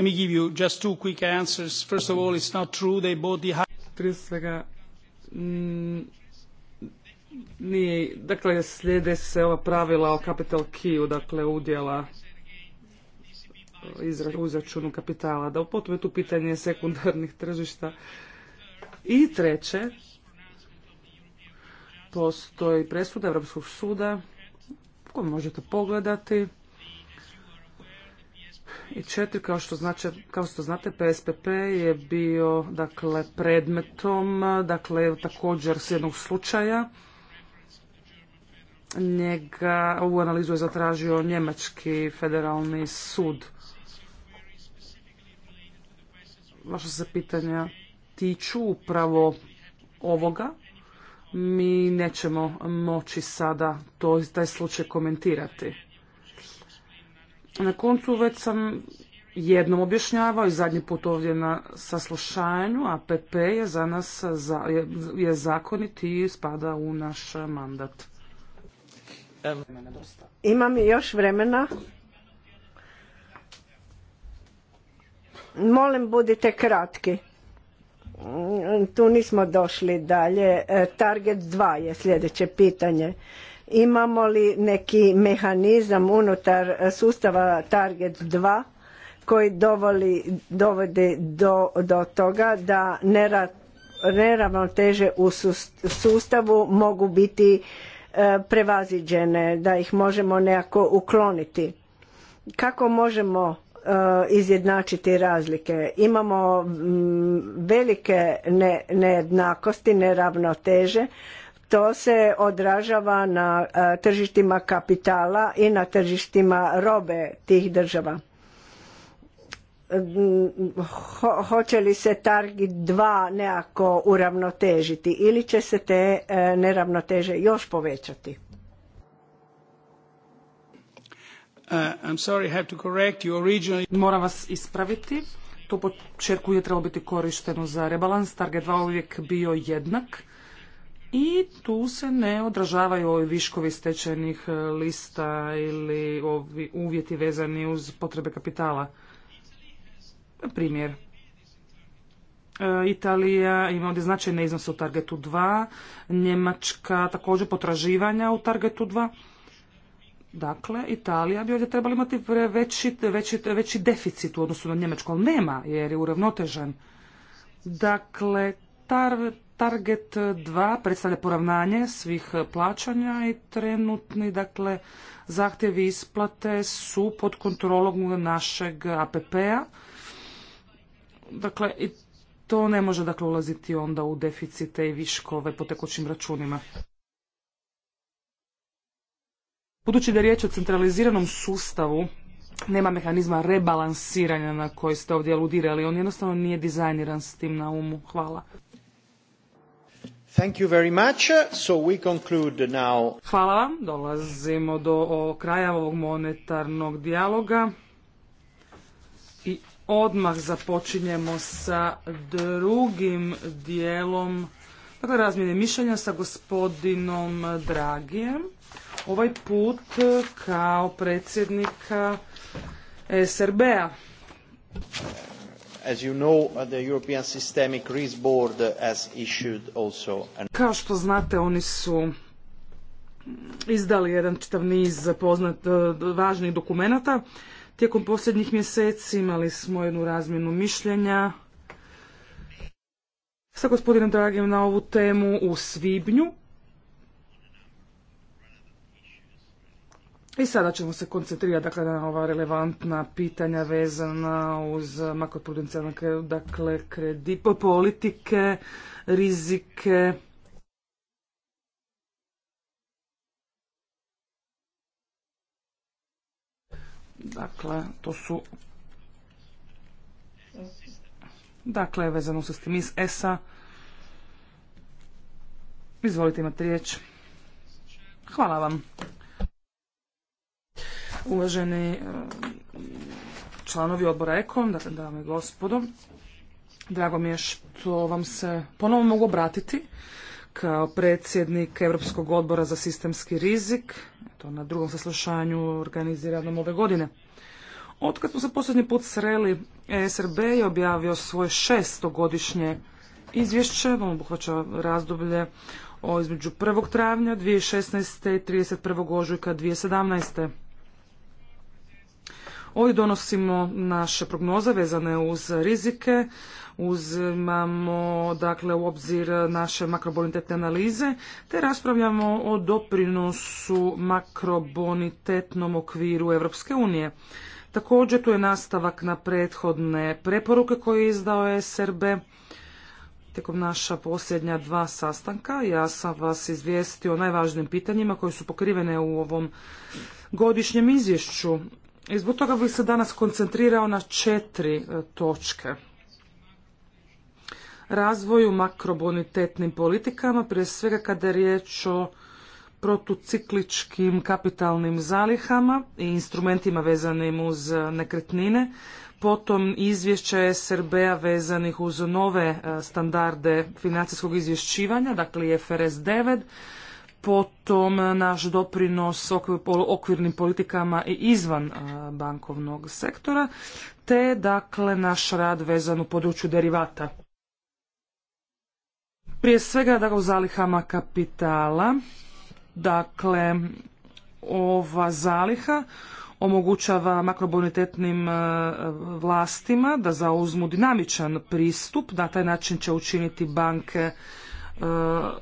Let give you just two quick answers. First of all, it's not true they bought the Prije svega, dakle, slijede se ova pravila o capital key-u, dakle, udjela e, u izračunu kapitala, da potom je tu pitanje sekundarnih tržišta. I treće, postoji presuda Europskog suda koju možete pogledati i Kao što, znači, kao što znate, PSPP je bio dakle, predmetom dakle, također s jednog slučaja. Njega, ovu analizu je zatražio Njemački federalni sud. Vaša se pitanja tiču upravo ovoga. Mi nećemo moći sada to, taj slučaj komentirati. Na koncu već sam jednom objašnjavao i zadnji put ovdje na saslušanju, APP je za nas je, zakonit i spada u naš mandat. Imam još vremena. Molim, budite kratki. Tu nismo došli dalje. Target 2 je sljedeće pitanje. Imamo li neki mehanizam unutar sustava Target 2 koji dovodi do, toga da neravnoteže u sustavu mogu biti e, prevaziđene, da ih možemo nekako ukloniti. Kako možemo e, izjednačiti razlike? Imamo velike nejednakosti, neravnoteže, to se odražava na e, tržištima kapitala i na tržištima robe tih država. hoće li se target dva nekako uravnotežiti ili će se te e, neravnoteže još povećati? Uh, Moram vas ispraviti. To početku je trebalo biti korišteno za rebalans. Target 2 uvijek bio jednak i tu se ne odražavaju ovi viškovi stečajnih e, lista ili ovi uvjeti vezani uz potrebe kapitala. Primjer. E, Italija ima ovdje značajne iznose u targetu 2, Njemačka također potraživanja u targetu 2. Dakle, Italija bi ovdje trebala imati veći, veći, veći deficit u odnosu na Njemačku, ali nema jer je uravnotežen. Dakle, tar, Target 2 predstavlja poravnanje svih plaćanja i trenutni dakle zahtjevi isplate su pod kontrolom našeg APP-a. Dakle, i to ne može dakle ulaziti onda u deficite i viškove po tekućim računima. Budući da je riječ o centraliziranom sustavu, nema mehanizma rebalansiranja na koji ste ovdje aludirali. On jednostavno nije dizajniran s tim na umu. Hvala. Thank you very much. Hvala vam. Dolazimo do kraja ovog monetarnog dijaloga. I odmah započinjemo sa drugim dijelom dakle, razmjene mišljenja sa gospodinom Dragijem. Ovaj put kao predsjednika SRB-a as you know, uh, the European Systemic Risk Board has issued also an... Kao što znate, oni su izdali jedan čitav niz poznat uh, važnih dokumenata. Tijekom posljednjih mjeseci imali smo jednu razmjenu mišljenja sa gospodinom Dragim na ovu temu u Svibnju. I sada ćemo se koncentrirati dakle, na ova relevantna pitanja vezana uz makroprudencijalne dakle, politike, rizike, Dakle, to su... Dakle, vezano s tim iz ESA. Izvolite imati riječ. Hvala vam uvaženi e, članovi odbora EKOM, dakle, dame i gospodo. Drago mi je što vam se ponovo mogu obratiti kao predsjednik Europskog odbora za sistemski rizik, to na drugom saslušanju organiziranom ove godine. Otkad smo se posljednji put sreli, ESRB je objavio svoje šestogodišnje izvješće, vam ono obuhvaća razdoblje o između 1. travnja 2016. i 31. ožujka 2017. Ovdje donosimo naše prognoze vezane uz rizike, uzimamo dakle u obzir naše makrobonitetne analize te raspravljamo o doprinosu makrobonitetnom okviru Europske unije. Također tu je nastavak na prethodne preporuke koje je izdao SRB. Tijekom naša posljednja dva sastanka ja sam vas izvijestio o najvažnijim pitanjima koje su pokrivene u ovom godišnjem izvješću i zbog toga bih se danas koncentrirao na četiri e, točke. Razvoju makrobonitetnim politikama, prije svega kada je riječ o protucikličkim kapitalnim zalihama i instrumentima vezanim uz nekretnine, potom izvješća SRB-a vezanih uz nove e, standarde financijskog izvješćivanja, dakle IFRS 9, potom naš doprinos okvirnim politikama i izvan bankovnog sektora, te dakle naš rad vezan u području derivata. Prije svega da u zalihama kapitala, dakle ova zaliha omogućava makrobonitetnim e, vlastima da zauzmu dinamičan pristup, na taj način će učiniti banke Eh,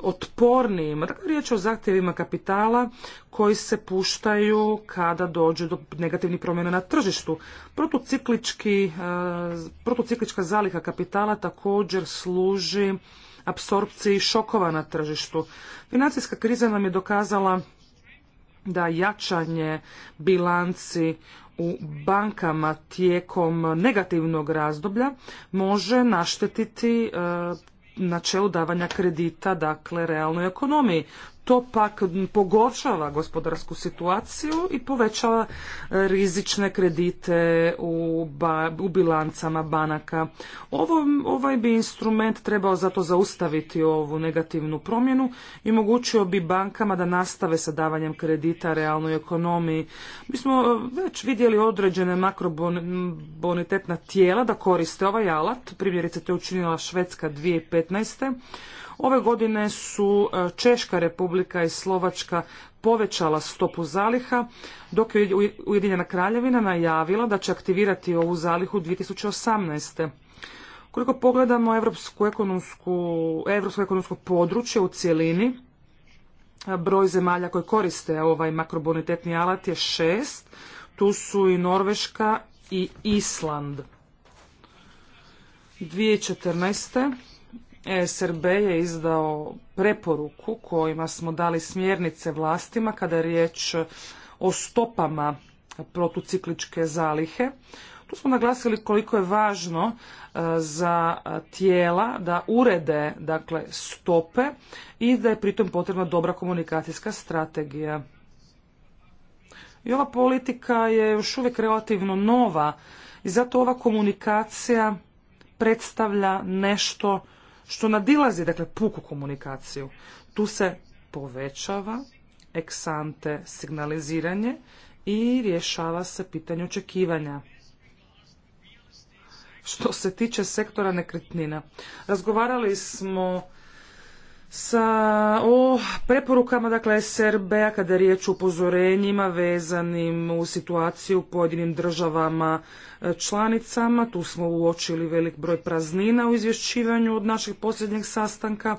otpornijim. Dakle, riječ je o zahtjevima kapitala koji se puštaju kada dođu do negativnih promjena na tržištu. Protociklički, eh, protociklička zaliha kapitala također služi apsorpciji šokova na tržištu. Financijska kriza nam je dokazala da jačanje bilanci u bankama tijekom negativnog razdoblja može naštetiti eh, načelu davanja kredita, dakle, realnoj ekonomiji to pak pogoršava gospodarsku situaciju i povećava e, rizične kredite u, bilancama banaka. ovaj bi instrument trebao zato zaustaviti ovu negativnu promjenu i omogućio bi bankama da nastave sa davanjem kredita realnoj ekonomiji. Mi smo e, već vidjeli određene makrobonitetna tijela da koriste ovaj alat. Primjerice to je učinila Švedska 2015 Ove godine su e, Češka republika i Slovačka povećala stopu zaliha, dok je Ujedinjena kraljevina najavila da će aktivirati ovu zalihu 2018. Koliko pogledamo evropsko ekonomsko, ekonomsko područje u cjelini, e, broj zemalja koje koriste ovaj makrobonitetni alat je šest. Tu su i Norveška i Island. 2014 esrb je izdao preporuku kojima smo dali smjernice vlastima kada je riječ o stopama protucikličke zalihe. Tu smo naglasili koliko je važno e, za tijela da urede dakle, stope i da je pritom potrebna dobra komunikacijska strategija. I ova politika je još uvijek relativno nova i zato ova komunikacija predstavlja nešto što nadilazi dakle puku komunikaciju. Tu se povećava eksante signaliziranje i rješava se pitanje očekivanja. Što se tiče sektora nekretnina, razgovarali smo sa o preporukama dakle SRB-a kada je riječ o upozorenjima vezanim u situaciju u pojedinim državama e, članicama. Tu smo uočili velik broj praznina u izvješćivanju od naših posljednjeg sastanka.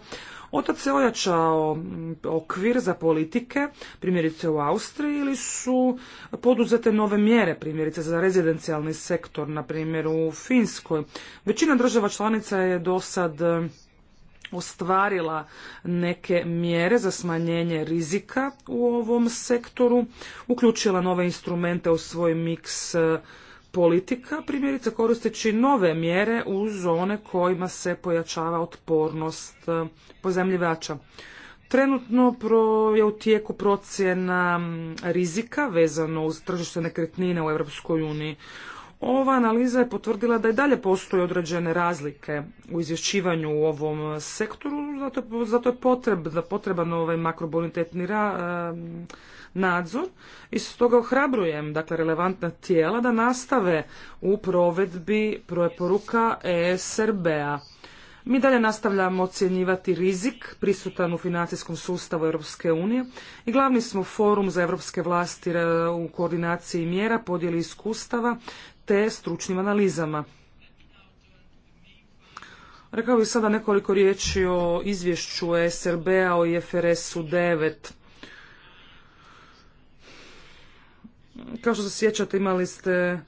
Otac se ojačao mm, okvir za politike, primjerice u Austriji, ili su poduzete nove mjere, primjerice za rezidencijalni sektor, na primjer u Finskoj. Većina država članica je do sad ostvarila neke mjere za smanjenje rizika u ovom sektoru, uključila nove instrumente u svoj miks e, politika, primjerice koristeći nove mjere uz zone kojima se pojačava otpornost e, pozemljivača. Trenutno je u tijeku procjena rizika vezano uz tržište nekretnine u Europskoj uniji. Ova analiza je potvrdila da i dalje postoje određene razlike u izvješćivanju u ovom sektoru, zato, je potreb, da potreban ovaj makrobonitetni nadzor i stoga ohrabrujem dakle, relevantna tijela da nastave u provedbi preporuka ESRB-a. Mi dalje nastavljamo ocjenjivati rizik prisutan u financijskom sustavu Europske unije i glavni smo forum za europske vlasti u koordinaciji mjera, podjeli iskustava te stručnim analizama. Rekao bih sada nekoliko riječi o izvješću SRB-a o IFRS-u 9. Kao što se sjećate imali ste e,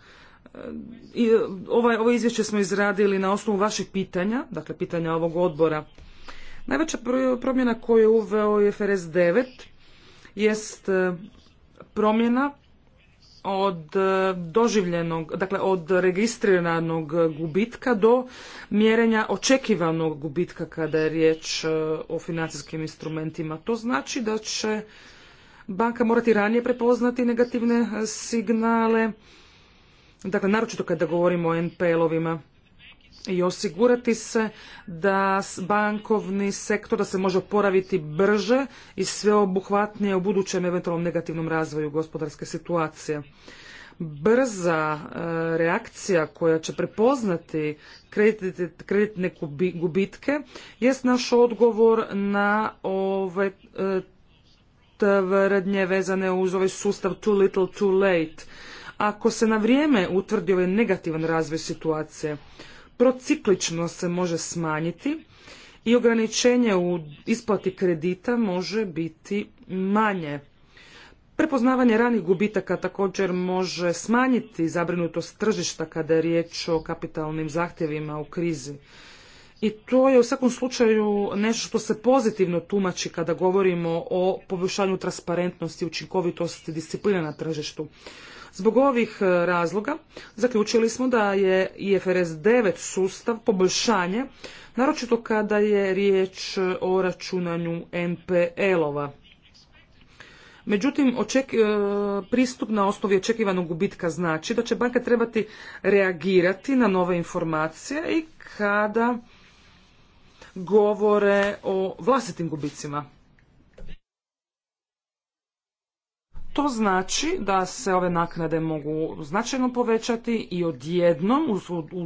i ovaj, ovo izvješće smo izradili na osnovu vaših pitanja, dakle pitanja ovog odbora. Najveća promjena koju je uveo IFRS 9 jest e, promjena od e, doživljenog, dakle od registriranog gubitka do mjerenja očekivanog gubitka kada je riječ e, o financijskim instrumentima. To znači da će banka morati ranije prepoznati negativne e, signale, dakle naročito kada govorimo o NPL-ovima i osigurati se da bankovni sektor da se može oporaviti brže i sveobuhvatnije u budućem eventualnom negativnom razvoju gospodarske situacije. Brza e, reakcija koja će prepoznati kreditne gubitke jest naš odgovor na ove e, tvrdnje vezane uz ovaj sustav too little too late. Ako se na vrijeme utvrdi ovaj negativan razvoj situacije, prociklično se može smanjiti i ograničenje u isplati kredita može biti manje. Prepoznavanje ranih gubitaka također može smanjiti zabrinutost tržišta kada je riječ o kapitalnim zahtjevima u krizi. I to je u svakom slučaju nešto što se pozitivno tumači kada govorimo o poboljšanju transparentnosti, učinkovitosti, discipline na tržištu. Zbog ovih e, razloga zaključili smo da je IFRS 9 sustav poboljšanje, naročito kada je riječ e, o računanju NPL-ova. Međutim, e, pristup na osnovi očekivanog gubitka znači da će banka trebati reagirati na nove informacije i kada govore o vlastitim gubicima. To znači da se ove naknade mogu značajno povećati i odjednom u,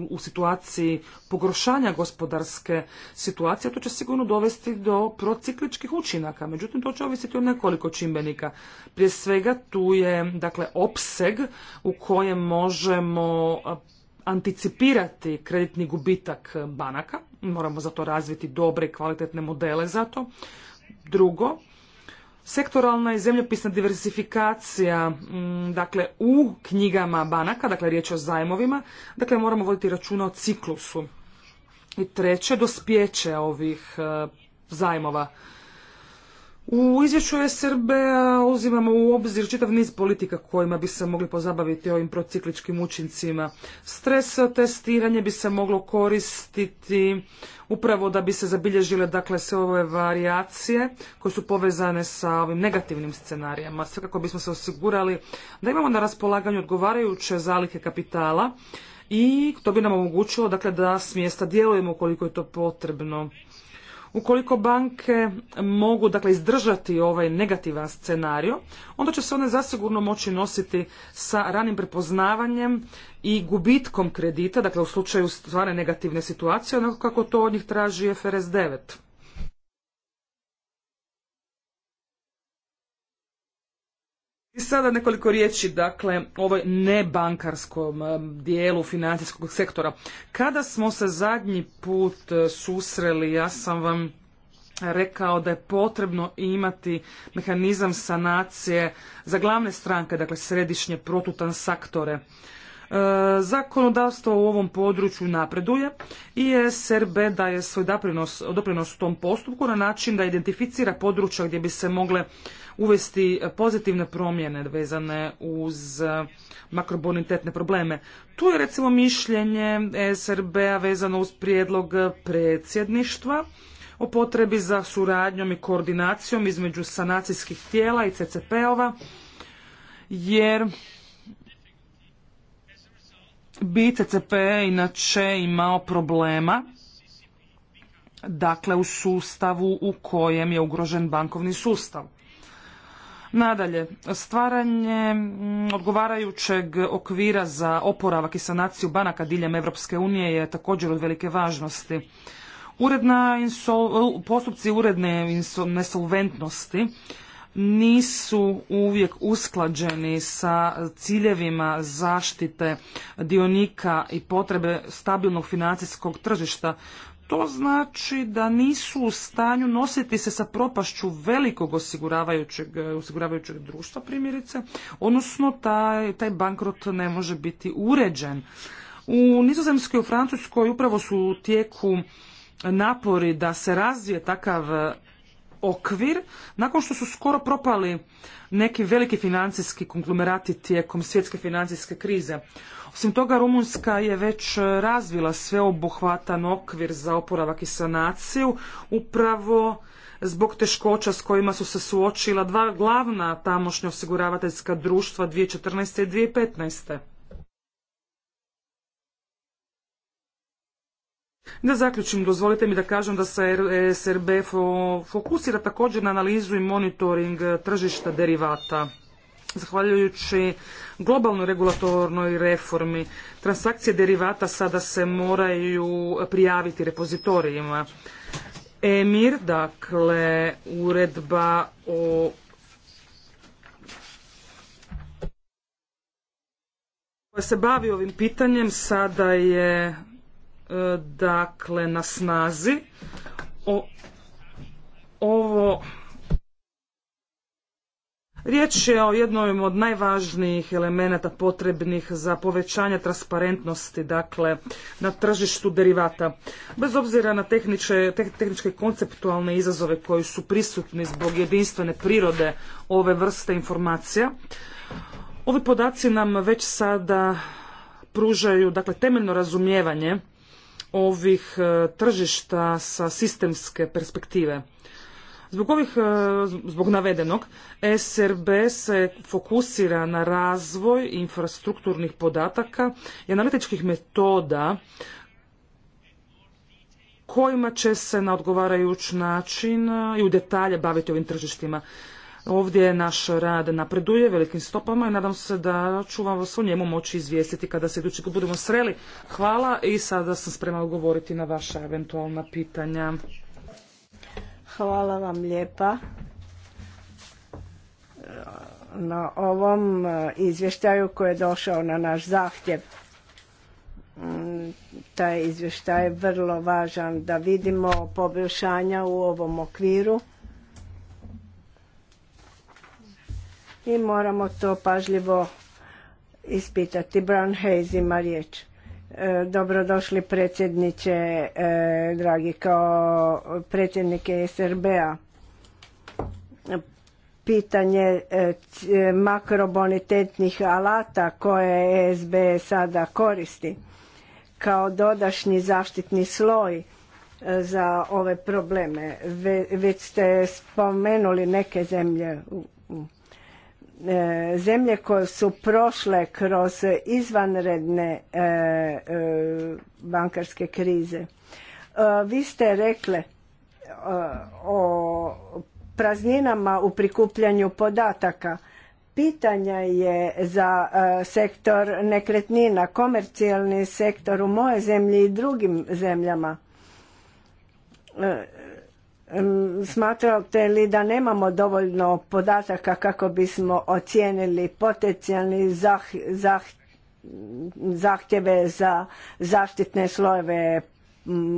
u, situaciji pogoršanja gospodarske situacije to će sigurno dovesti do procikličkih učinaka. Međutim, to će ovisiti o nekoliko čimbenika. Prije svega tu je dakle opseg u kojem možemo anticipirati kreditni gubitak banaka. Moramo za to razviti dobre i kvalitetne modele za to. Drugo, sektoralna i zemljopisna diversifikacija, mm, dakle u knjigama banaka, dakle riječ je o zajmovima, dakle moramo voditi računa o ciklusu. I treće, dospjeće ovih e, zajmova. U izvješću SRB uzimamo u obzir čitav niz politika kojima bi se mogli pozabaviti ovim procikličkim učincima. Stres testiranje bi se moglo koristiti upravo da bi se zabilježile dakle sve ove varijacije koje su povezane sa ovim negativnim scenarijama, sve kako bismo se osigurali da imamo na raspolaganju odgovarajuće zalihe kapitala i to bi nam omogućilo dakle da s mjesta djelujemo koliko je to potrebno. Ukoliko banke mogu dakle, izdržati ovaj negativan scenario, onda će se one zasigurno moći nositi sa ranim prepoznavanjem i gubitkom kredita, dakle u slučaju stvarne negativne situacije, onako kako to od njih traži FRS I sada nekoliko riječi, dakle, ovoj nebankarskom e, dijelu financijskog sektora. Kada smo se zadnji put e, susreli, ja sam vam rekao da je potrebno imati mehanizam sanacije za glavne stranke, dakle središnje protutransaktore. E, zakonodavstvo u ovom području napreduje i SRB daje svoj doprinos, u tom postupku na način da identificira područja gdje bi se mogle uvesti pozitivne promjene vezane uz makrobonitetne probleme. Tu je recimo mišljenje SRB-a vezano uz prijedlog predsjedništva o potrebi za suradnjom i koordinacijom između sanacijskih tijela i CCP-ova jer bi CCP inače imao problema dakle u sustavu u kojem je ugrožen bankovni sustav. Nadalje, stvaranje odgovarajućeg okvira za oporavak i sanaciju banaka diljem Europske unije je također od velike važnosti. Uredna postupci uredne nesolventnosti nisu uvijek usklađeni sa ciljevima zaštite dionika i potrebe stabilnog financijskog tržišta. To znači da nisu u stanju nositi se sa propašću velikog osiguravajućeg, osiguravajućeg društva primjerice, odnosno taj, taj bankrot ne može biti uređen. U Nizozemskoj i u Francuskoj upravo su u tijeku napori da se razvije takav okvir nakon što su skoro propali neki veliki financijski konglomerati tijekom svjetske financijske krize. Osim toga, Rumunjska je već razvila sveobuhvatan okvir za oporavak i sanaciju, upravo zbog teškoća s kojima su se suočila dva glavna tamošnja osiguravateljska društva 2014. i 2015. Da zaključim, dozvolite mi da kažem da se SRB fokusira također na analizu i monitoring e, tržišta derivata. Zahvaljujući globalnoj regulatornoj reformi, transakcije derivata sada se moraju prijaviti repozitorijima. EMIR, dakle, uredba o koja se bavi ovim pitanjem, sada je E, dakle na snazi. O, ovo Riječ je o jednom od najvažnijih elemenata potrebnih za povećanje transparentnosti dakle, na tržištu derivata. Bez obzira na tehniče, tehničke konceptualne izazove koji su prisutni zbog jedinstvene prirode ove vrste informacija, ovi podaci nam već sada pružaju dakle, temeljno razumijevanje ovih e, tržišta sa sistemske perspektive. Zbog, ovih, e, zbog navedenog, SRB se fokusira na razvoj infrastrukturnih podataka i analitičkih metoda kojima će se na odgovarajući način e, i u detalje baviti ovim tržištima. Ovdje je naš rad napreduje velikim stopama i nadam se da ću vam o njemu moći izvijestiti kada se idući budemo sreli. Hvala i sada sam spremna odgovoriti na vaša eventualna pitanja. Hvala vam lijepa e, na ovom e, izvještaju koji je došao na naš zahtjev. Mm, taj izvještaj je vrlo važan da vidimo poboljšanja u ovom okviru i moramo to pažljivo ispitati. Brown Hayes ima riječ. E, dobrodošli predsjedniče, e, dragi kao predsjednike SRB-a. Pitanje e, makrobonitetnih alata koje SB sada koristi kao dodašnji zaštitni sloj za ove probleme. Već ste spomenuli neke zemlje E, zemlje koje su prošle kroz izvanredne e, e, bankarske krize. Vi ste rekle o prazninama u prikupljanju podataka. Pitanja je za sektor nekretnina, komercijalni sektor u moje zemlji i drugim zemljama Smatrate li da nemamo dovoljno podataka kako bismo ocijenili potencijalni zahtjeve za zaštitne slojeve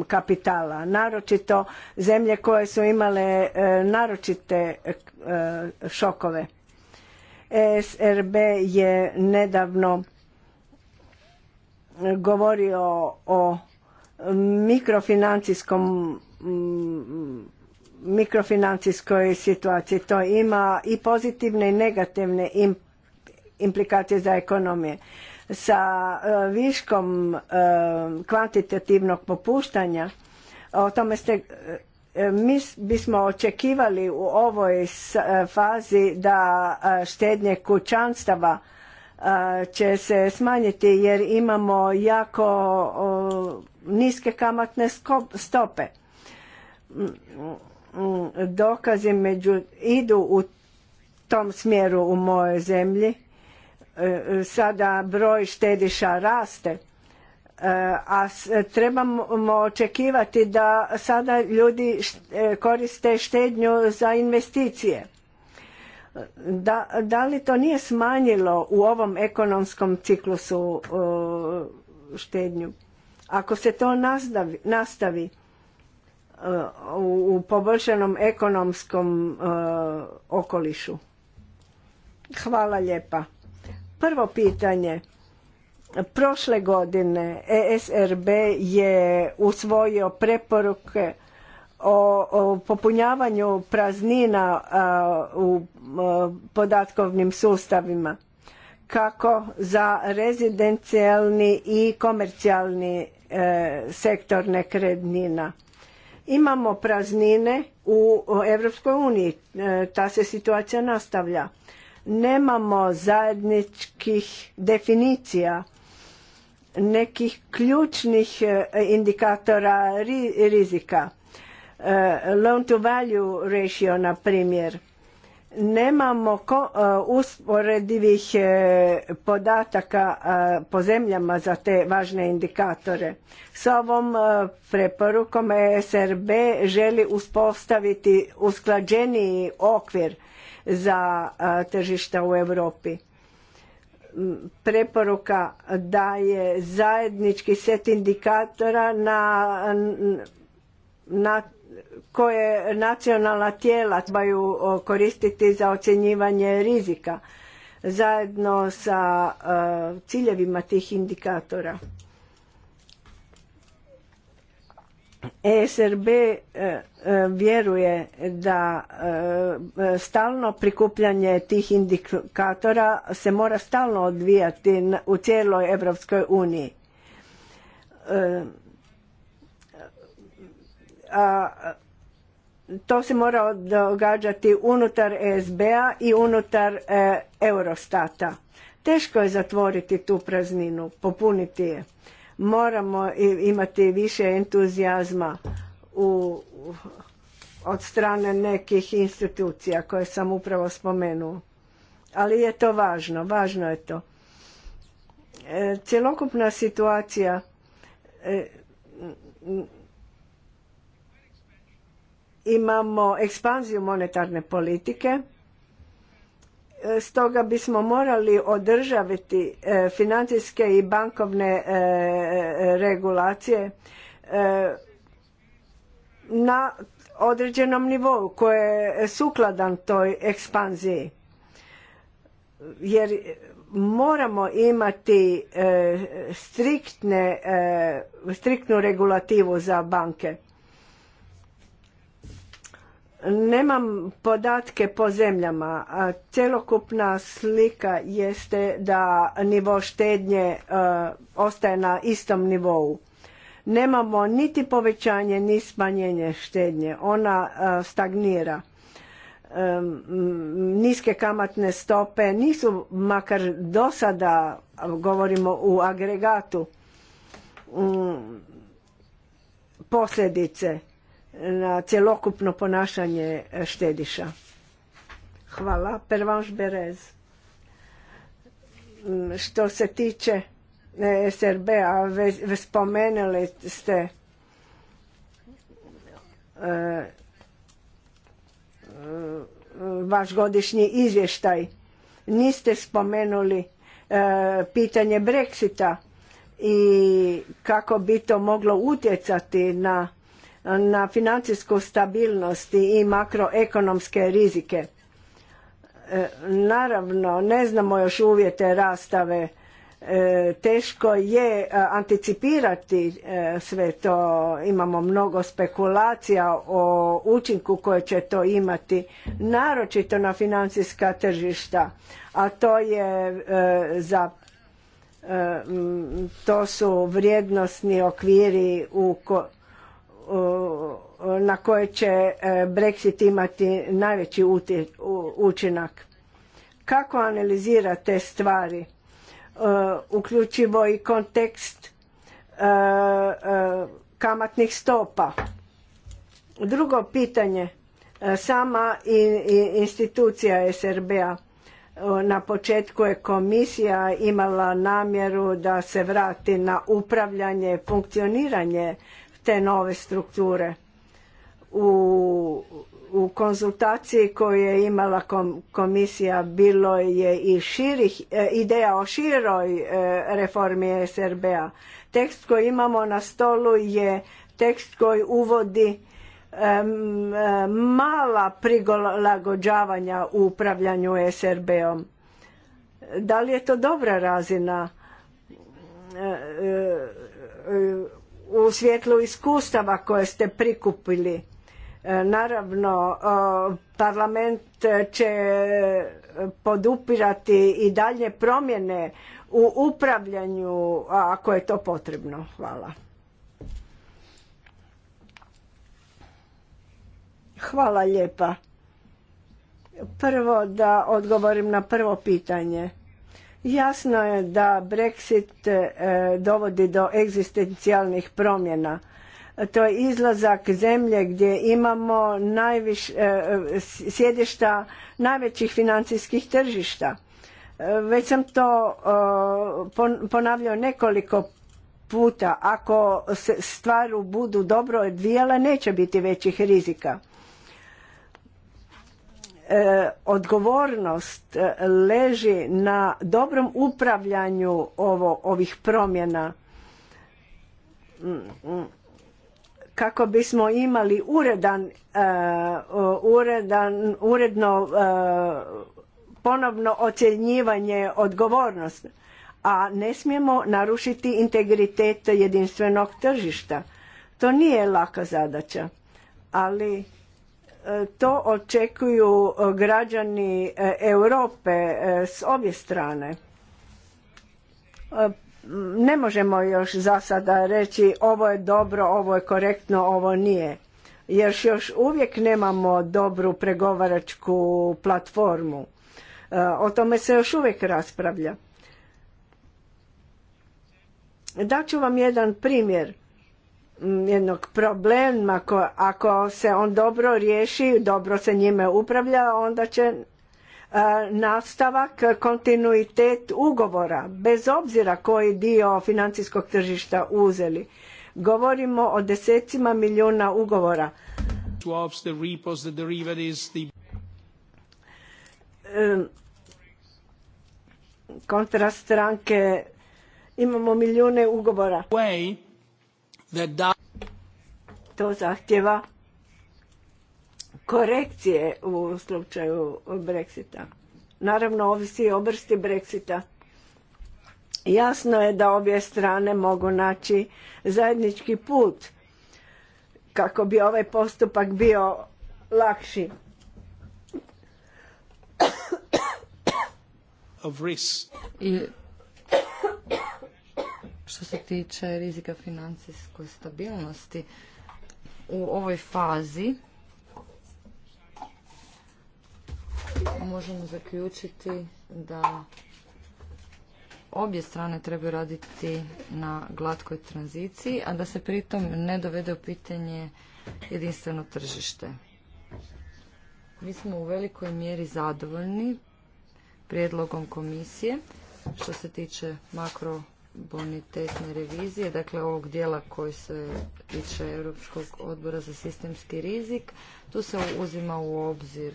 kapitala, naročito zemlje koje su imale e, naročite e, šokove. SRB je nedavno govorio o mikrofinancijskom mikrofinancijskoj situaciji. To ima i pozitivne i negativne implikacije za ekonomije. Sa e, viškom e, kvantitativnog popuštanja, o tome ste e, mi bismo očekivali u ovoj fazi da štednje kućanstava će se smanjiti jer imamo jako niske kamatne stope Mm, dokazi među, idu u tom smjeru u mojoj zemlji. E, sada broj štediša raste, e, a trebamo očekivati da sada ljudi e, koriste štednju za investicije. Da, da li to nije smanjilo u ovom ekonomskom ciklusu štednju? Ako se to nastavi u poboljšanom ekonomskom e, okolišu? Hvala lijepa. Prvo pitanje. Prošle godine ESRB je usvojio preporuke o, popunjavanju praznina e, u e, podatkovnim sustavima kako za rezidencijalni i komercijalni sektor nekretnina. Imamo praznine u Europskoj uniji, e, ta se situacija nastavlja. Nemamo zajedničkih definicija nekih ključnih e, indikatora rizika. E, loan to value ratio, na primjer nemamo e, usporedivih e, podataka e, po zemljama za te važne indikatore. S ovom preporukom SRB želi uspostaviti usklađeniji okvir za tržišta u Europi. Preporuka da je zajednički set indikatora na, na koje nacionalna tijela trebaju koristiti za ocjenjivanje rizika zajedno sa e, ciljevima tih indikatora. ESRB e, e, vjeruje da stalno prikupljanje tih indikatora se mora stalno odvijati u cijeloj Europskoj uniji a, to se mora događati unutar ESB-a i unutar e, Eurostata. Teško je zatvoriti tu prazninu, popuniti je. Moramo imati više entuzijazma u, od strane nekih institucija koje sam upravo spomenuo. Ali je to važno, važno je to. E, cjelokupna situacija e, imamo ekspanziju monetarne politike e, stoga bismo morali održaviti e, financijske i bankovne e, regulacije na određenom nivou koje je sukladan toj ekspanziji jer moramo imati striktne, striktnu regulativu za banke Nemam podatke po zemljama. celokupna slika jeste da nivo štednje e, ostaje na istom nivou. Nemamo niti povećanje, ni smanjenje štednje. Ona e, stagnira. E, niske kamatne stope nisu, makar do sada govorimo u agregatu, posljedice na cjelokupno ponašanje štediša. Hvala. Pervanš Berez. Mm, što se tiče e, SRB-a, spomenuli ste e, e, vaš godišnji izvještaj. Niste spomenuli pitanje Brexita i kako bi to moglo utjecati na na financijsku stabilnost i makroekonomske rizike. E, naravno, ne znamo još uvjete rastave, e, teško je e, anticipirati sve to, imamo mnogo spekulacija o učinku koje će to imati, naročito na financijska tržišta, a to je za to su vrijednosni okviri u ko, na koje će e, Brexit imati najveći učinak. Kako analizirate te stvari, e, uključivo i kontekst e, kamatnih stopa? Drugo pitanje, sama institucija SRB-a na početku je komisija imala namjeru da se vrati na upravljanje, funkcioniranje te nove strukture. U, u konzultaciji koju je imala komisija bilo je i širih e, ideja o široj e, reformi SRB-a. Tekst koji imamo na stolu je tekst koji uvodi e, mala prilagođavanja u upravljanju SRB-om. Da li je to dobra razina? E, u svjetlu iskustava koje ste prikupili. E, naravno, e, parlament će podupirati i dalje promjene u upravljanju ako je to potrebno. Hvala. Hvala lijepa. Prvo da odgovorim na prvo pitanje. Jasno je da Brexit e, dovodi do egzistencijalnih promjena. To je izlazak zemlje gdje imamo najviš, e, e, sjedišta najvećih financijskih tržišta. Već sam to ponavljao nekoliko puta. Ako se stvaru budu dobro odvijale, neće biti većih rizika E, odgovornost e, leži na dobrom upravljanju ovo, ovih promjena kako bismo imali uredan, e, uredan uredno ponovno ocjenjivanje odgovornosti a ne smijemo narušiti integritet jedinstvenog tržišta to nije laka zadaća ali to očekuju e, građani e, Europe e, s obje strane. Ne možemo još za sada reći ovo je dobro, ovo je korektno, ovo nije. Jer još uvijek nemamo dobru pregovaračku platformu. O tome se još uvijek raspravlja. Daću vam jedan primjer jednog problema ako se on dobro riješi, dobro se njime upravlja, onda će e, nastavak kontinuitet ugovora bez obzira koji dio financijskog tržišta uzeli. Govorimo o desecima milijuna ugovora. Kontra stranke imamo milijune ugovora. To zahtjeva korekcije u slučaju Brexita. Naravno, ovisi i o Brexita. Jasno je da obje strane mogu naći zajednički put kako bi ovaj postupak bio lakši. I što se tiče rizika financijskoj stabilnosti u ovoj fazi možemo zaključiti da obje strane trebaju raditi na glatkoj tranziciji, a da se pritom ne dovede u pitanje jedinstveno tržište. Mi smo u velikoj mjeri zadovoljni prijedlogom komisije što se tiče makro bonitetne revizije, dakle ovog dijela koji se tiče Europskog odbora za sistemski rizik. Tu se uzima u obzir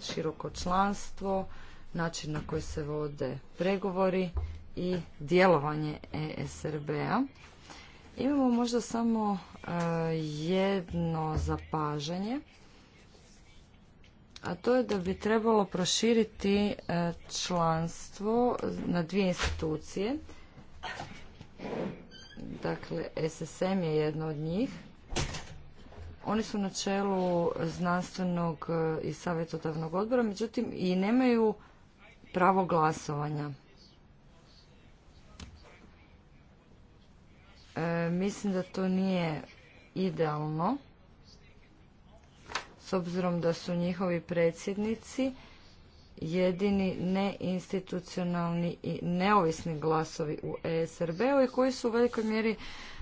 široko članstvo, način na koji se vode pregovori i djelovanje ESRB-a. Imamo možda samo e, jedno zapažanje, a to je da bi trebalo proširiti e, članstvo na dvije institucije Dakle, SSM je jedno od njih. Oni su na čelu znanstvenog e, i savjetodavnog odbora, međutim i nemaju pravo glasovanja. E, mislim da to nije idealno, s obzirom da su njihovi predsjednici jedini neinstitucionalni i neovisni glasovi u ESRB-u i koji su u velikoj mjeri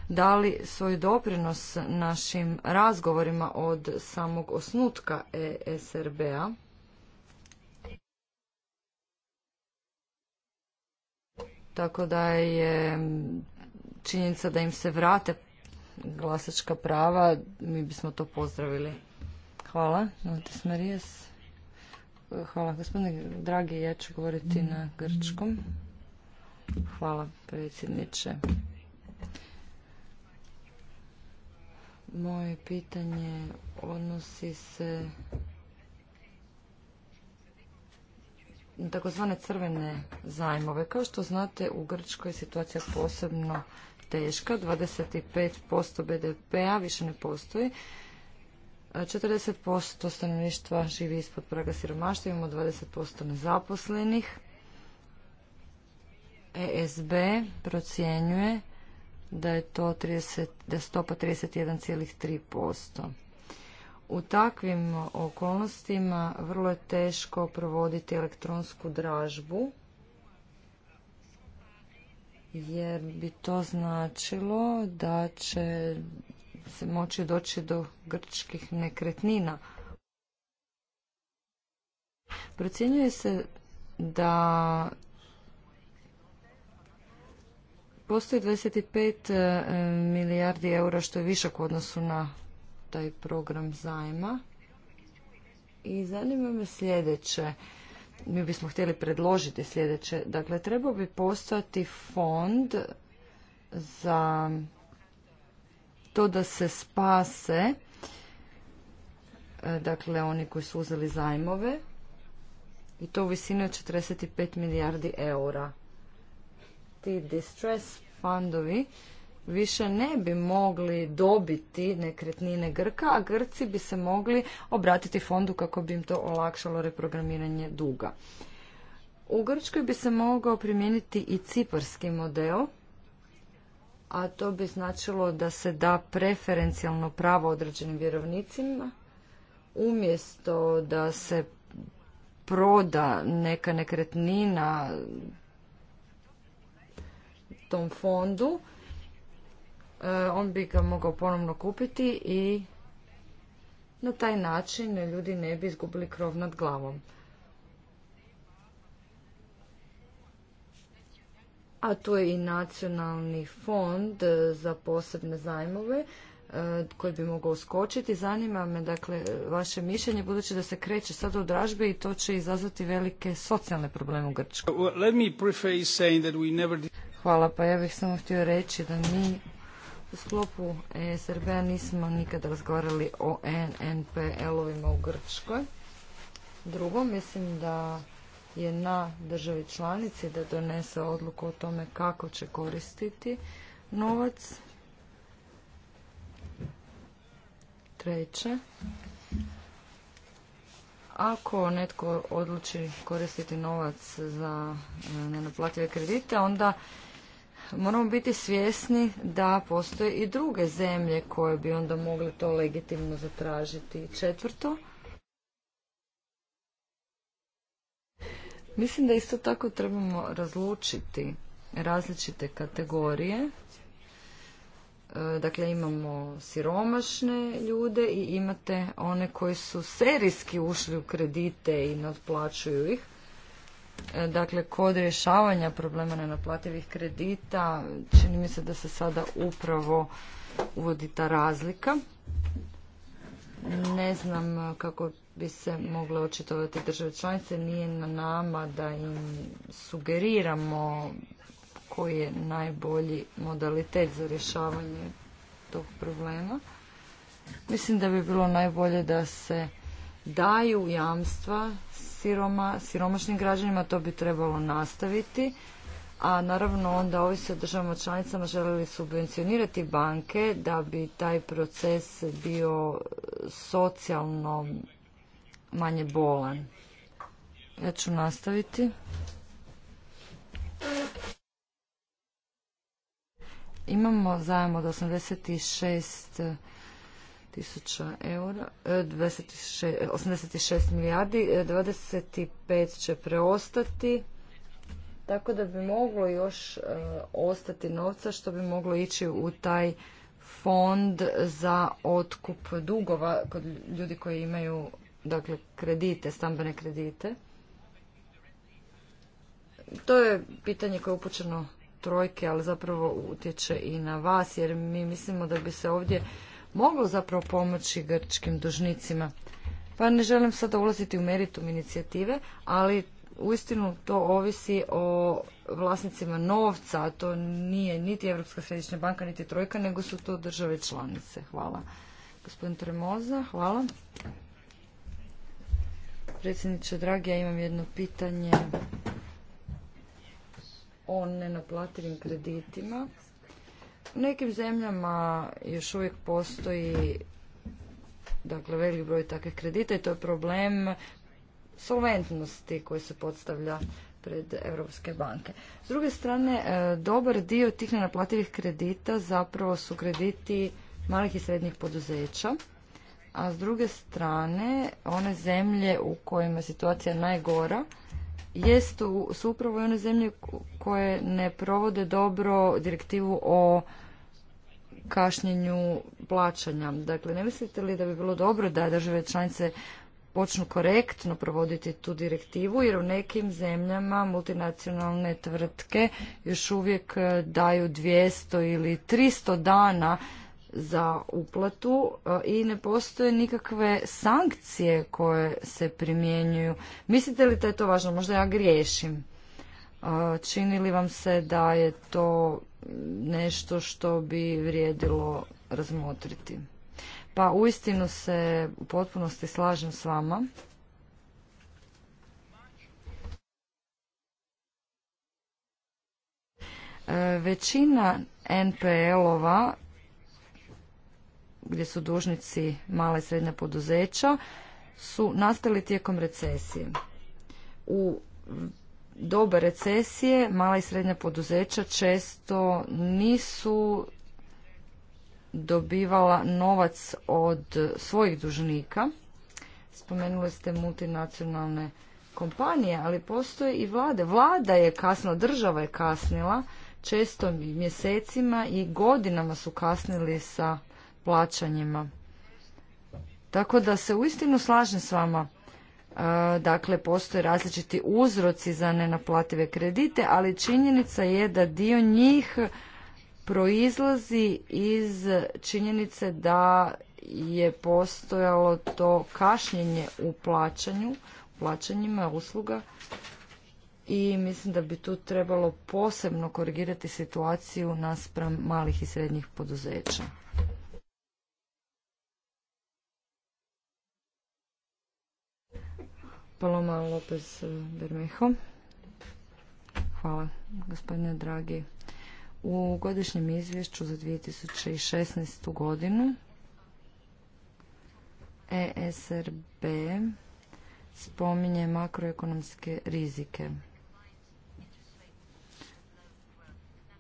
dali svoj doprinos našim razgovorima od samog osnutka ESRB-a. Tako da je činjenica da im se vrate glasačka prava, mi bismo to pozdravili. Hvala, Notis Marijas. Hvala. Gospodine Dragi, ja ću govoriti na grčkom. Hvala, predsjedniče. Moje pitanje odnosi se na takozvane crvene zajmove. Kao što znate, u Grčkoj je situacija posebno teška. 25% BDP-a više ne postoji. 40% stanovništva živi ispod praga siromaštva, imamo 20% nezaposlenih. ESB procjenjuje da je to 30, da stopa 31,3%. U takvim okolnostima vrlo je teško provoditi elektronsku dražbu jer bi to značilo da će se moći doći do grčkih nekretnina. Procjenjuje se da postoji 25 e, milijardi eura što je višak u odnosu na taj program zajma. I zanima me sljedeće. Mi bismo htjeli predložiti sljedeće. Dakle, trebao bi postojati fond za to da se spase e, dakle oni koji su uzeli zajmove i to u visini od 45 milijardi eura. Ti distress fondovi više ne bi mogli dobiti nekretnine Grka, a Grci bi se mogli obratiti fondu kako bi im to olakšalo reprogramiranje duga. U Grčkoj bi se mogao primijeniti i ciparski model – a to bi značilo da se da preferencijalno pravo određenim vjerovnicima umjesto da se proda neka nekretnina tom fondu e, on bi ga mogao ponovno kupiti i na taj način ljudi ne bi izgubili krov nad glavom. a tu je i nacionalni fond za posebne zajmove e, koji bi mogao skočiti. Zanima me dakle vaše mišljenje budući da se kreće sad u dražbe i to će izazvati velike socijalne probleme u Grčkoj. Hvala, pa ja bih samo htio reći da mi u sklopu e SRB-a nismo nikada razgovarali o NNPL-ovima u Grčkoj. Drugo, mislim da je na državi članici da donese odluku o tome kako će koristiti novac. Treće, ako netko odluči koristiti novac za e, nenaplative kredite, onda moramo biti svjesni da postoje i druge zemlje koje bi onda mogle to legitimno zatražiti. Četvrto, Mislim da isto tako trebamo razlučiti različite kategorije. E, dakle, imamo siromašne ljude i imate one koji su serijski ušli u kredite i nadplaćuju ih. E, dakle, kod rješavanja problema nenaplativih kredita čini mi se da se sada upravo uvodi ta razlika. Ne znam e, kako bi se mogle očitovati države članice. Nije na nama da im sugeriramo koji je najbolji modalitet za rješavanje tog problema. Mislim da bi bilo najbolje da se daju jamstva siromašnim građanima, to bi trebalo nastaviti a naravno onda ovi se državama članicama želeli subvencionirati banke da bi taj proces bio socijalno manje bolan. Ja ću nastaviti. Imamo zajam od 86 tisuća eura, 86 e, milijardi, 25 e, će preostati tako da bi moglo još e, ostati novca što bi moglo ići u taj fond za otkup dugova kod ljudi koji imaju dakle kredite, stambene kredite. To je pitanje koje je upućeno trojke, ali zapravo utječe i na vas, jer mi mislimo da bi se ovdje moglo zapravo pomoći grčkim dužnicima. Pa ne želim sada ulaziti u meritum inicijative, ali uistinu to ovisi o vlasnicima novca, a to nije niti Europska središnja banka, niti Trojka, nego su to države članice. Hvala. Gospodin Tremoza, hvala. Predsjedniče, dragi, ja imam jedno pitanje o nenaplativim kreditima. U nekim zemljama još uvijek postoji dakle velik broj takvih kredita i to je problem solventnosti koje se podstavlja pred Europske banke. S druge strane, e, dobar dio tih nenaplativih kredita zapravo su krediti malih i srednjih poduzeća, a s druge strane, one zemlje u kojima je situacija najgora, jest su upravo one zemlje koje ne provode dobro direktivu o kašnjenju plaćanja. Dakle, ne mislite li da bi bilo dobro da države članice počnu korektno provoditi tu direktivu jer u nekim zemljama multinacionalne tvrtke još uvijek e, daju 200 ili 300 dana za uplatu e, i ne postoje nikakve sankcije koje se primjenjuju. Mislite li da je to važno? Možda ja griješim. E, čini li vam se da je to nešto što bi vrijedilo razmotriti? Pa uistinu se u potpunosti slažem s vama. E, većina NPL-ova gdje su dužnici mala i srednja poduzeća su nastali tijekom recesije. U dobe recesije mala i srednja poduzeća često nisu dobivala novac od svojih dužnika. Spomenuli ste multinacionalne kompanije, ali postoje i vlade. Vlada je kasnila, država je kasnila, često mjesecima i godinama su kasnili sa plaćanjima. Tako da se uistinu slažem s vama. E, dakle, postoje različiti uzroci za nenaplative kredite, ali činjenica je da dio njih proizlazi iz činjenice da je postojalo to kašnjenje u plaćanju, plaćanjima usluga i mislim da bi tu trebalo posebno korigirati situaciju naspram malih i srednjih poduzeća. Paloma Lopez Bermeho. Hvala, gospodine dragi u godišnjem izvješću za 2016. godinu ESRB spominje makroekonomske rizike.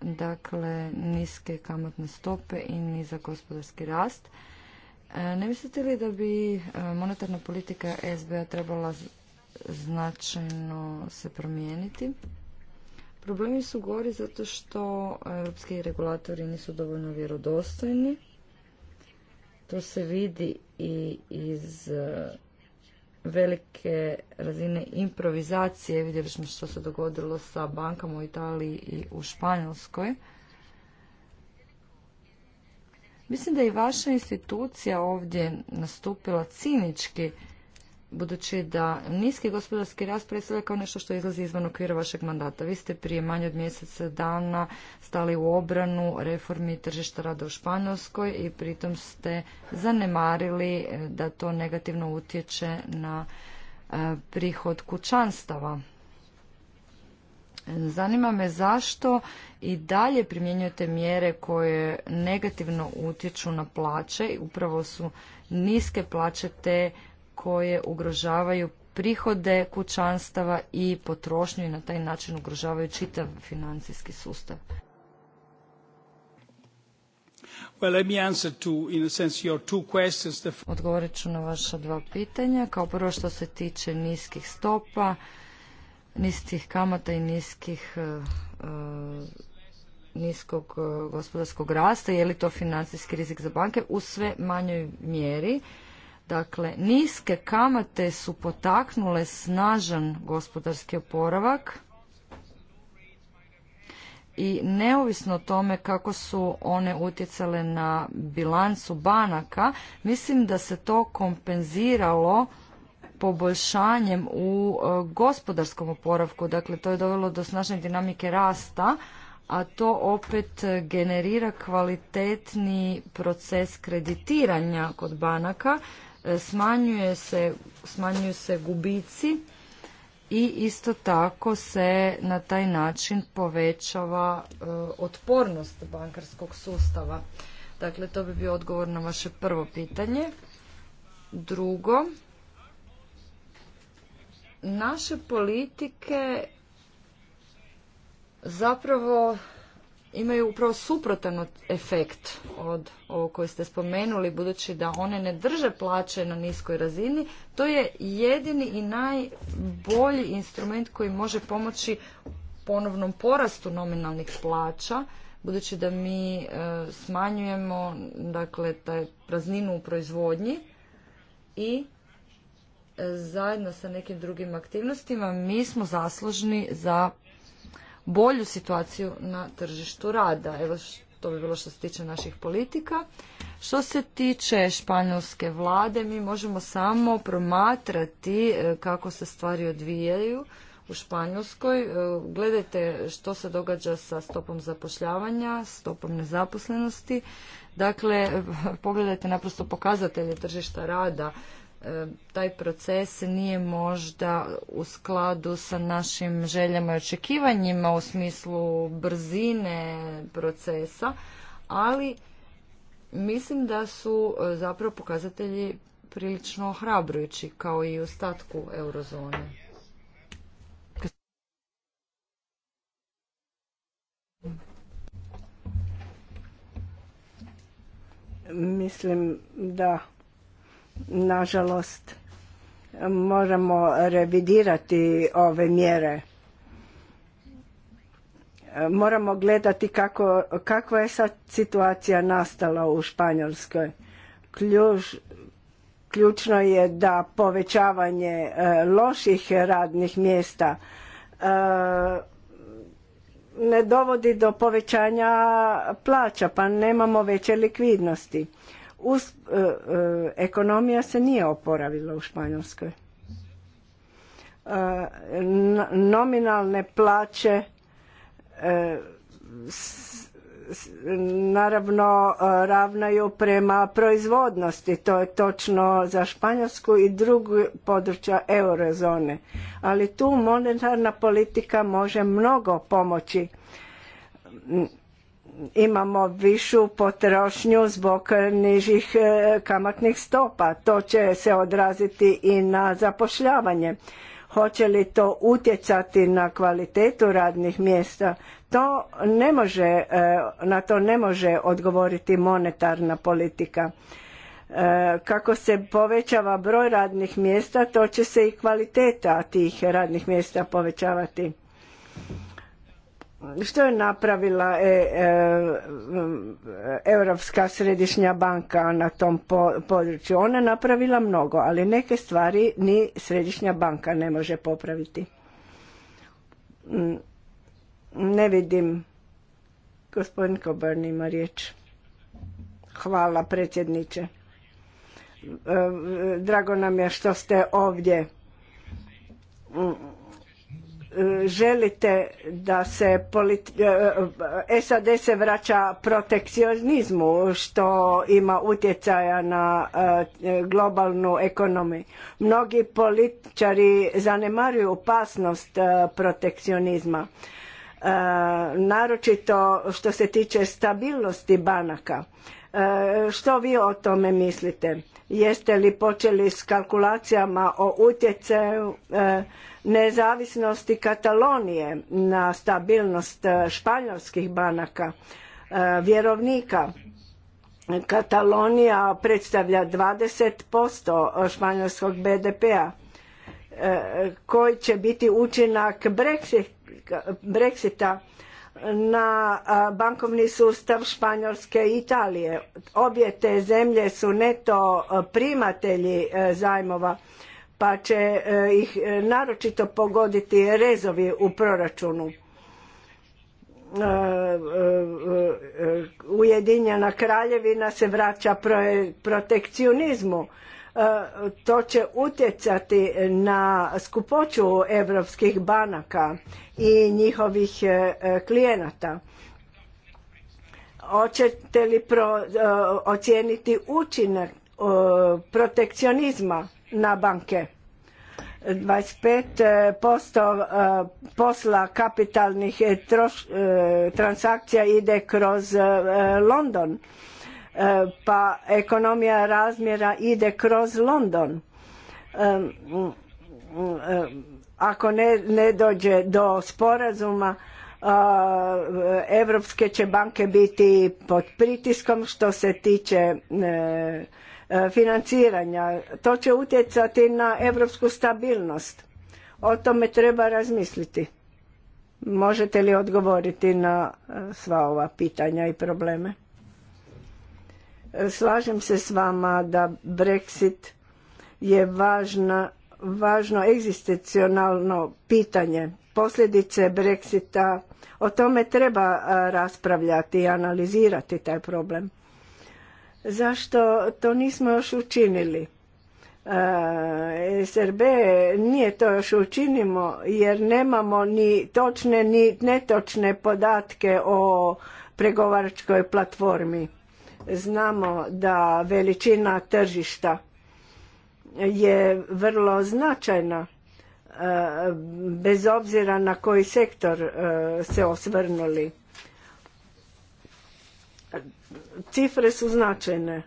Dakle, niske kamatne stope i niza gospodarski rast. E, ne mislite li da bi e, monetarna politika SBA trebala značajno se promijeniti? Problemi su gori zato što europski regulatori nisu dovoljno vjerodostojni. To se vidi i iz e, velike razine improvizacije. Vidjeli smo što se dogodilo sa bankama u Italiji i u Španjolskoj. Mislim da je i vaša institucija ovdje nastupila cinički budući da niski gospodarski rast predstavlja kao nešto što izlazi izvan okvira vašeg mandata. Vi ste prije manje od mjeseca dana stali u obranu reformi tržišta rada u Španjolskoj i pritom ste zanemarili e, da to negativno utječe na e, prihod kućanstava. Zanima me zašto i dalje primjenjujete mjere koje negativno utječu na plaće i upravo su niske plaće te koje ugrožavaju prihode kućanstava i potrošnju i na taj način ugrožavaju čitav financijski sustav. Odgovorit ću na vaša dva pitanja. Kao prvo što se tiče niskih stopa, niskih kamata i niskih e, e, niskog e, gospodarskog rasta, je li to financijski rizik za banke u sve manjoj mjeri Dakle, niske kamate su potaknule snažan gospodarski oporavak i neovisno o tome kako su one utjecale na bilancu banaka, mislim da se to kompenziralo poboljšanjem u e, gospodarskom oporavku. Dakle, to je dovelo do snažne dinamike rasta, a to opet generira kvalitetni proces kreditiranja kod banaka smanjuju se gubici i isto tako se na taj način povećava e, otpornost bankarskog sustava. Dakle, to bi bio odgovor na vaše prvo pitanje. Drugo, naše politike zapravo imaju upravo suprotan efekt od ovo koje ste spomenuli, budući da one ne drže plaće na niskoj razini, to je jedini i najbolji instrument koji može pomoći ponovnom porastu nominalnih plaća, budući da mi e, smanjujemo dakle, taj prazninu u proizvodnji i e, zajedno sa nekim drugim aktivnostima mi smo zaslužni za bolju situaciju na tržištu rada. Evo to bi bilo što se tiče naših politika. Što se tiče španjolske vlade, mi možemo samo promatrati e, kako se stvari odvijaju u Španjolskoj. E, gledajte što se događa sa stopom zapošljavanja, stopom nezaposlenosti. Dakle, pogledajte naprosto pokazatelje tržišta rada E, taj proces nije možda u skladu sa našim željama i očekivanjima u smislu brzine procesa, ali mislim da su e, zapravo pokazatelji prilično ohrabrujući kao i u statku eurozone. Mislim da Nažalost, moramo revidirati ove mjere. Moramo gledati kako, kakva je sad situacija nastala u Španjolskoj. Ključ, ključno je da povećavanje e, loših radnih mjesta e, ne dovodi do povećanja plaća, pa nemamo veće likvidnosti. Us, e, e, ekonomija se nije oporavila u Španjolskoj. E, nominalne plaće naravno ravnaju prema proizvodnosti. To je točno za Španjolsku i drugu područja eurozone. Ali tu monetarna politika može mnogo pomoći imamo višu potrošnju zbog nižih e, kamatnih stopa. To će se odraziti i na zapošljavanje. Hoće li to utjecati na kvalitetu radnih mjesta? To ne može, e, na to ne može odgovoriti monetarna politika. E, kako se povećava broj radnih mjesta, to će se i kvaliteta tih radnih mjesta povećavati što je napravila e, e, e, Europska središnja banka na tom području? Ona je napravila mnogo, ali neke stvari ni središnja banka ne može popraviti. Mm, ne vidim. Gospodin Coburn ima riječ. Hvala predsjedniče. Drago nam je što ste ovdje mm, želite da se e, e, SAD se vraća protekcionizmu što ima utjecaja na e, globalnu ekonomiju. Mnogi političari zanemaruju opasnost protekcionizma. Naročito što se tiče stabilnosti banaka. E, što vi o tome mislite? Jeste li počeli s kalkulacijama o utjecaju e, nezavisnosti Katalonije na stabilnost e, španjolskih banaka, vjerovnika? Katalonija predstavlja 20% španjolskog BDP-a. Koji će biti učinak Brexita na bankovni sustav Španjolske i Italije. Obje te zemlje su neto primatelji e, zajmova pa će e, ih e, naročito pogoditi rezovi u proračunu. Ujedinjena kraljevina se vraća protekcionizmu E, to će utjecati na skupoću europskih banaka i njihovih e, e, klijenata. Hoćete li pro, ocijeniti učinak protekcionizma na banke? 25% posla kapitalnih transakcija ide kroz London E, pa ekonomija razmjera ide kroz London. E, e, ako ne, ne dođe do sporazuma, europske će banke biti pod pritiskom što se tiče financiranja. To će utjecati na europsku stabilnost. O tome treba razmisliti. Možete li odgovoriti na sva ova pitanja i probleme? Slažem se s vama da Brexit je važna, važno egzistencionalno pitanje. Posljedice Brexita, o tome treba raspravljati i analizirati taj problem. Zašto to nismo još učinili? SRB nije to još učinimo jer nemamo ni točne ni netočne podatke o pregovaračkoj platformi. Znamo da veličina tržišta je vrlo značajna e, bez obzira na koji sektor e, se osvrnuli. Cifre su značajne,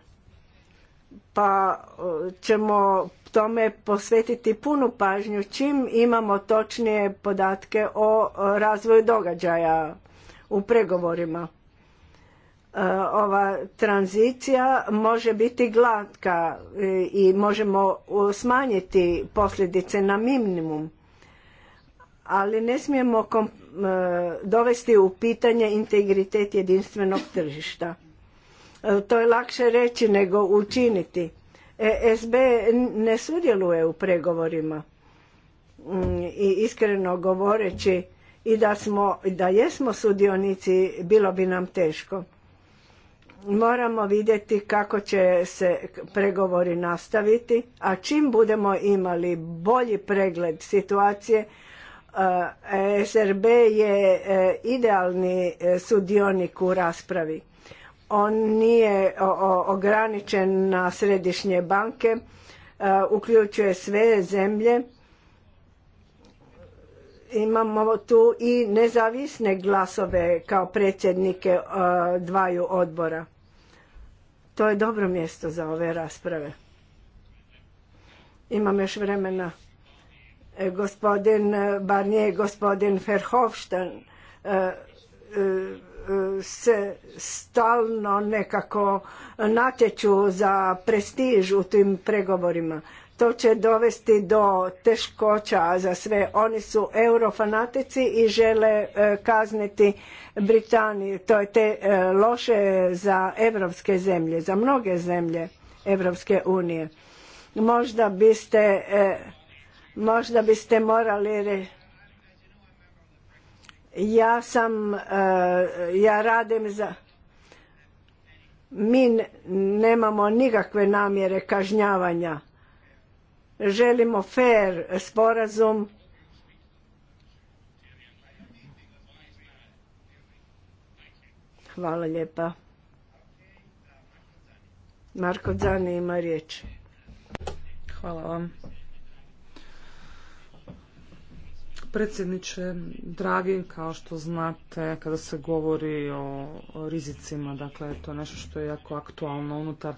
pa e, ćemo tome posvetiti punu pažnju čim imamo točnije podatke o razvoju događaja u pregovorima. E, ova tranzicija može biti glatka e, i možemo smanjiti posljedice na minimum ali ne smijemo e, dovesti u pitanje integritet jedinstvenog tržišta to je lakše reći nego učiniti SB ne sudjeluje u pregovorima mm, i iskreno govoreći i da smo da jesmo sudionici bilo bi nam teško moramo vidjeti kako će se pregovori nastaviti, a čim budemo imali bolji pregled situacije, eh, SRB je eh, idealni eh, sudionik u raspravi. On nije ograničen na središnje banke, uključuje sve zemlje. Imamo tu i nezavisne glasove kao predsjednike dvaju odbora to je dobro mjesto za ove rasprave. Imam još vremena. E, gospodin e, Barnier, gospodin Verhofštan e, se stalno nekako natječu za prestiž u tim pregovorima. To će dovesti do teškoća za sve. Oni su eurofanatici i žele e, kazniti Britaniju. To je te e, loše za evropske zemlje, za mnoge zemlje Evropske unije. Možda biste, e, možda biste morali ja sam, ja radim za mi nemamo nikakve namjere kažnjavanja želimo fair sporazum Hvala lijepa. Marko Zani ima riječ. Hvala vam. Predsjedniče, dragi, kao što znate, kada se govori o rizicima, dakle, to je nešto što je jako aktualno unutar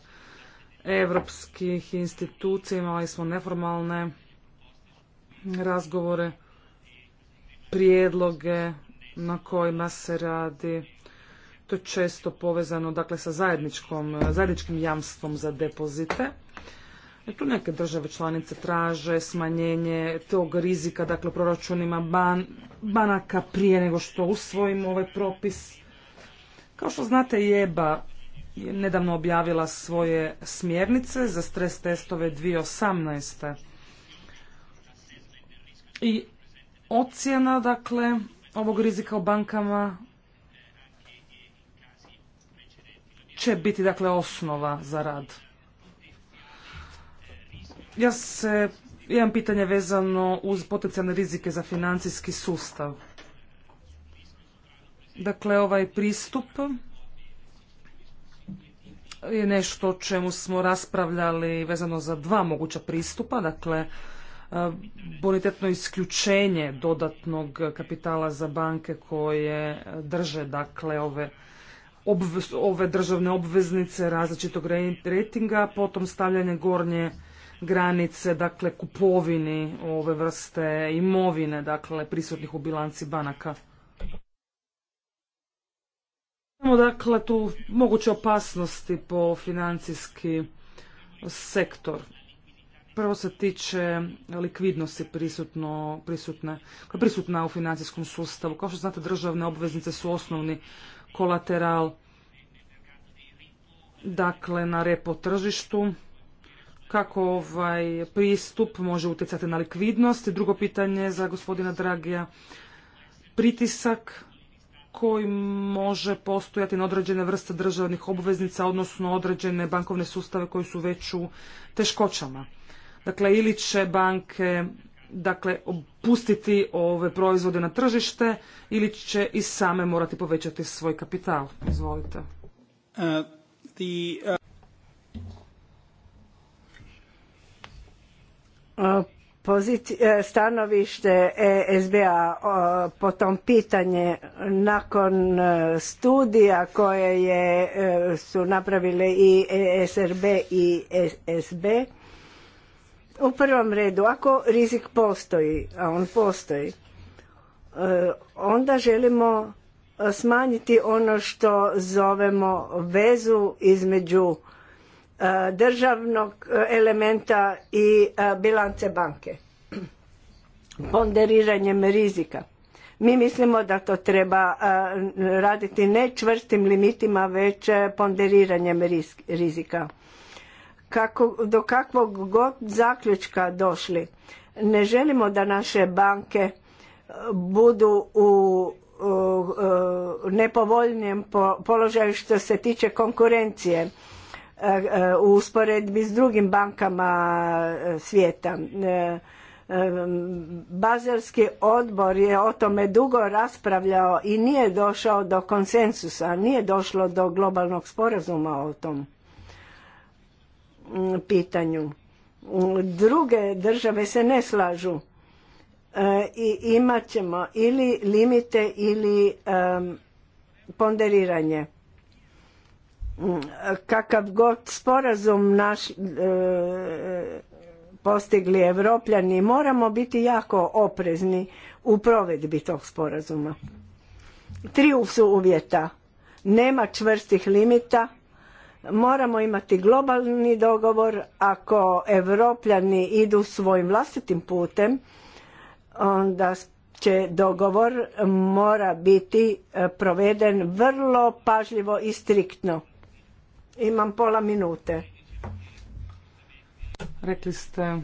evropskih institucija, imali smo neformalne razgovore, prijedloge na kojima se radi. To je često povezano dakle, sa zajedničkim jamstvom za depozite. E tu neke države članice traže smanjenje tog rizika, dakle proračunima ban, banaka prije nego što usvojimo ovaj propis. Kao što znate, jeba nedavno objavila svoje smjernice za stres testove 2018. I ocjena, dakle, ovog rizika u bankama će biti, dakle, osnova za rad. Ja se imam pitanje vezano uz potencijalne rizike za financijski sustav. Dakle, ovaj pristup je nešto o čemu smo raspravljali vezano za dva moguća pristupa, dakle e, bonitetno isključenje dodatnog kapitala za banke koje drže dakle ove ove državne obveznice različitog ratinga, potom stavljanje gornje granice, dakle kupovini ove vrste imovine, dakle prisutnih u bilanci banaka. Imamo dakle tu moguće opasnosti po financijski sektor. Prvo se tiče likvidnosti prisutno, prisutne, prisutna u financijskom sustavu. Kao što znate, državne obveznice su osnovni kolateral dakle na repo tržištu kako ovaj pristup može utjecati na likvidnost. Drugo pitanje za gospodina Dragija, pritisak koji može postojati na određene vrste državnih obveznica, odnosno određene bankovne sustave koji su već u teškoćama. Dakle, ili će banke dakle, pustiti ove proizvode na tržište ili će i same morati povećati svoj kapital. Izvolite. Uh, uh, uh E, stanovište e, SBA po tom pitanje nakon e, studija koje je, su napravile i SRB i SB u prvom redu ako rizik postoji, a on postoji onda želimo smanjiti ono što zovemo vezu između E, državnog e, elementa i e, bilance banke. Ponderiranjem rizika. Mi mislimo da to treba raditi ne čvrstim limitima, već ponderiranjem rizika. Kako, do kakvog god zaključka došli, ne želimo da naše banke budu u nepovoljnijem položaju što se tiče konkurencije E, e, u usporedbi s drugim bankama e, svijeta. Bazelski odbor je o tome dugo raspravljao i nije došao do konsensusa, nije došlo do globalnog sporazuma o tom pitanju. Druge države se ne slažu i imat ćemo ili limite ili ponderiranje kakav god sporazum naš e, postigli evropljani moramo biti jako oprezni u provedbi tog sporazuma tri su uvjeta nema čvrstih limita moramo imati globalni dogovor ako evropljani idu svojim vlastitim putem onda će dogovor mora biti e, proveden vrlo pažljivo i striktno imam pola minute. Rekli ste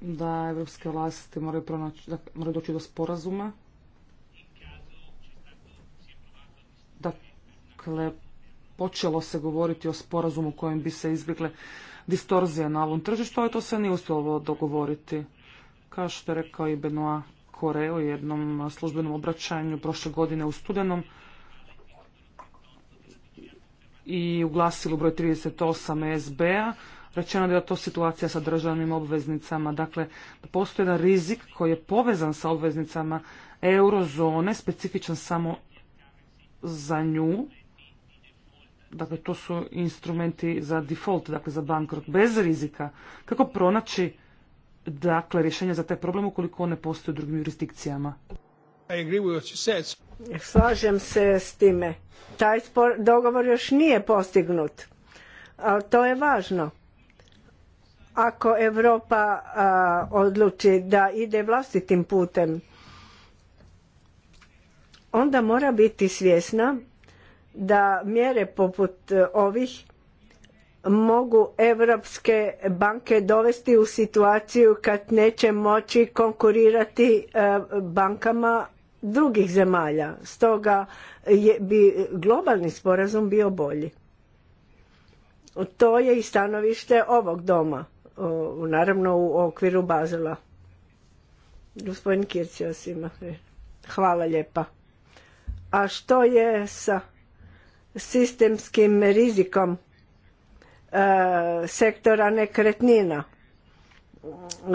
da evropske vlasti moraju, pronaći, da moraju doći do sporazuma. Dakle, počelo se govoriti o sporazumu kojim bi se izbjegle distorzije na ovom tržištu, ali to se nije uspjelo dogovoriti. Kao što je rekao i Benoit Koreo u jednom službenom obraćanju prošle godine u studenom, i u glasilu broj 38 SB-a rečeno da je to situacija sa državnim obveznicama. Dakle, da postoji jedan rizik koji je povezan sa obveznicama eurozone, specifičan samo za nju. Dakle, to su instrumenti za default, dakle za bankrot, bez rizika. Kako pronaći dakle, rješenje za taj problem ukoliko on ne postoji u drugim jurisdikcijama? slažem se s time. Taj spor, dogovor još nije postignut. A to je važno. Ako Europa odluči da ide vlastitim putem, onda mora biti svjesna da mjere poput e, ovih mogu europske banke dovesti u situaciju kad neće moći konkurirati e, bankama drugih zemalja. Stoga je, bi globalni sporazum bio bolji. To je i stanovište ovog doma, naravno u okviru Bazela. Gospodin Kircijos ima. Hvala lijepa. A što je sa sistemskim rizikom e, sektora nekretnina?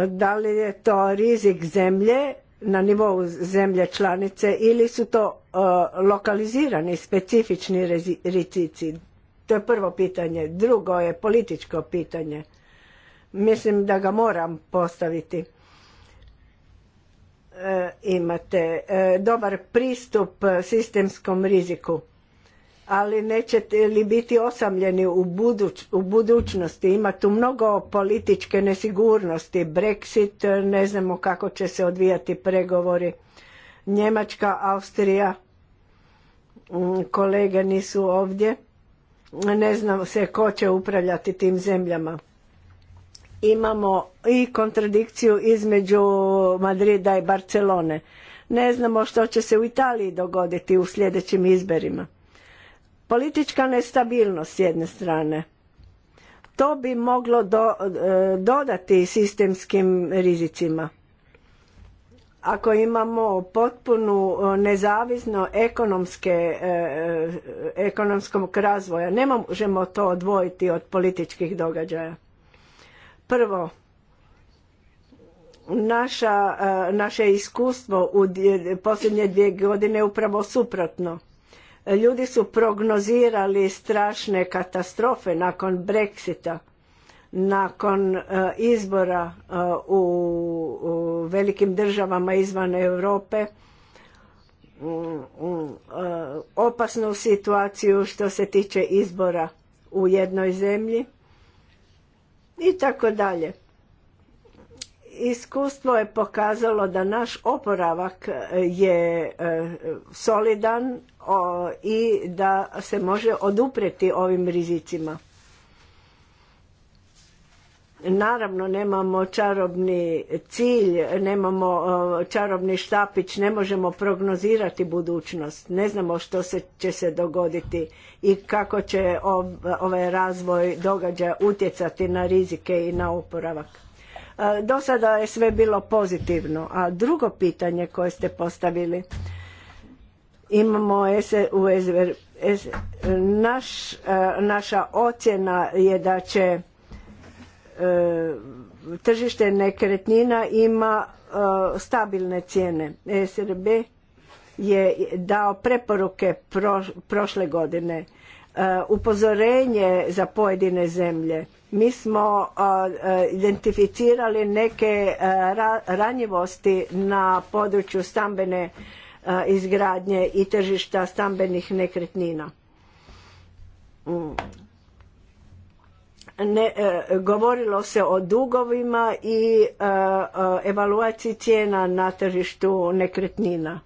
Da li je to rizik zemlje na nivou zemlje članice ili su to uh, lokalizirani specifični rizici? To je prvo pitanje. Drugo je političko pitanje. Mislim da ga moram postaviti. Uh, imate uh, dobar pristup sistemskom riziku ali nećete li biti osamljeni u, buduć, u budućnosti? Ima tu mnogo političke nesigurnosti, Brexit, ne znamo kako će se odvijati pregovori. Njemačka, Austrija, mm, kolege nisu ovdje. Ne znam se ko će upravljati tim zemljama. Imamo i kontradikciju između Madrida i Barcelone. Ne znamo što će se u Italiji dogoditi u sljedećim izberima politička nestabilnost s jedne strane to bi moglo e, dodati sistemskim rizicima ako imamo potpunu e, nezavisno ekonomske, e, ekonomskog razvoja ne možemo to odvojiti od političkih događaja prvo naše iskustvo u posljednje dvije godine upravo suprotno Ljudi su prognozirali strašne katastrofe nakon Brexita, nakon e, izbora e, u velikim državama izvan Europe, mm, mm, e, opasnu situaciju što se tiče izbora u jednoj zemlji i tako dalje. Iskustvo je pokazalo da naš oporavak e, je e, solidan i da se može odupreti ovim rizicima. Naravno, nemamo čarobni cilj, nemamo e, čarobni štapić, ne možemo prognozirati budućnost. Ne znamo što se, će se dogoditi i kako će ovaj razvoj događaja utjecati na rizike i na oporavak. Do sada je sve bilo pozitivno. A drugo pitanje koje ste postavili, imamo u naš, naša ocjena je da će e, tržište nekretnina ima e, stabilne cijene. SRB je dao preporuke prošle godine E, upozorenje za pojedine zemlje. Mi smo e, identificirali neke e, ranjivosti na području stambene izgradnje i tržišta stambenih nekretnina. govorilo se o dugovima i evaluaciji cijena na tržištu nekretnina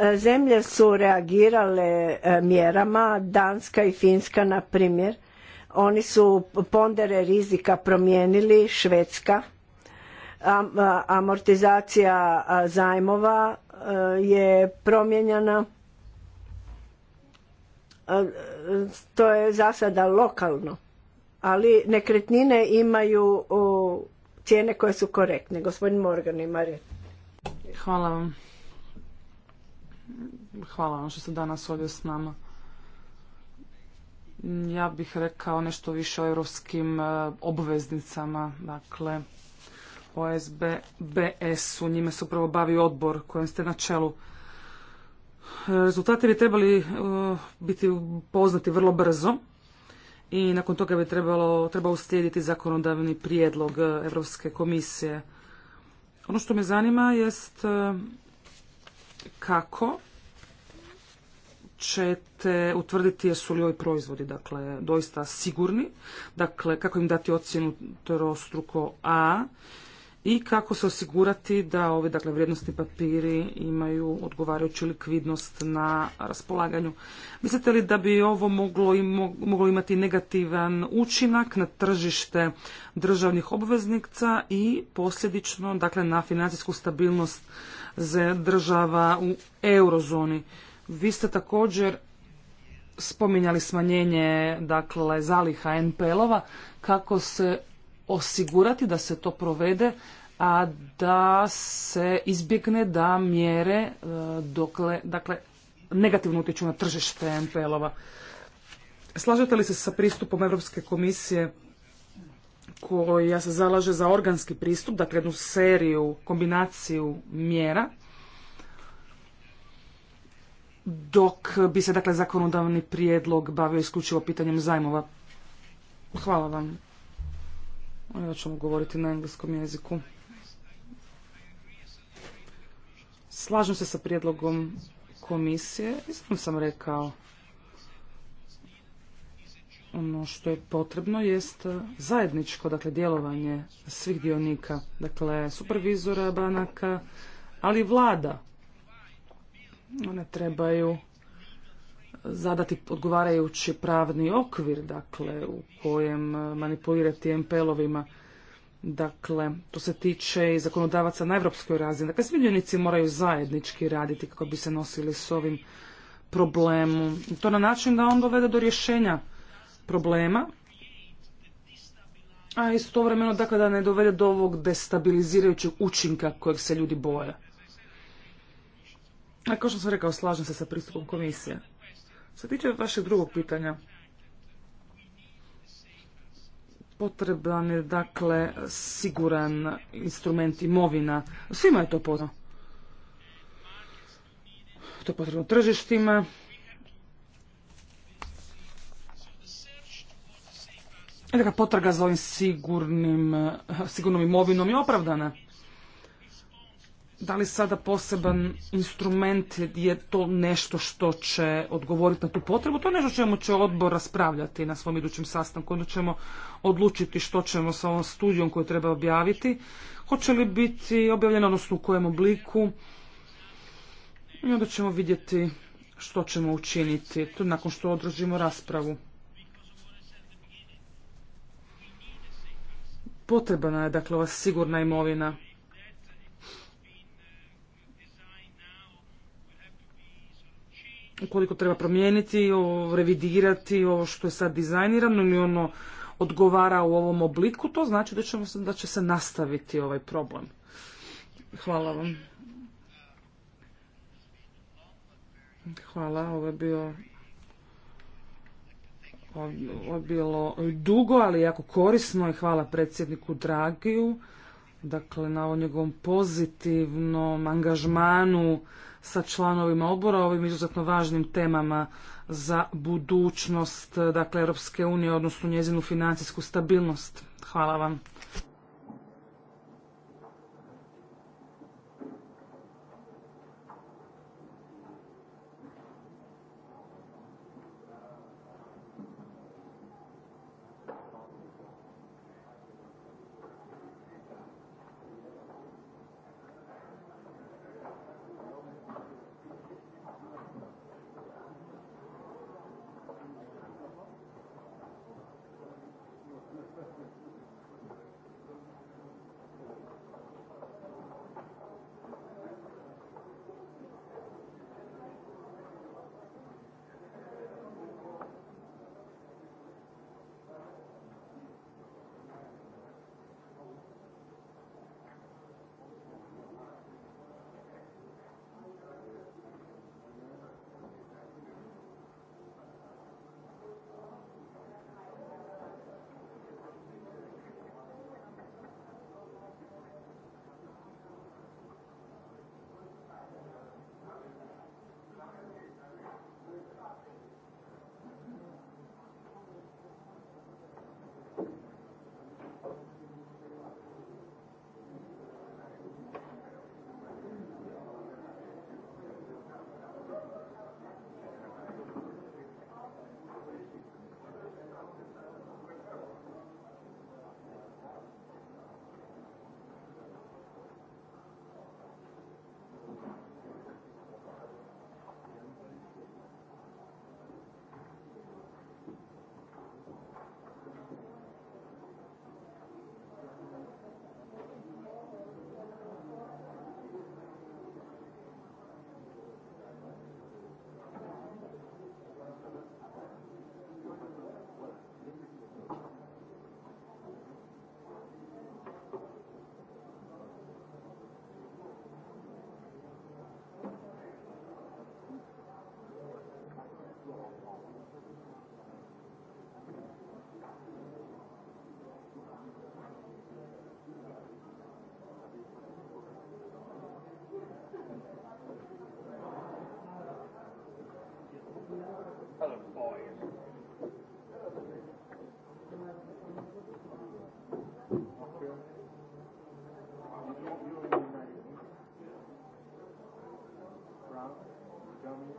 E, zemlje su reagirale e, mjerama, Danska i Finska na primjer. Oni su pondere rizika promijenili, Švedska. Amortizacija zajmova e, je promijenjena. To je za sada lokalno, ali nekretnine imaju cijene koje su korektne. Gospodin Morgan ima Hvala vam. Hvala vam što ste danas ovdje s nama. Ja bih rekao nešto više o europskim e, obveznicama, dakle OSB, BS, u Njime se upravo bavi odbor kojem ste na čelu. Rezultati bi trebali e, biti poznati vrlo brzo i nakon toga bi trebalo, trebao uslijediti zakonodavni prijedlog e, Europske komisije. Ono što me zanima jest kako ćete utvrditi jesu li ovi proizvodi dakle, doista sigurni, dakle kako im dati ocjenu trostruko A i kako se osigurati da ovi dakle, vrijednostni papiri imaju odgovarajuću likvidnost na raspolaganju. Mislite li da bi ovo moglo, moglo imati negativan učinak na tržište državnih obveznica i posljedično dakle, na financijsku stabilnost država u eurozoni. Vi ste također spominjali smanjenje dakle zaliha NPL-ova kako se osigurati da se to provede, a da se izbjegne da mjere e, dokle, dakle negativno utječu na tržište NPL-ova. Slažete li se sa pristupom Europske komisije koja se zalaže za organski pristup, dakle jednu seriju, kombinaciju mjera, dok bi se dakle zakonodavni prijedlog bavio isključivo pitanjem zajmova. Hvala vam. Ja ću govoriti na engleskom jeziku. Slažem se sa prijedlogom komisije. isto sam rekao ono što je potrebno jest zajedničko dakle djelovanje svih dionika, dakle supervizora banaka, ali vlada. One trebaju zadati odgovarajući pravni okvir, dakle u kojem manipulirati MPL-ovima. Dakle, to se tiče i zakonodavaca na evropskoj razini. Dakle, svi moraju zajednički raditi kako bi se nosili s ovim problemom. To na način da on dovede do rješenja problema, a istovremeno dakle da ne dovede do ovog destabilizirajućeg učinka kojeg se ljudi boje. A kao što sam rekao, slažem se sa pristupom komisije. Što tiče vašeg drugog pitanja, potreban je dakle siguran instrument imovina. Svima je to potrebno. To je potrebno tržištima, neka potraga za ovim sigurnim, sigurnom imovinom je opravdana. Da li sada poseban instrument je to nešto što će odgovoriti na tu potrebu? To je nešto čemu će odbor raspravljati na svom idućem sastanku. Onda ćemo odlučiti što ćemo sa ovom studijom koju treba objaviti. Hoće li biti objavljena, odnosno u kojem obliku? I onda ćemo vidjeti što ćemo učiniti nakon što održimo raspravu. Potrebna je dakle ova sigurna imovina. Ukoliko treba promijeniti, revidirati ovo što je sad dizajnirano ili ono odgovara u ovom obliku, to znači da, ćemo, da će se nastaviti ovaj problem. Hvala vam. Hvala, ovo je bio bilo dugo, ali jako korisno i hvala predsjedniku Dragiju. Dakle, na njegovom pozitivnom angažmanu sa članovima odbora, ovim izuzetno važnim temama za budućnost, dakle, Europske unije, odnosno njezinu financijsku stabilnost. Hvala vam. Germany,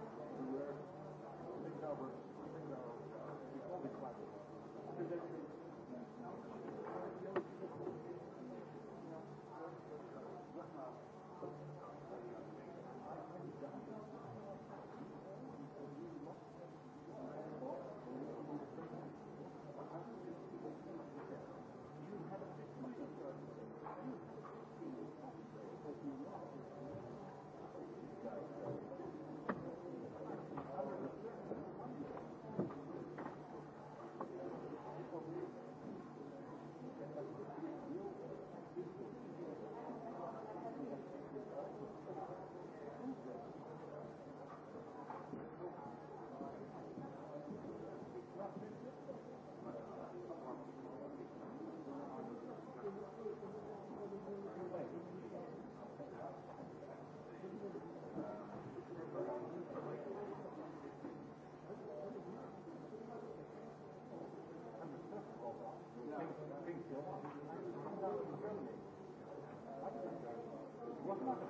Hvala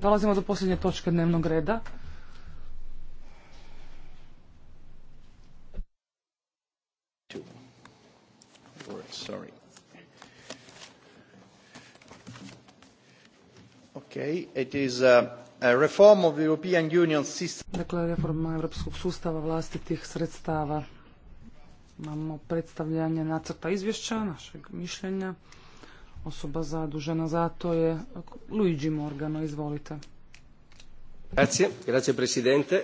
Dolazimo do posljednje točke dnevnog reda. Dakle, reforma europskog sustava vlastitih sredstava. Imamo predstavljanje nacrta izvješća, našeg mišljenja osoba zadužena za to je Luigi Morgano. Izvolite. Grazie, grazie presidente.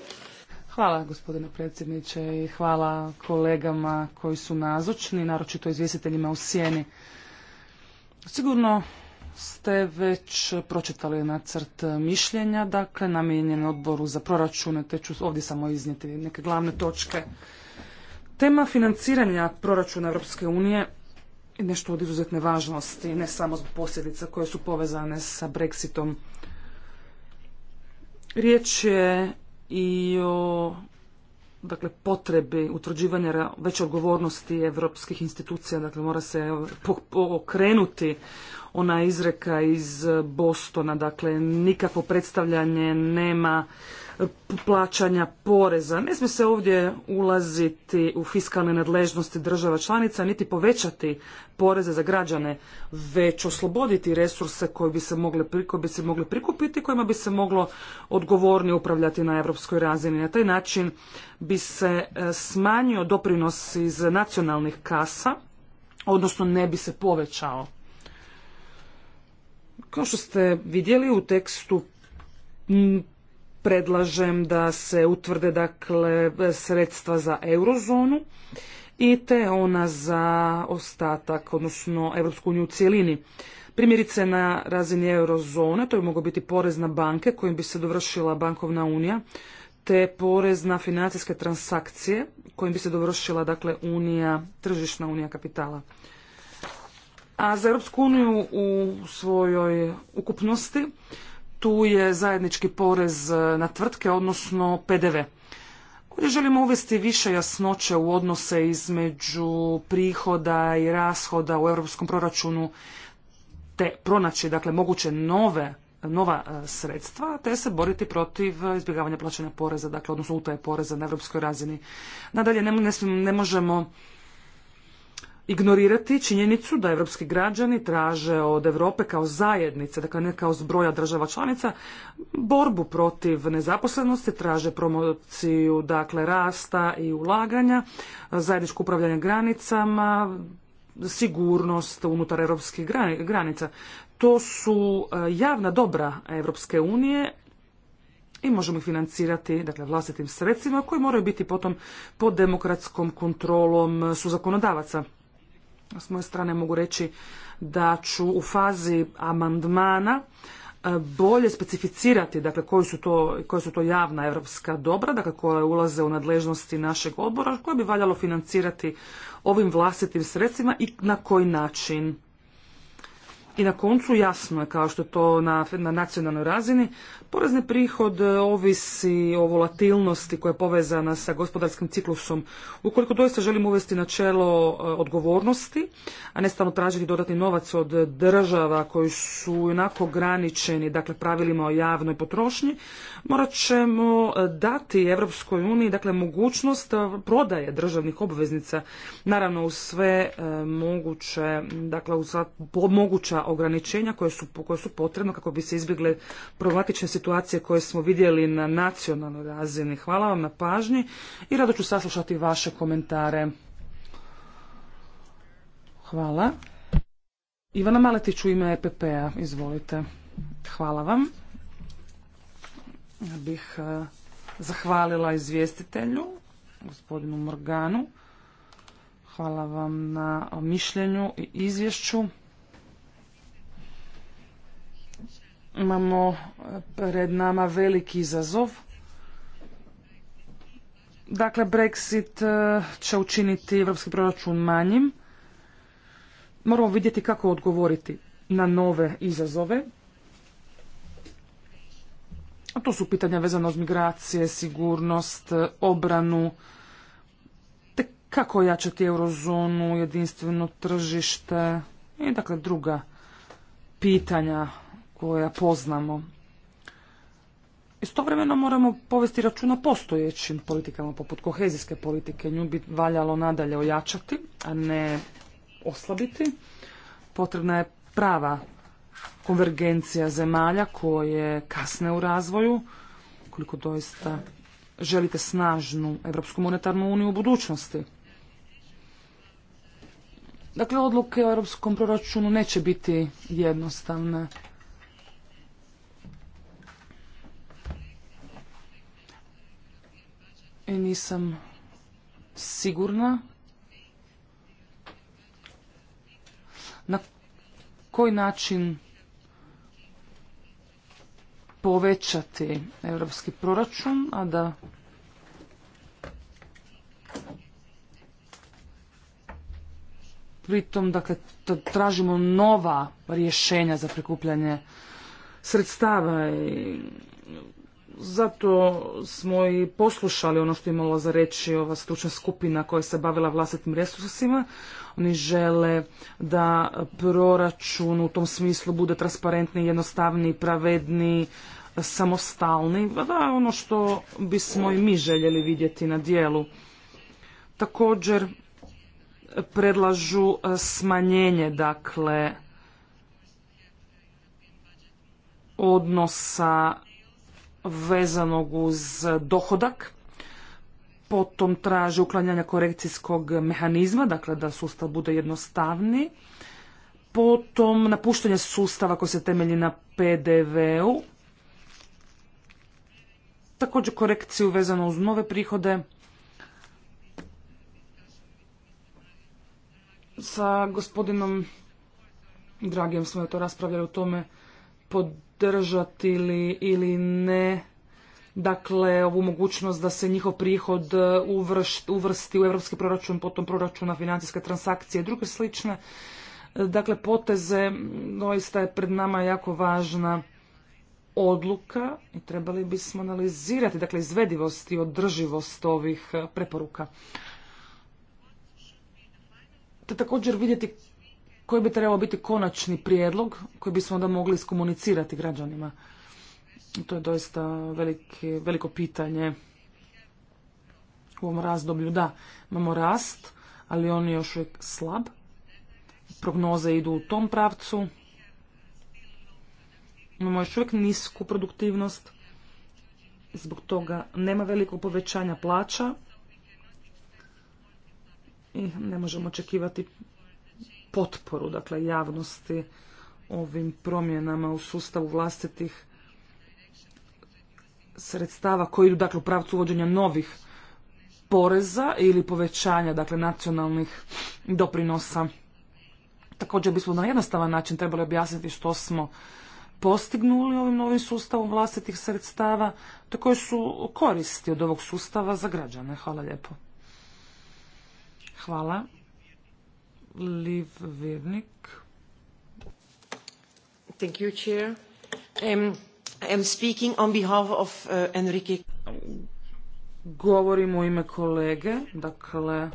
Hvala gospodine predsjedniče i hvala kolegama koji su nazočni, naročito izvjestiteljima u sjeni. Sigurno ste već pročitali nacrt mišljenja, dakle namijenjen odboru za proračune, te ću ovdje samo iznijeti neke glavne točke. Tema financiranja proračuna Europske unije nešto od izuzetne važnosti, ne samo zbog posljedica koje su povezane sa Brexitom. Riječ je i o dakle, potrebi utvrđivanja veće odgovornosti evropskih institucija, dakle mora se pokrenuti ona izreka iz Bostona, dakle nikakvo predstavljanje nema plaćanja poreza. Ne smije se ovdje ulaziti u fiskalne nadležnosti država članica, niti povećati poreze za građane, već osloboditi resurse koji bi se mogle, bi se mogli prikupiti, kojima bi se moglo odgovornije upravljati na europskoj razini. Na taj način bi se e, smanjio doprinos iz nacionalnih kasa, odnosno ne bi se povećao. Kao što ste vidjeli u tekstu predlažem da se utvrde dakle sredstva za eurozonu i te ona za ostatak, odnosno Europsku uniju u cijelini. Primjerice na razini eurozone, to je moglo biti porez na banke kojim bi se dovršila bankovna unija, te porez na financijske transakcije kojim bi se dovršila dakle unija, tržišna unija kapitala. A za Europsku uniju u svojoj ukupnosti tu je zajednički porez e, na tvrtke, odnosno PDV. Ovdje želimo uvesti više jasnoće u odnose između prihoda i rashoda u europskom proračunu, te pronaći dakle moguće nove nova e, sredstva, te se boriti protiv izbjegavanja plaćanja poreza, dakle, odnosno utaje poreza na europskoj razini. Nadalje, ne, ne možemo ignorirati činjenicu da europski građani traže od Europe kao zajednice, dakle ne kao zbroja država članica, borbu protiv nezaposlenosti, traže promociju dakle rasta i ulaganja, zajedničko upravljanje granicama, sigurnost unutar europskih granica. To su e, javna dobra Europske unije i možemo ih financirati dakle, vlastitim sredstvima koji moraju biti potom pod demokratskom kontrolom su zakonodavaca. S moje strane mogu reći da ću u fazi amandmana e, bolje specificirati dakle koji su to, koje su to javna europska dobra, dakle koja ulaze u nadležnosti našeg odbora, koje bi valjalo financirati ovim vlastitim sredstvima i na koji način. I na koncu jasno je kao što je to na, na nacionalnoj razini, porezni prihod e, ovisi o volatilnosti koja je povezana sa gospodarskim ciklusom. Ukoliko doista želimo uvesti načelo e, odgovornosti, a ne stalno tražiti dodatni novac od država koji su onako ograničeni dakle, pravilima o javnoj potrošnji, morat ćemo e, dati Europskoj uniji dakle, mogućnost prodaje državnih obveznica, naravno u sve moguće, dakle, u sva moguća ograničenja koje su, koje su potrebne kako bi se izbjegle problematične situacije koje smo vidjeli na nacionalnoj razini. Hvala vam na pažnji i rado ću saslušati vaše komentare. Hvala. Ivana Maletić u ime EPP-a, izvolite. Hvala vam. Ja bih e, zahvalila izvjestitelju, gospodinu Morganu. Hvala vam na mišljenju i izvješću. Imamo e, pred nama veliki izazov. Dakle, Brexit e, će učiniti evropski proračun manjim. Moramo vidjeti kako odgovoriti na nove izazove. A to su pitanja vezano uz migracije, sigurnost, e, obranu, te kako jačati eurozonu, jedinstveno tržište i dakle druga pitanja koja poznamo. Istovremeno moramo povesti računa postojećim politikama poput kohezijske politike. Nju bi valjalo nadalje ojačati, a ne oslabiti. Potrebna je prava konvergencija zemalja koje kasne u razvoju, koliko doista želite snažnu Europsku monetarnu uniju u budućnosti. Dakle, odluke o europskom proračunu neće biti jednostavne. nisam sigurna na koji način povećati europski proračun, a da pritom dakle, tražimo nova rješenja za prikupljanje sredstava i zato smo i poslušali ono što je imala za reći ova stručna skupina koja se bavila vlastitim resursima. Oni žele da proračun u tom smislu bude transparentni, jednostavni, pravedni, samostalni, pa da ono što bismo i mi željeli vidjeti na dijelu. Također predlažu e, smanjenje dakle odnosa vezanog uz dohodak, potom traži uklanjanja korekcijskog mehanizma, dakle da sustav bude jednostavni, potom napuštanje sustava koji se temelji na PDV-u, također korekciju vezano uz nove prihode, sa gospodinom dragim smo to raspravljali o tome pod držati ili, ili ne dakle ovu mogućnost da se njihov prihod e, uvrsti u europski proračun, potom proračuna financijske transakcije i druge slične. E, dakle, poteze doista je pred nama jako važna odluka i trebali bismo analizirati dakle, izvedivost i održivost ovih e, preporuka. Te također vidjeti koji bi trebao biti konačni prijedlog koji bismo onda mogli iskomunicirati građanima. To je doista veliko pitanje u ovom razdoblju. Da, imamo rast, ali on je još uvijek slab. Prognoze idu u tom pravcu. Imamo još uvijek nisku produktivnost. Zbog toga nema velikog povećanja plaća i ne možemo očekivati potporu, dakle javnosti ovim promjenama u sustavu vlastitih sredstava koji idu dakle u pravcu uvođenja novih poreza ili povećanja dakle nacionalnih doprinosa. Također bismo na jednostavan način trebali objasniti što smo postignuli ovim novim sustavom vlastitih sredstava, te koje su koristi od ovog sustava za građane. Hvala lijepo. Hvala. Liv Virnik. Thank you, Chair. Um, I am speaking on behalf of uh, Enrique. Govorim u ime kolege, dakle...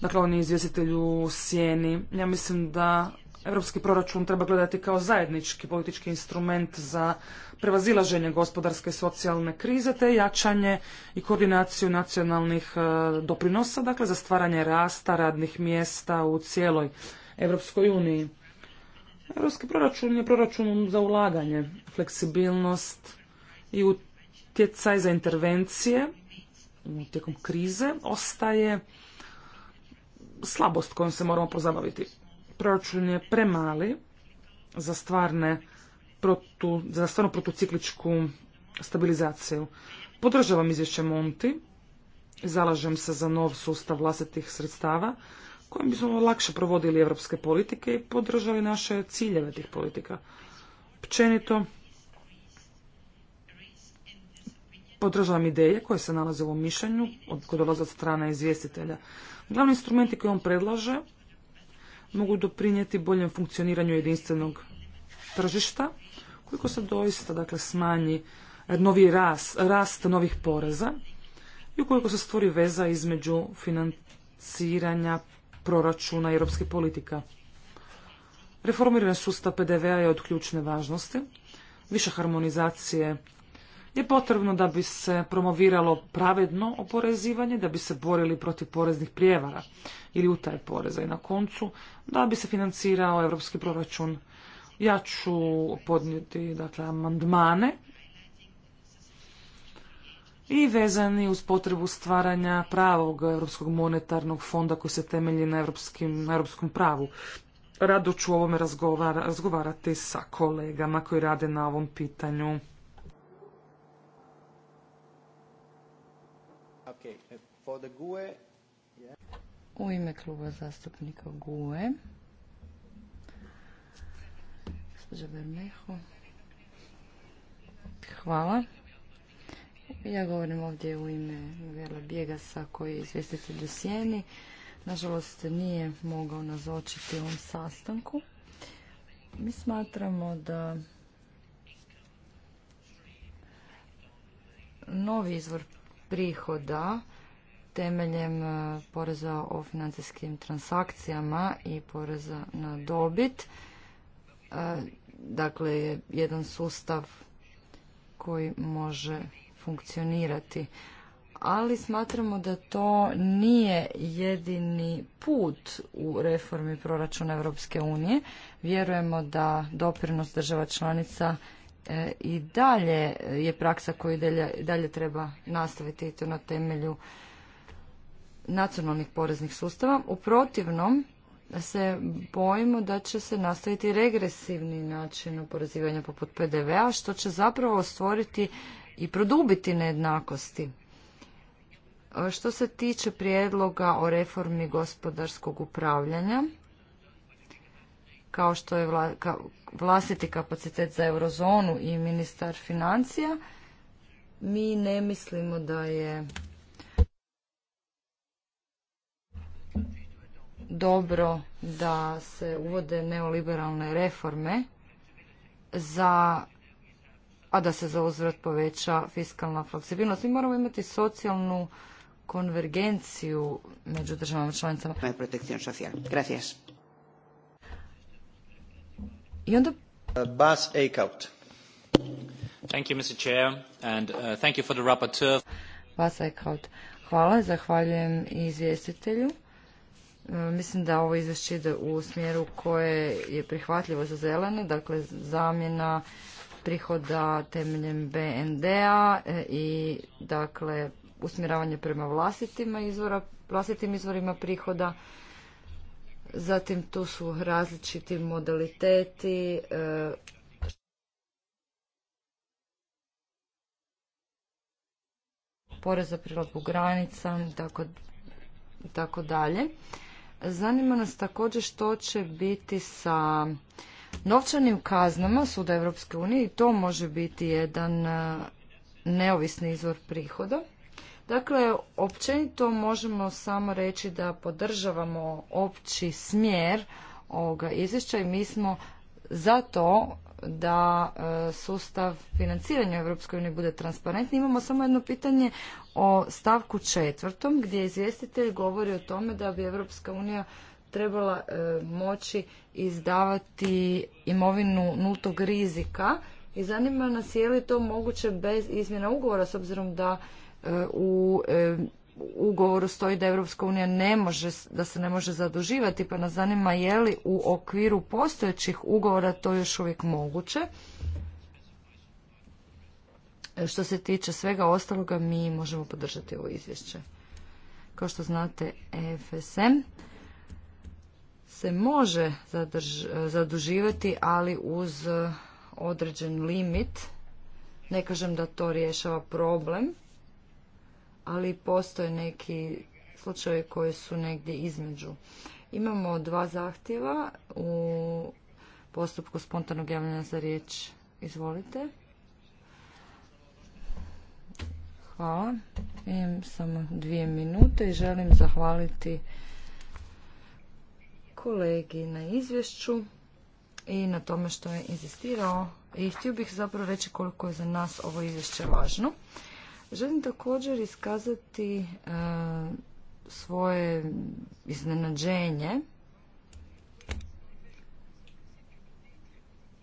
Dakle, on je izvjestitelj u Sjeni. Ja mislim da Europski proračun treba gledati kao zajednički politički instrument za prevazilaženje gospodarske i socijalne krize te jačanje i koordinaciju nacionalnih e, doprinosa, dakle za stvaranje rasta radnih mjesta u cijeloj Europskoj uniji. Europski proračun je proračun za ulaganje, fleksibilnost i utjecaj za intervencije tijekom krize ostaje slabost kojom se moramo pozabaviti proračun je premali za stvarne protu, za stvarno protucikličku stabilizaciju. Podržavam izvješće Monti, zalažem se za nov sustav vlastitih sredstava kojim bismo lakše provodili europske politike i podržali naše ciljeve tih politika. Općenito, podržavam ideje koje se nalaze u ovom mišljenju, koje dolaze od strane izvjestitelja. Glavni instrumenti koje on predlaže mogu doprinijeti boljem funkcioniranju jedinstvenog tržišta, koliko se doista dakle, smanji novi rast, rast novih poreza i ukoliko se stvori veza između financiranja proračuna i europskih politika. Reformiran sustav PDV-a je od ključne važnosti. Više harmonizacije je potrebno da bi se promoviralo pravedno oporezivanje, da bi se borili protiv poreznih prijevara ili utaje poreza i na koncu da bi se financirao europski proračun. Ja ću podnijeti dakle, amandmane i vezani uz potrebu stvaranja pravog Europskog monetarnog fonda koji se temelji na, europskim, europskom pravu. Rado ću o ovome razgovarati sa kolegama koji rade na ovom pitanju. E, u ime kluba zastupnika GUE. Gospođa Hvala. Ja govorim ovdje u ime Vela Bjegasa koji je izvjestitelj u Sijeni. Nažalost nije mogao nazočiti ovom sastanku. Mi smatramo da novi izvor prihoda temeljem e, poreza o financijskim transakcijama i poreza na dobit. E, dakle, je jedan sustav koji može funkcionirati. Ali smatramo da to nije jedini put u reformi proračuna Europske unije. Vjerujemo da doprinos država članica E, i dalje je praksa koju dalje, dalje treba nastaviti i to na temelju nacionalnih poreznih sustava. U protivnom se bojimo da će se nastaviti regresivni način oporezivanja poput PDV-a, što će zapravo stvoriti i produbiti nejednakosti. E, što se tiče prijedloga o reformi gospodarskog upravljanja, kao što je vlastiti kapacitet za eurozonu i ministar financija, mi ne mislimo da je dobro da se uvode neoliberalne reforme za a da se za uzvrat poveća fiskalna fleksibilnost. Mi moramo imati socijalnu konvergenciju među državama članicama. Protekcija i onda... Uh, Bas Thank you, Mr. Chair, and uh, thank you for the Bas Hvala, zahvaljujem izvjestitelju. Uh, mislim da ovo izvješće ide u smjeru koje je prihvatljivo za zelene, dakle zamjena prihoda temeljem BND-a e, i dakle usmjeravanje prema izvora, vlastitim izvorima prihoda Zatim tu su različiti modaliteti e, poreza prilagu granica tako, tako dalje. Zanima nas također što će biti sa novčanim kaznama Suda Europske unije i to može biti jedan e, neovisni izvor prihoda. Dakle, općenito možemo samo reći da podržavamo opći smjer ovoga izvješća i mi smo za to da e, sustav financiranja u EU bude transparentni. Imamo samo jedno pitanje o stavku četvrtom gdje izvjestitelj govori o tome da bi EU trebala e, moći izdavati imovinu nultog rizika i zanima nas je li to moguće bez izmjena ugovora s obzirom da E, e, u ugovoru stoji da Evropska unija ne može, da se ne može zaduživati, pa nas zanima je li u okviru postojećih ugovora to još uvijek moguće. E, što se tiče svega ostaloga, mi možemo podržati ovo izvješće. Kao što znate, FSM se može zaduživati, ali uz određen limit. Ne kažem da to rješava problem, ali postoje neki slučajevi koji su negdje između. Imamo dva zahtjeva u postupku spontanog javljanja za riječ. Izvolite. Hvala. Imam samo dvije minute i želim zahvaliti kolegi na izvješću i na tome što je inzistirao. I htio bih zapravo reći koliko je za nas ovo izvješće važno. Želim također iskazati e, svoje iznenađenje.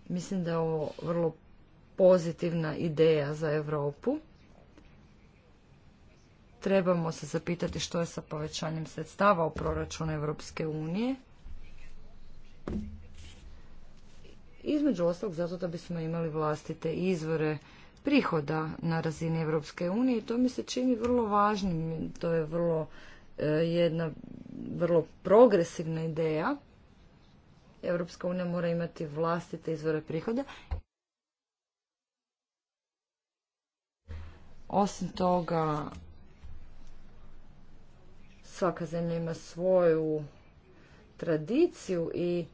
Mislim da je ovo vrlo pozitivna ideja za Europu. Trebamo se zapitati što je sa povećanjem sredstava u proračunu Europske unije. Između ostalog zato da bismo imali vlastite izvore prihoda na razini Europske unije i to mi se čini vrlo važnim. To je vrlo e, jedna vrlo progresivna ideja. Europska unija mora imati vlastite izvore prihoda. Osim toga, svaka zemlja ima svoju tradiciju i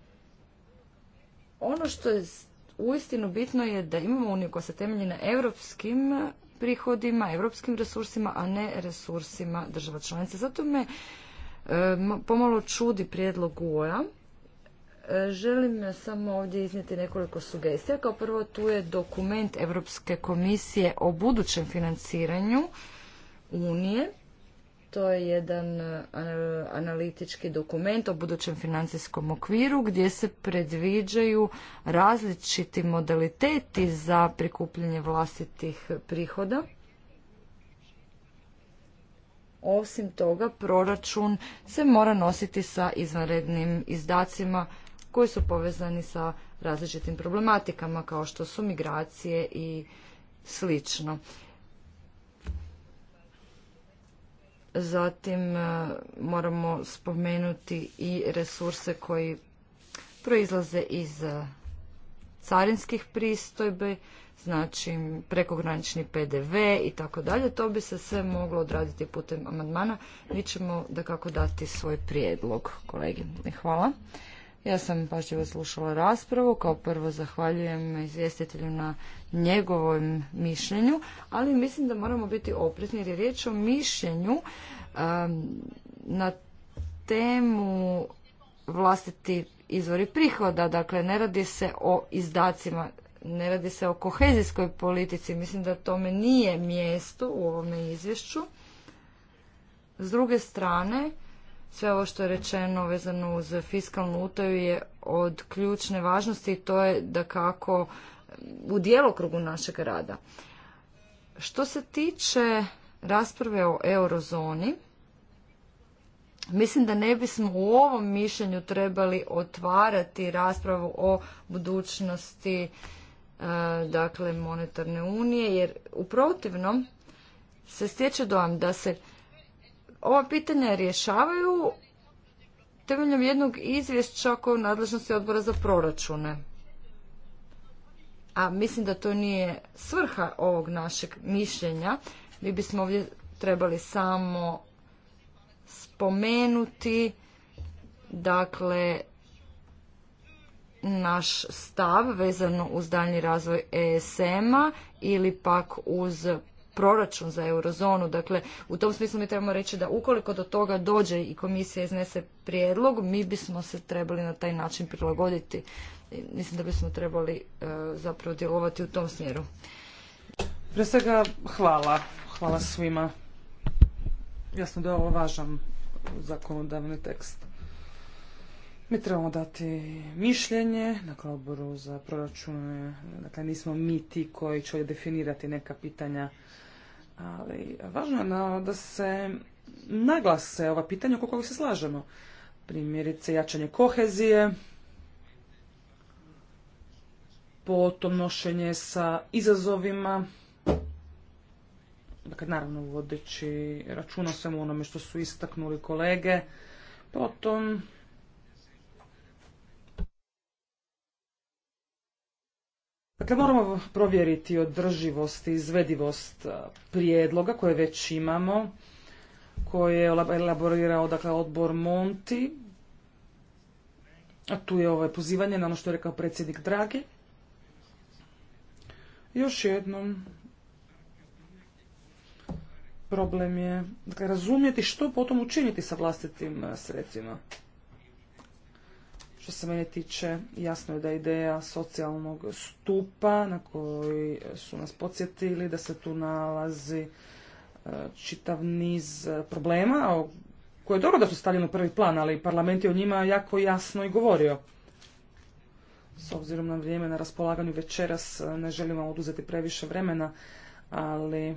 ono što je uistinu bitno je da imamo uniju koja se temelji na europskim prihodima, europskim resursima, a ne resursima država članica. Zato me e, pomalo čudi prijedlog UOA. E, želim samo ovdje iznijeti nekoliko sugestija. Kao prvo tu je dokument Europske komisije o budućem financiranju Unije. To je jedan e, analitički dokument o budućem financijskom okviru gdje se predviđaju različiti modaliteti za prikupljanje vlastitih prihoda. Osim toga, proračun se mora nositi sa izvanrednim izdacima koji su povezani sa različitim problematikama kao što su migracije i slično. Zatim e, moramo spomenuti i resurse koji proizlaze iz e, carinskih pristojbi, znači prekogranični PDV i tako dalje. To bi se sve moglo odraditi putem amandmana. Mi ćemo da kako dati svoj prijedlog kolegi. Hvala. Ja sam pažljivo slušala raspravu. Kao prvo zahvaljujem izvjestitelju na njegovom mišljenju, ali mislim da moramo biti oprezni jer je riječ o mišljenju um, na temu vlastiti izvori prihoda. Dakle, ne radi se o izdacima, ne radi se o kohezijskoj politici. Mislim da tome nije mjesto u ovome izvješću. S druge strane, sve ovo što je rečeno vezano uz fiskalnu utaju je od ključne važnosti i to je da kako u djelokrugu našeg rada. Što se tiče rasprave o eurozoni, mislim da ne bismo u ovom mišljenju trebali otvarati raspravu o budućnosti e, dakle monetarne unije jer u protivnom se stječe dojam da se ova pitanja rješavaju temeljem jednog izvješća koje u nadležnosti odbora za proračune. A mislim da to nije svrha ovog našeg mišljenja. Mi bismo ovdje trebali samo spomenuti dakle naš stav vezano uz daljnji razvoj ESM-a ili pak uz proračun za eurozonu. Dakle, u tom smislu mi trebamo reći da ukoliko do toga dođe i komisija iznese prijedlog, mi bismo se trebali na taj način prilagoditi. Mislim da bismo trebali e, zapravo djelovati u tom smjeru. Pre svega hvala. Hvala svima. Jasno da je ovo važan zakonodavni tekst. Mi trebamo dati mišljenje na za proračune. Dakle, nismo mi ti koji će definirati neka pitanja ali važno je da se naglase ova pitanja oko kojih se slažemo. Primjerice jačanje kohezije, potom nošenje sa izazovima, dakle naravno vodeći računa svemu onome što su istaknuli kolege, potom Dakle, moramo provjeriti održivost i izvedivost prijedloga koje već imamo, koje je elaborirao dakle, odbor Monti. A tu je ovo ovaj pozivanje na ono što je rekao predsjednik Dragi. Još jednom, problem je dakle, razumjeti što potom učiniti sa vlastitim sredstvima. Što se mene tiče, jasno je da ideja socijalnog stupa na koji su nas podsjetili da se tu nalazi e, čitav niz e, problema, koje je dobro da su stavljeni u prvi plan, ali parlament je o njima jako jasno i govorio. S obzirom na vrijeme na raspolaganju večeras e, ne želim vam oduzeti previše vremena, ali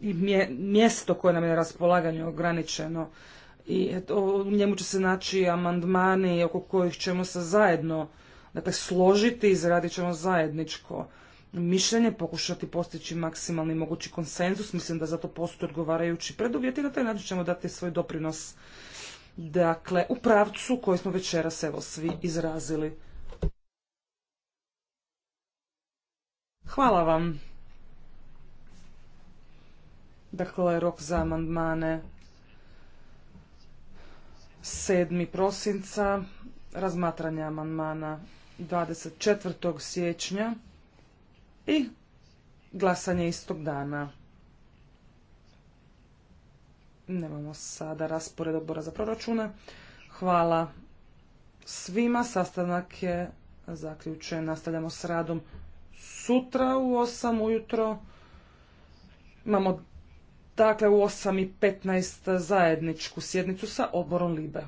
i mjesto koje nam je na raspolaganju ograničeno i eto, u njemu će se naći amandmani oko kojih ćemo se zajedno dakle, složiti, izradit ćemo zajedničko mišljenje, pokušati postići maksimalni mogući konsenzus. Mislim da zato postoje odgovarajući preduvjeti. Na taj način ćemo dati svoj doprinos dakle, u pravcu koji smo večeras evo, svi izrazili. Hvala vam. Dakle, rok za amandmane 7. prosinca, razmatranje amandmana 24. siječnja i glasanje istog dana. Nemamo sada raspored odbora za proračune. Hvala svima. Sastanak je zaključen. Nastavljamo s radom sutra u 8 ujutro. Imamo dakle u 8.15. zajedničku sjednicu sa odborom Libe.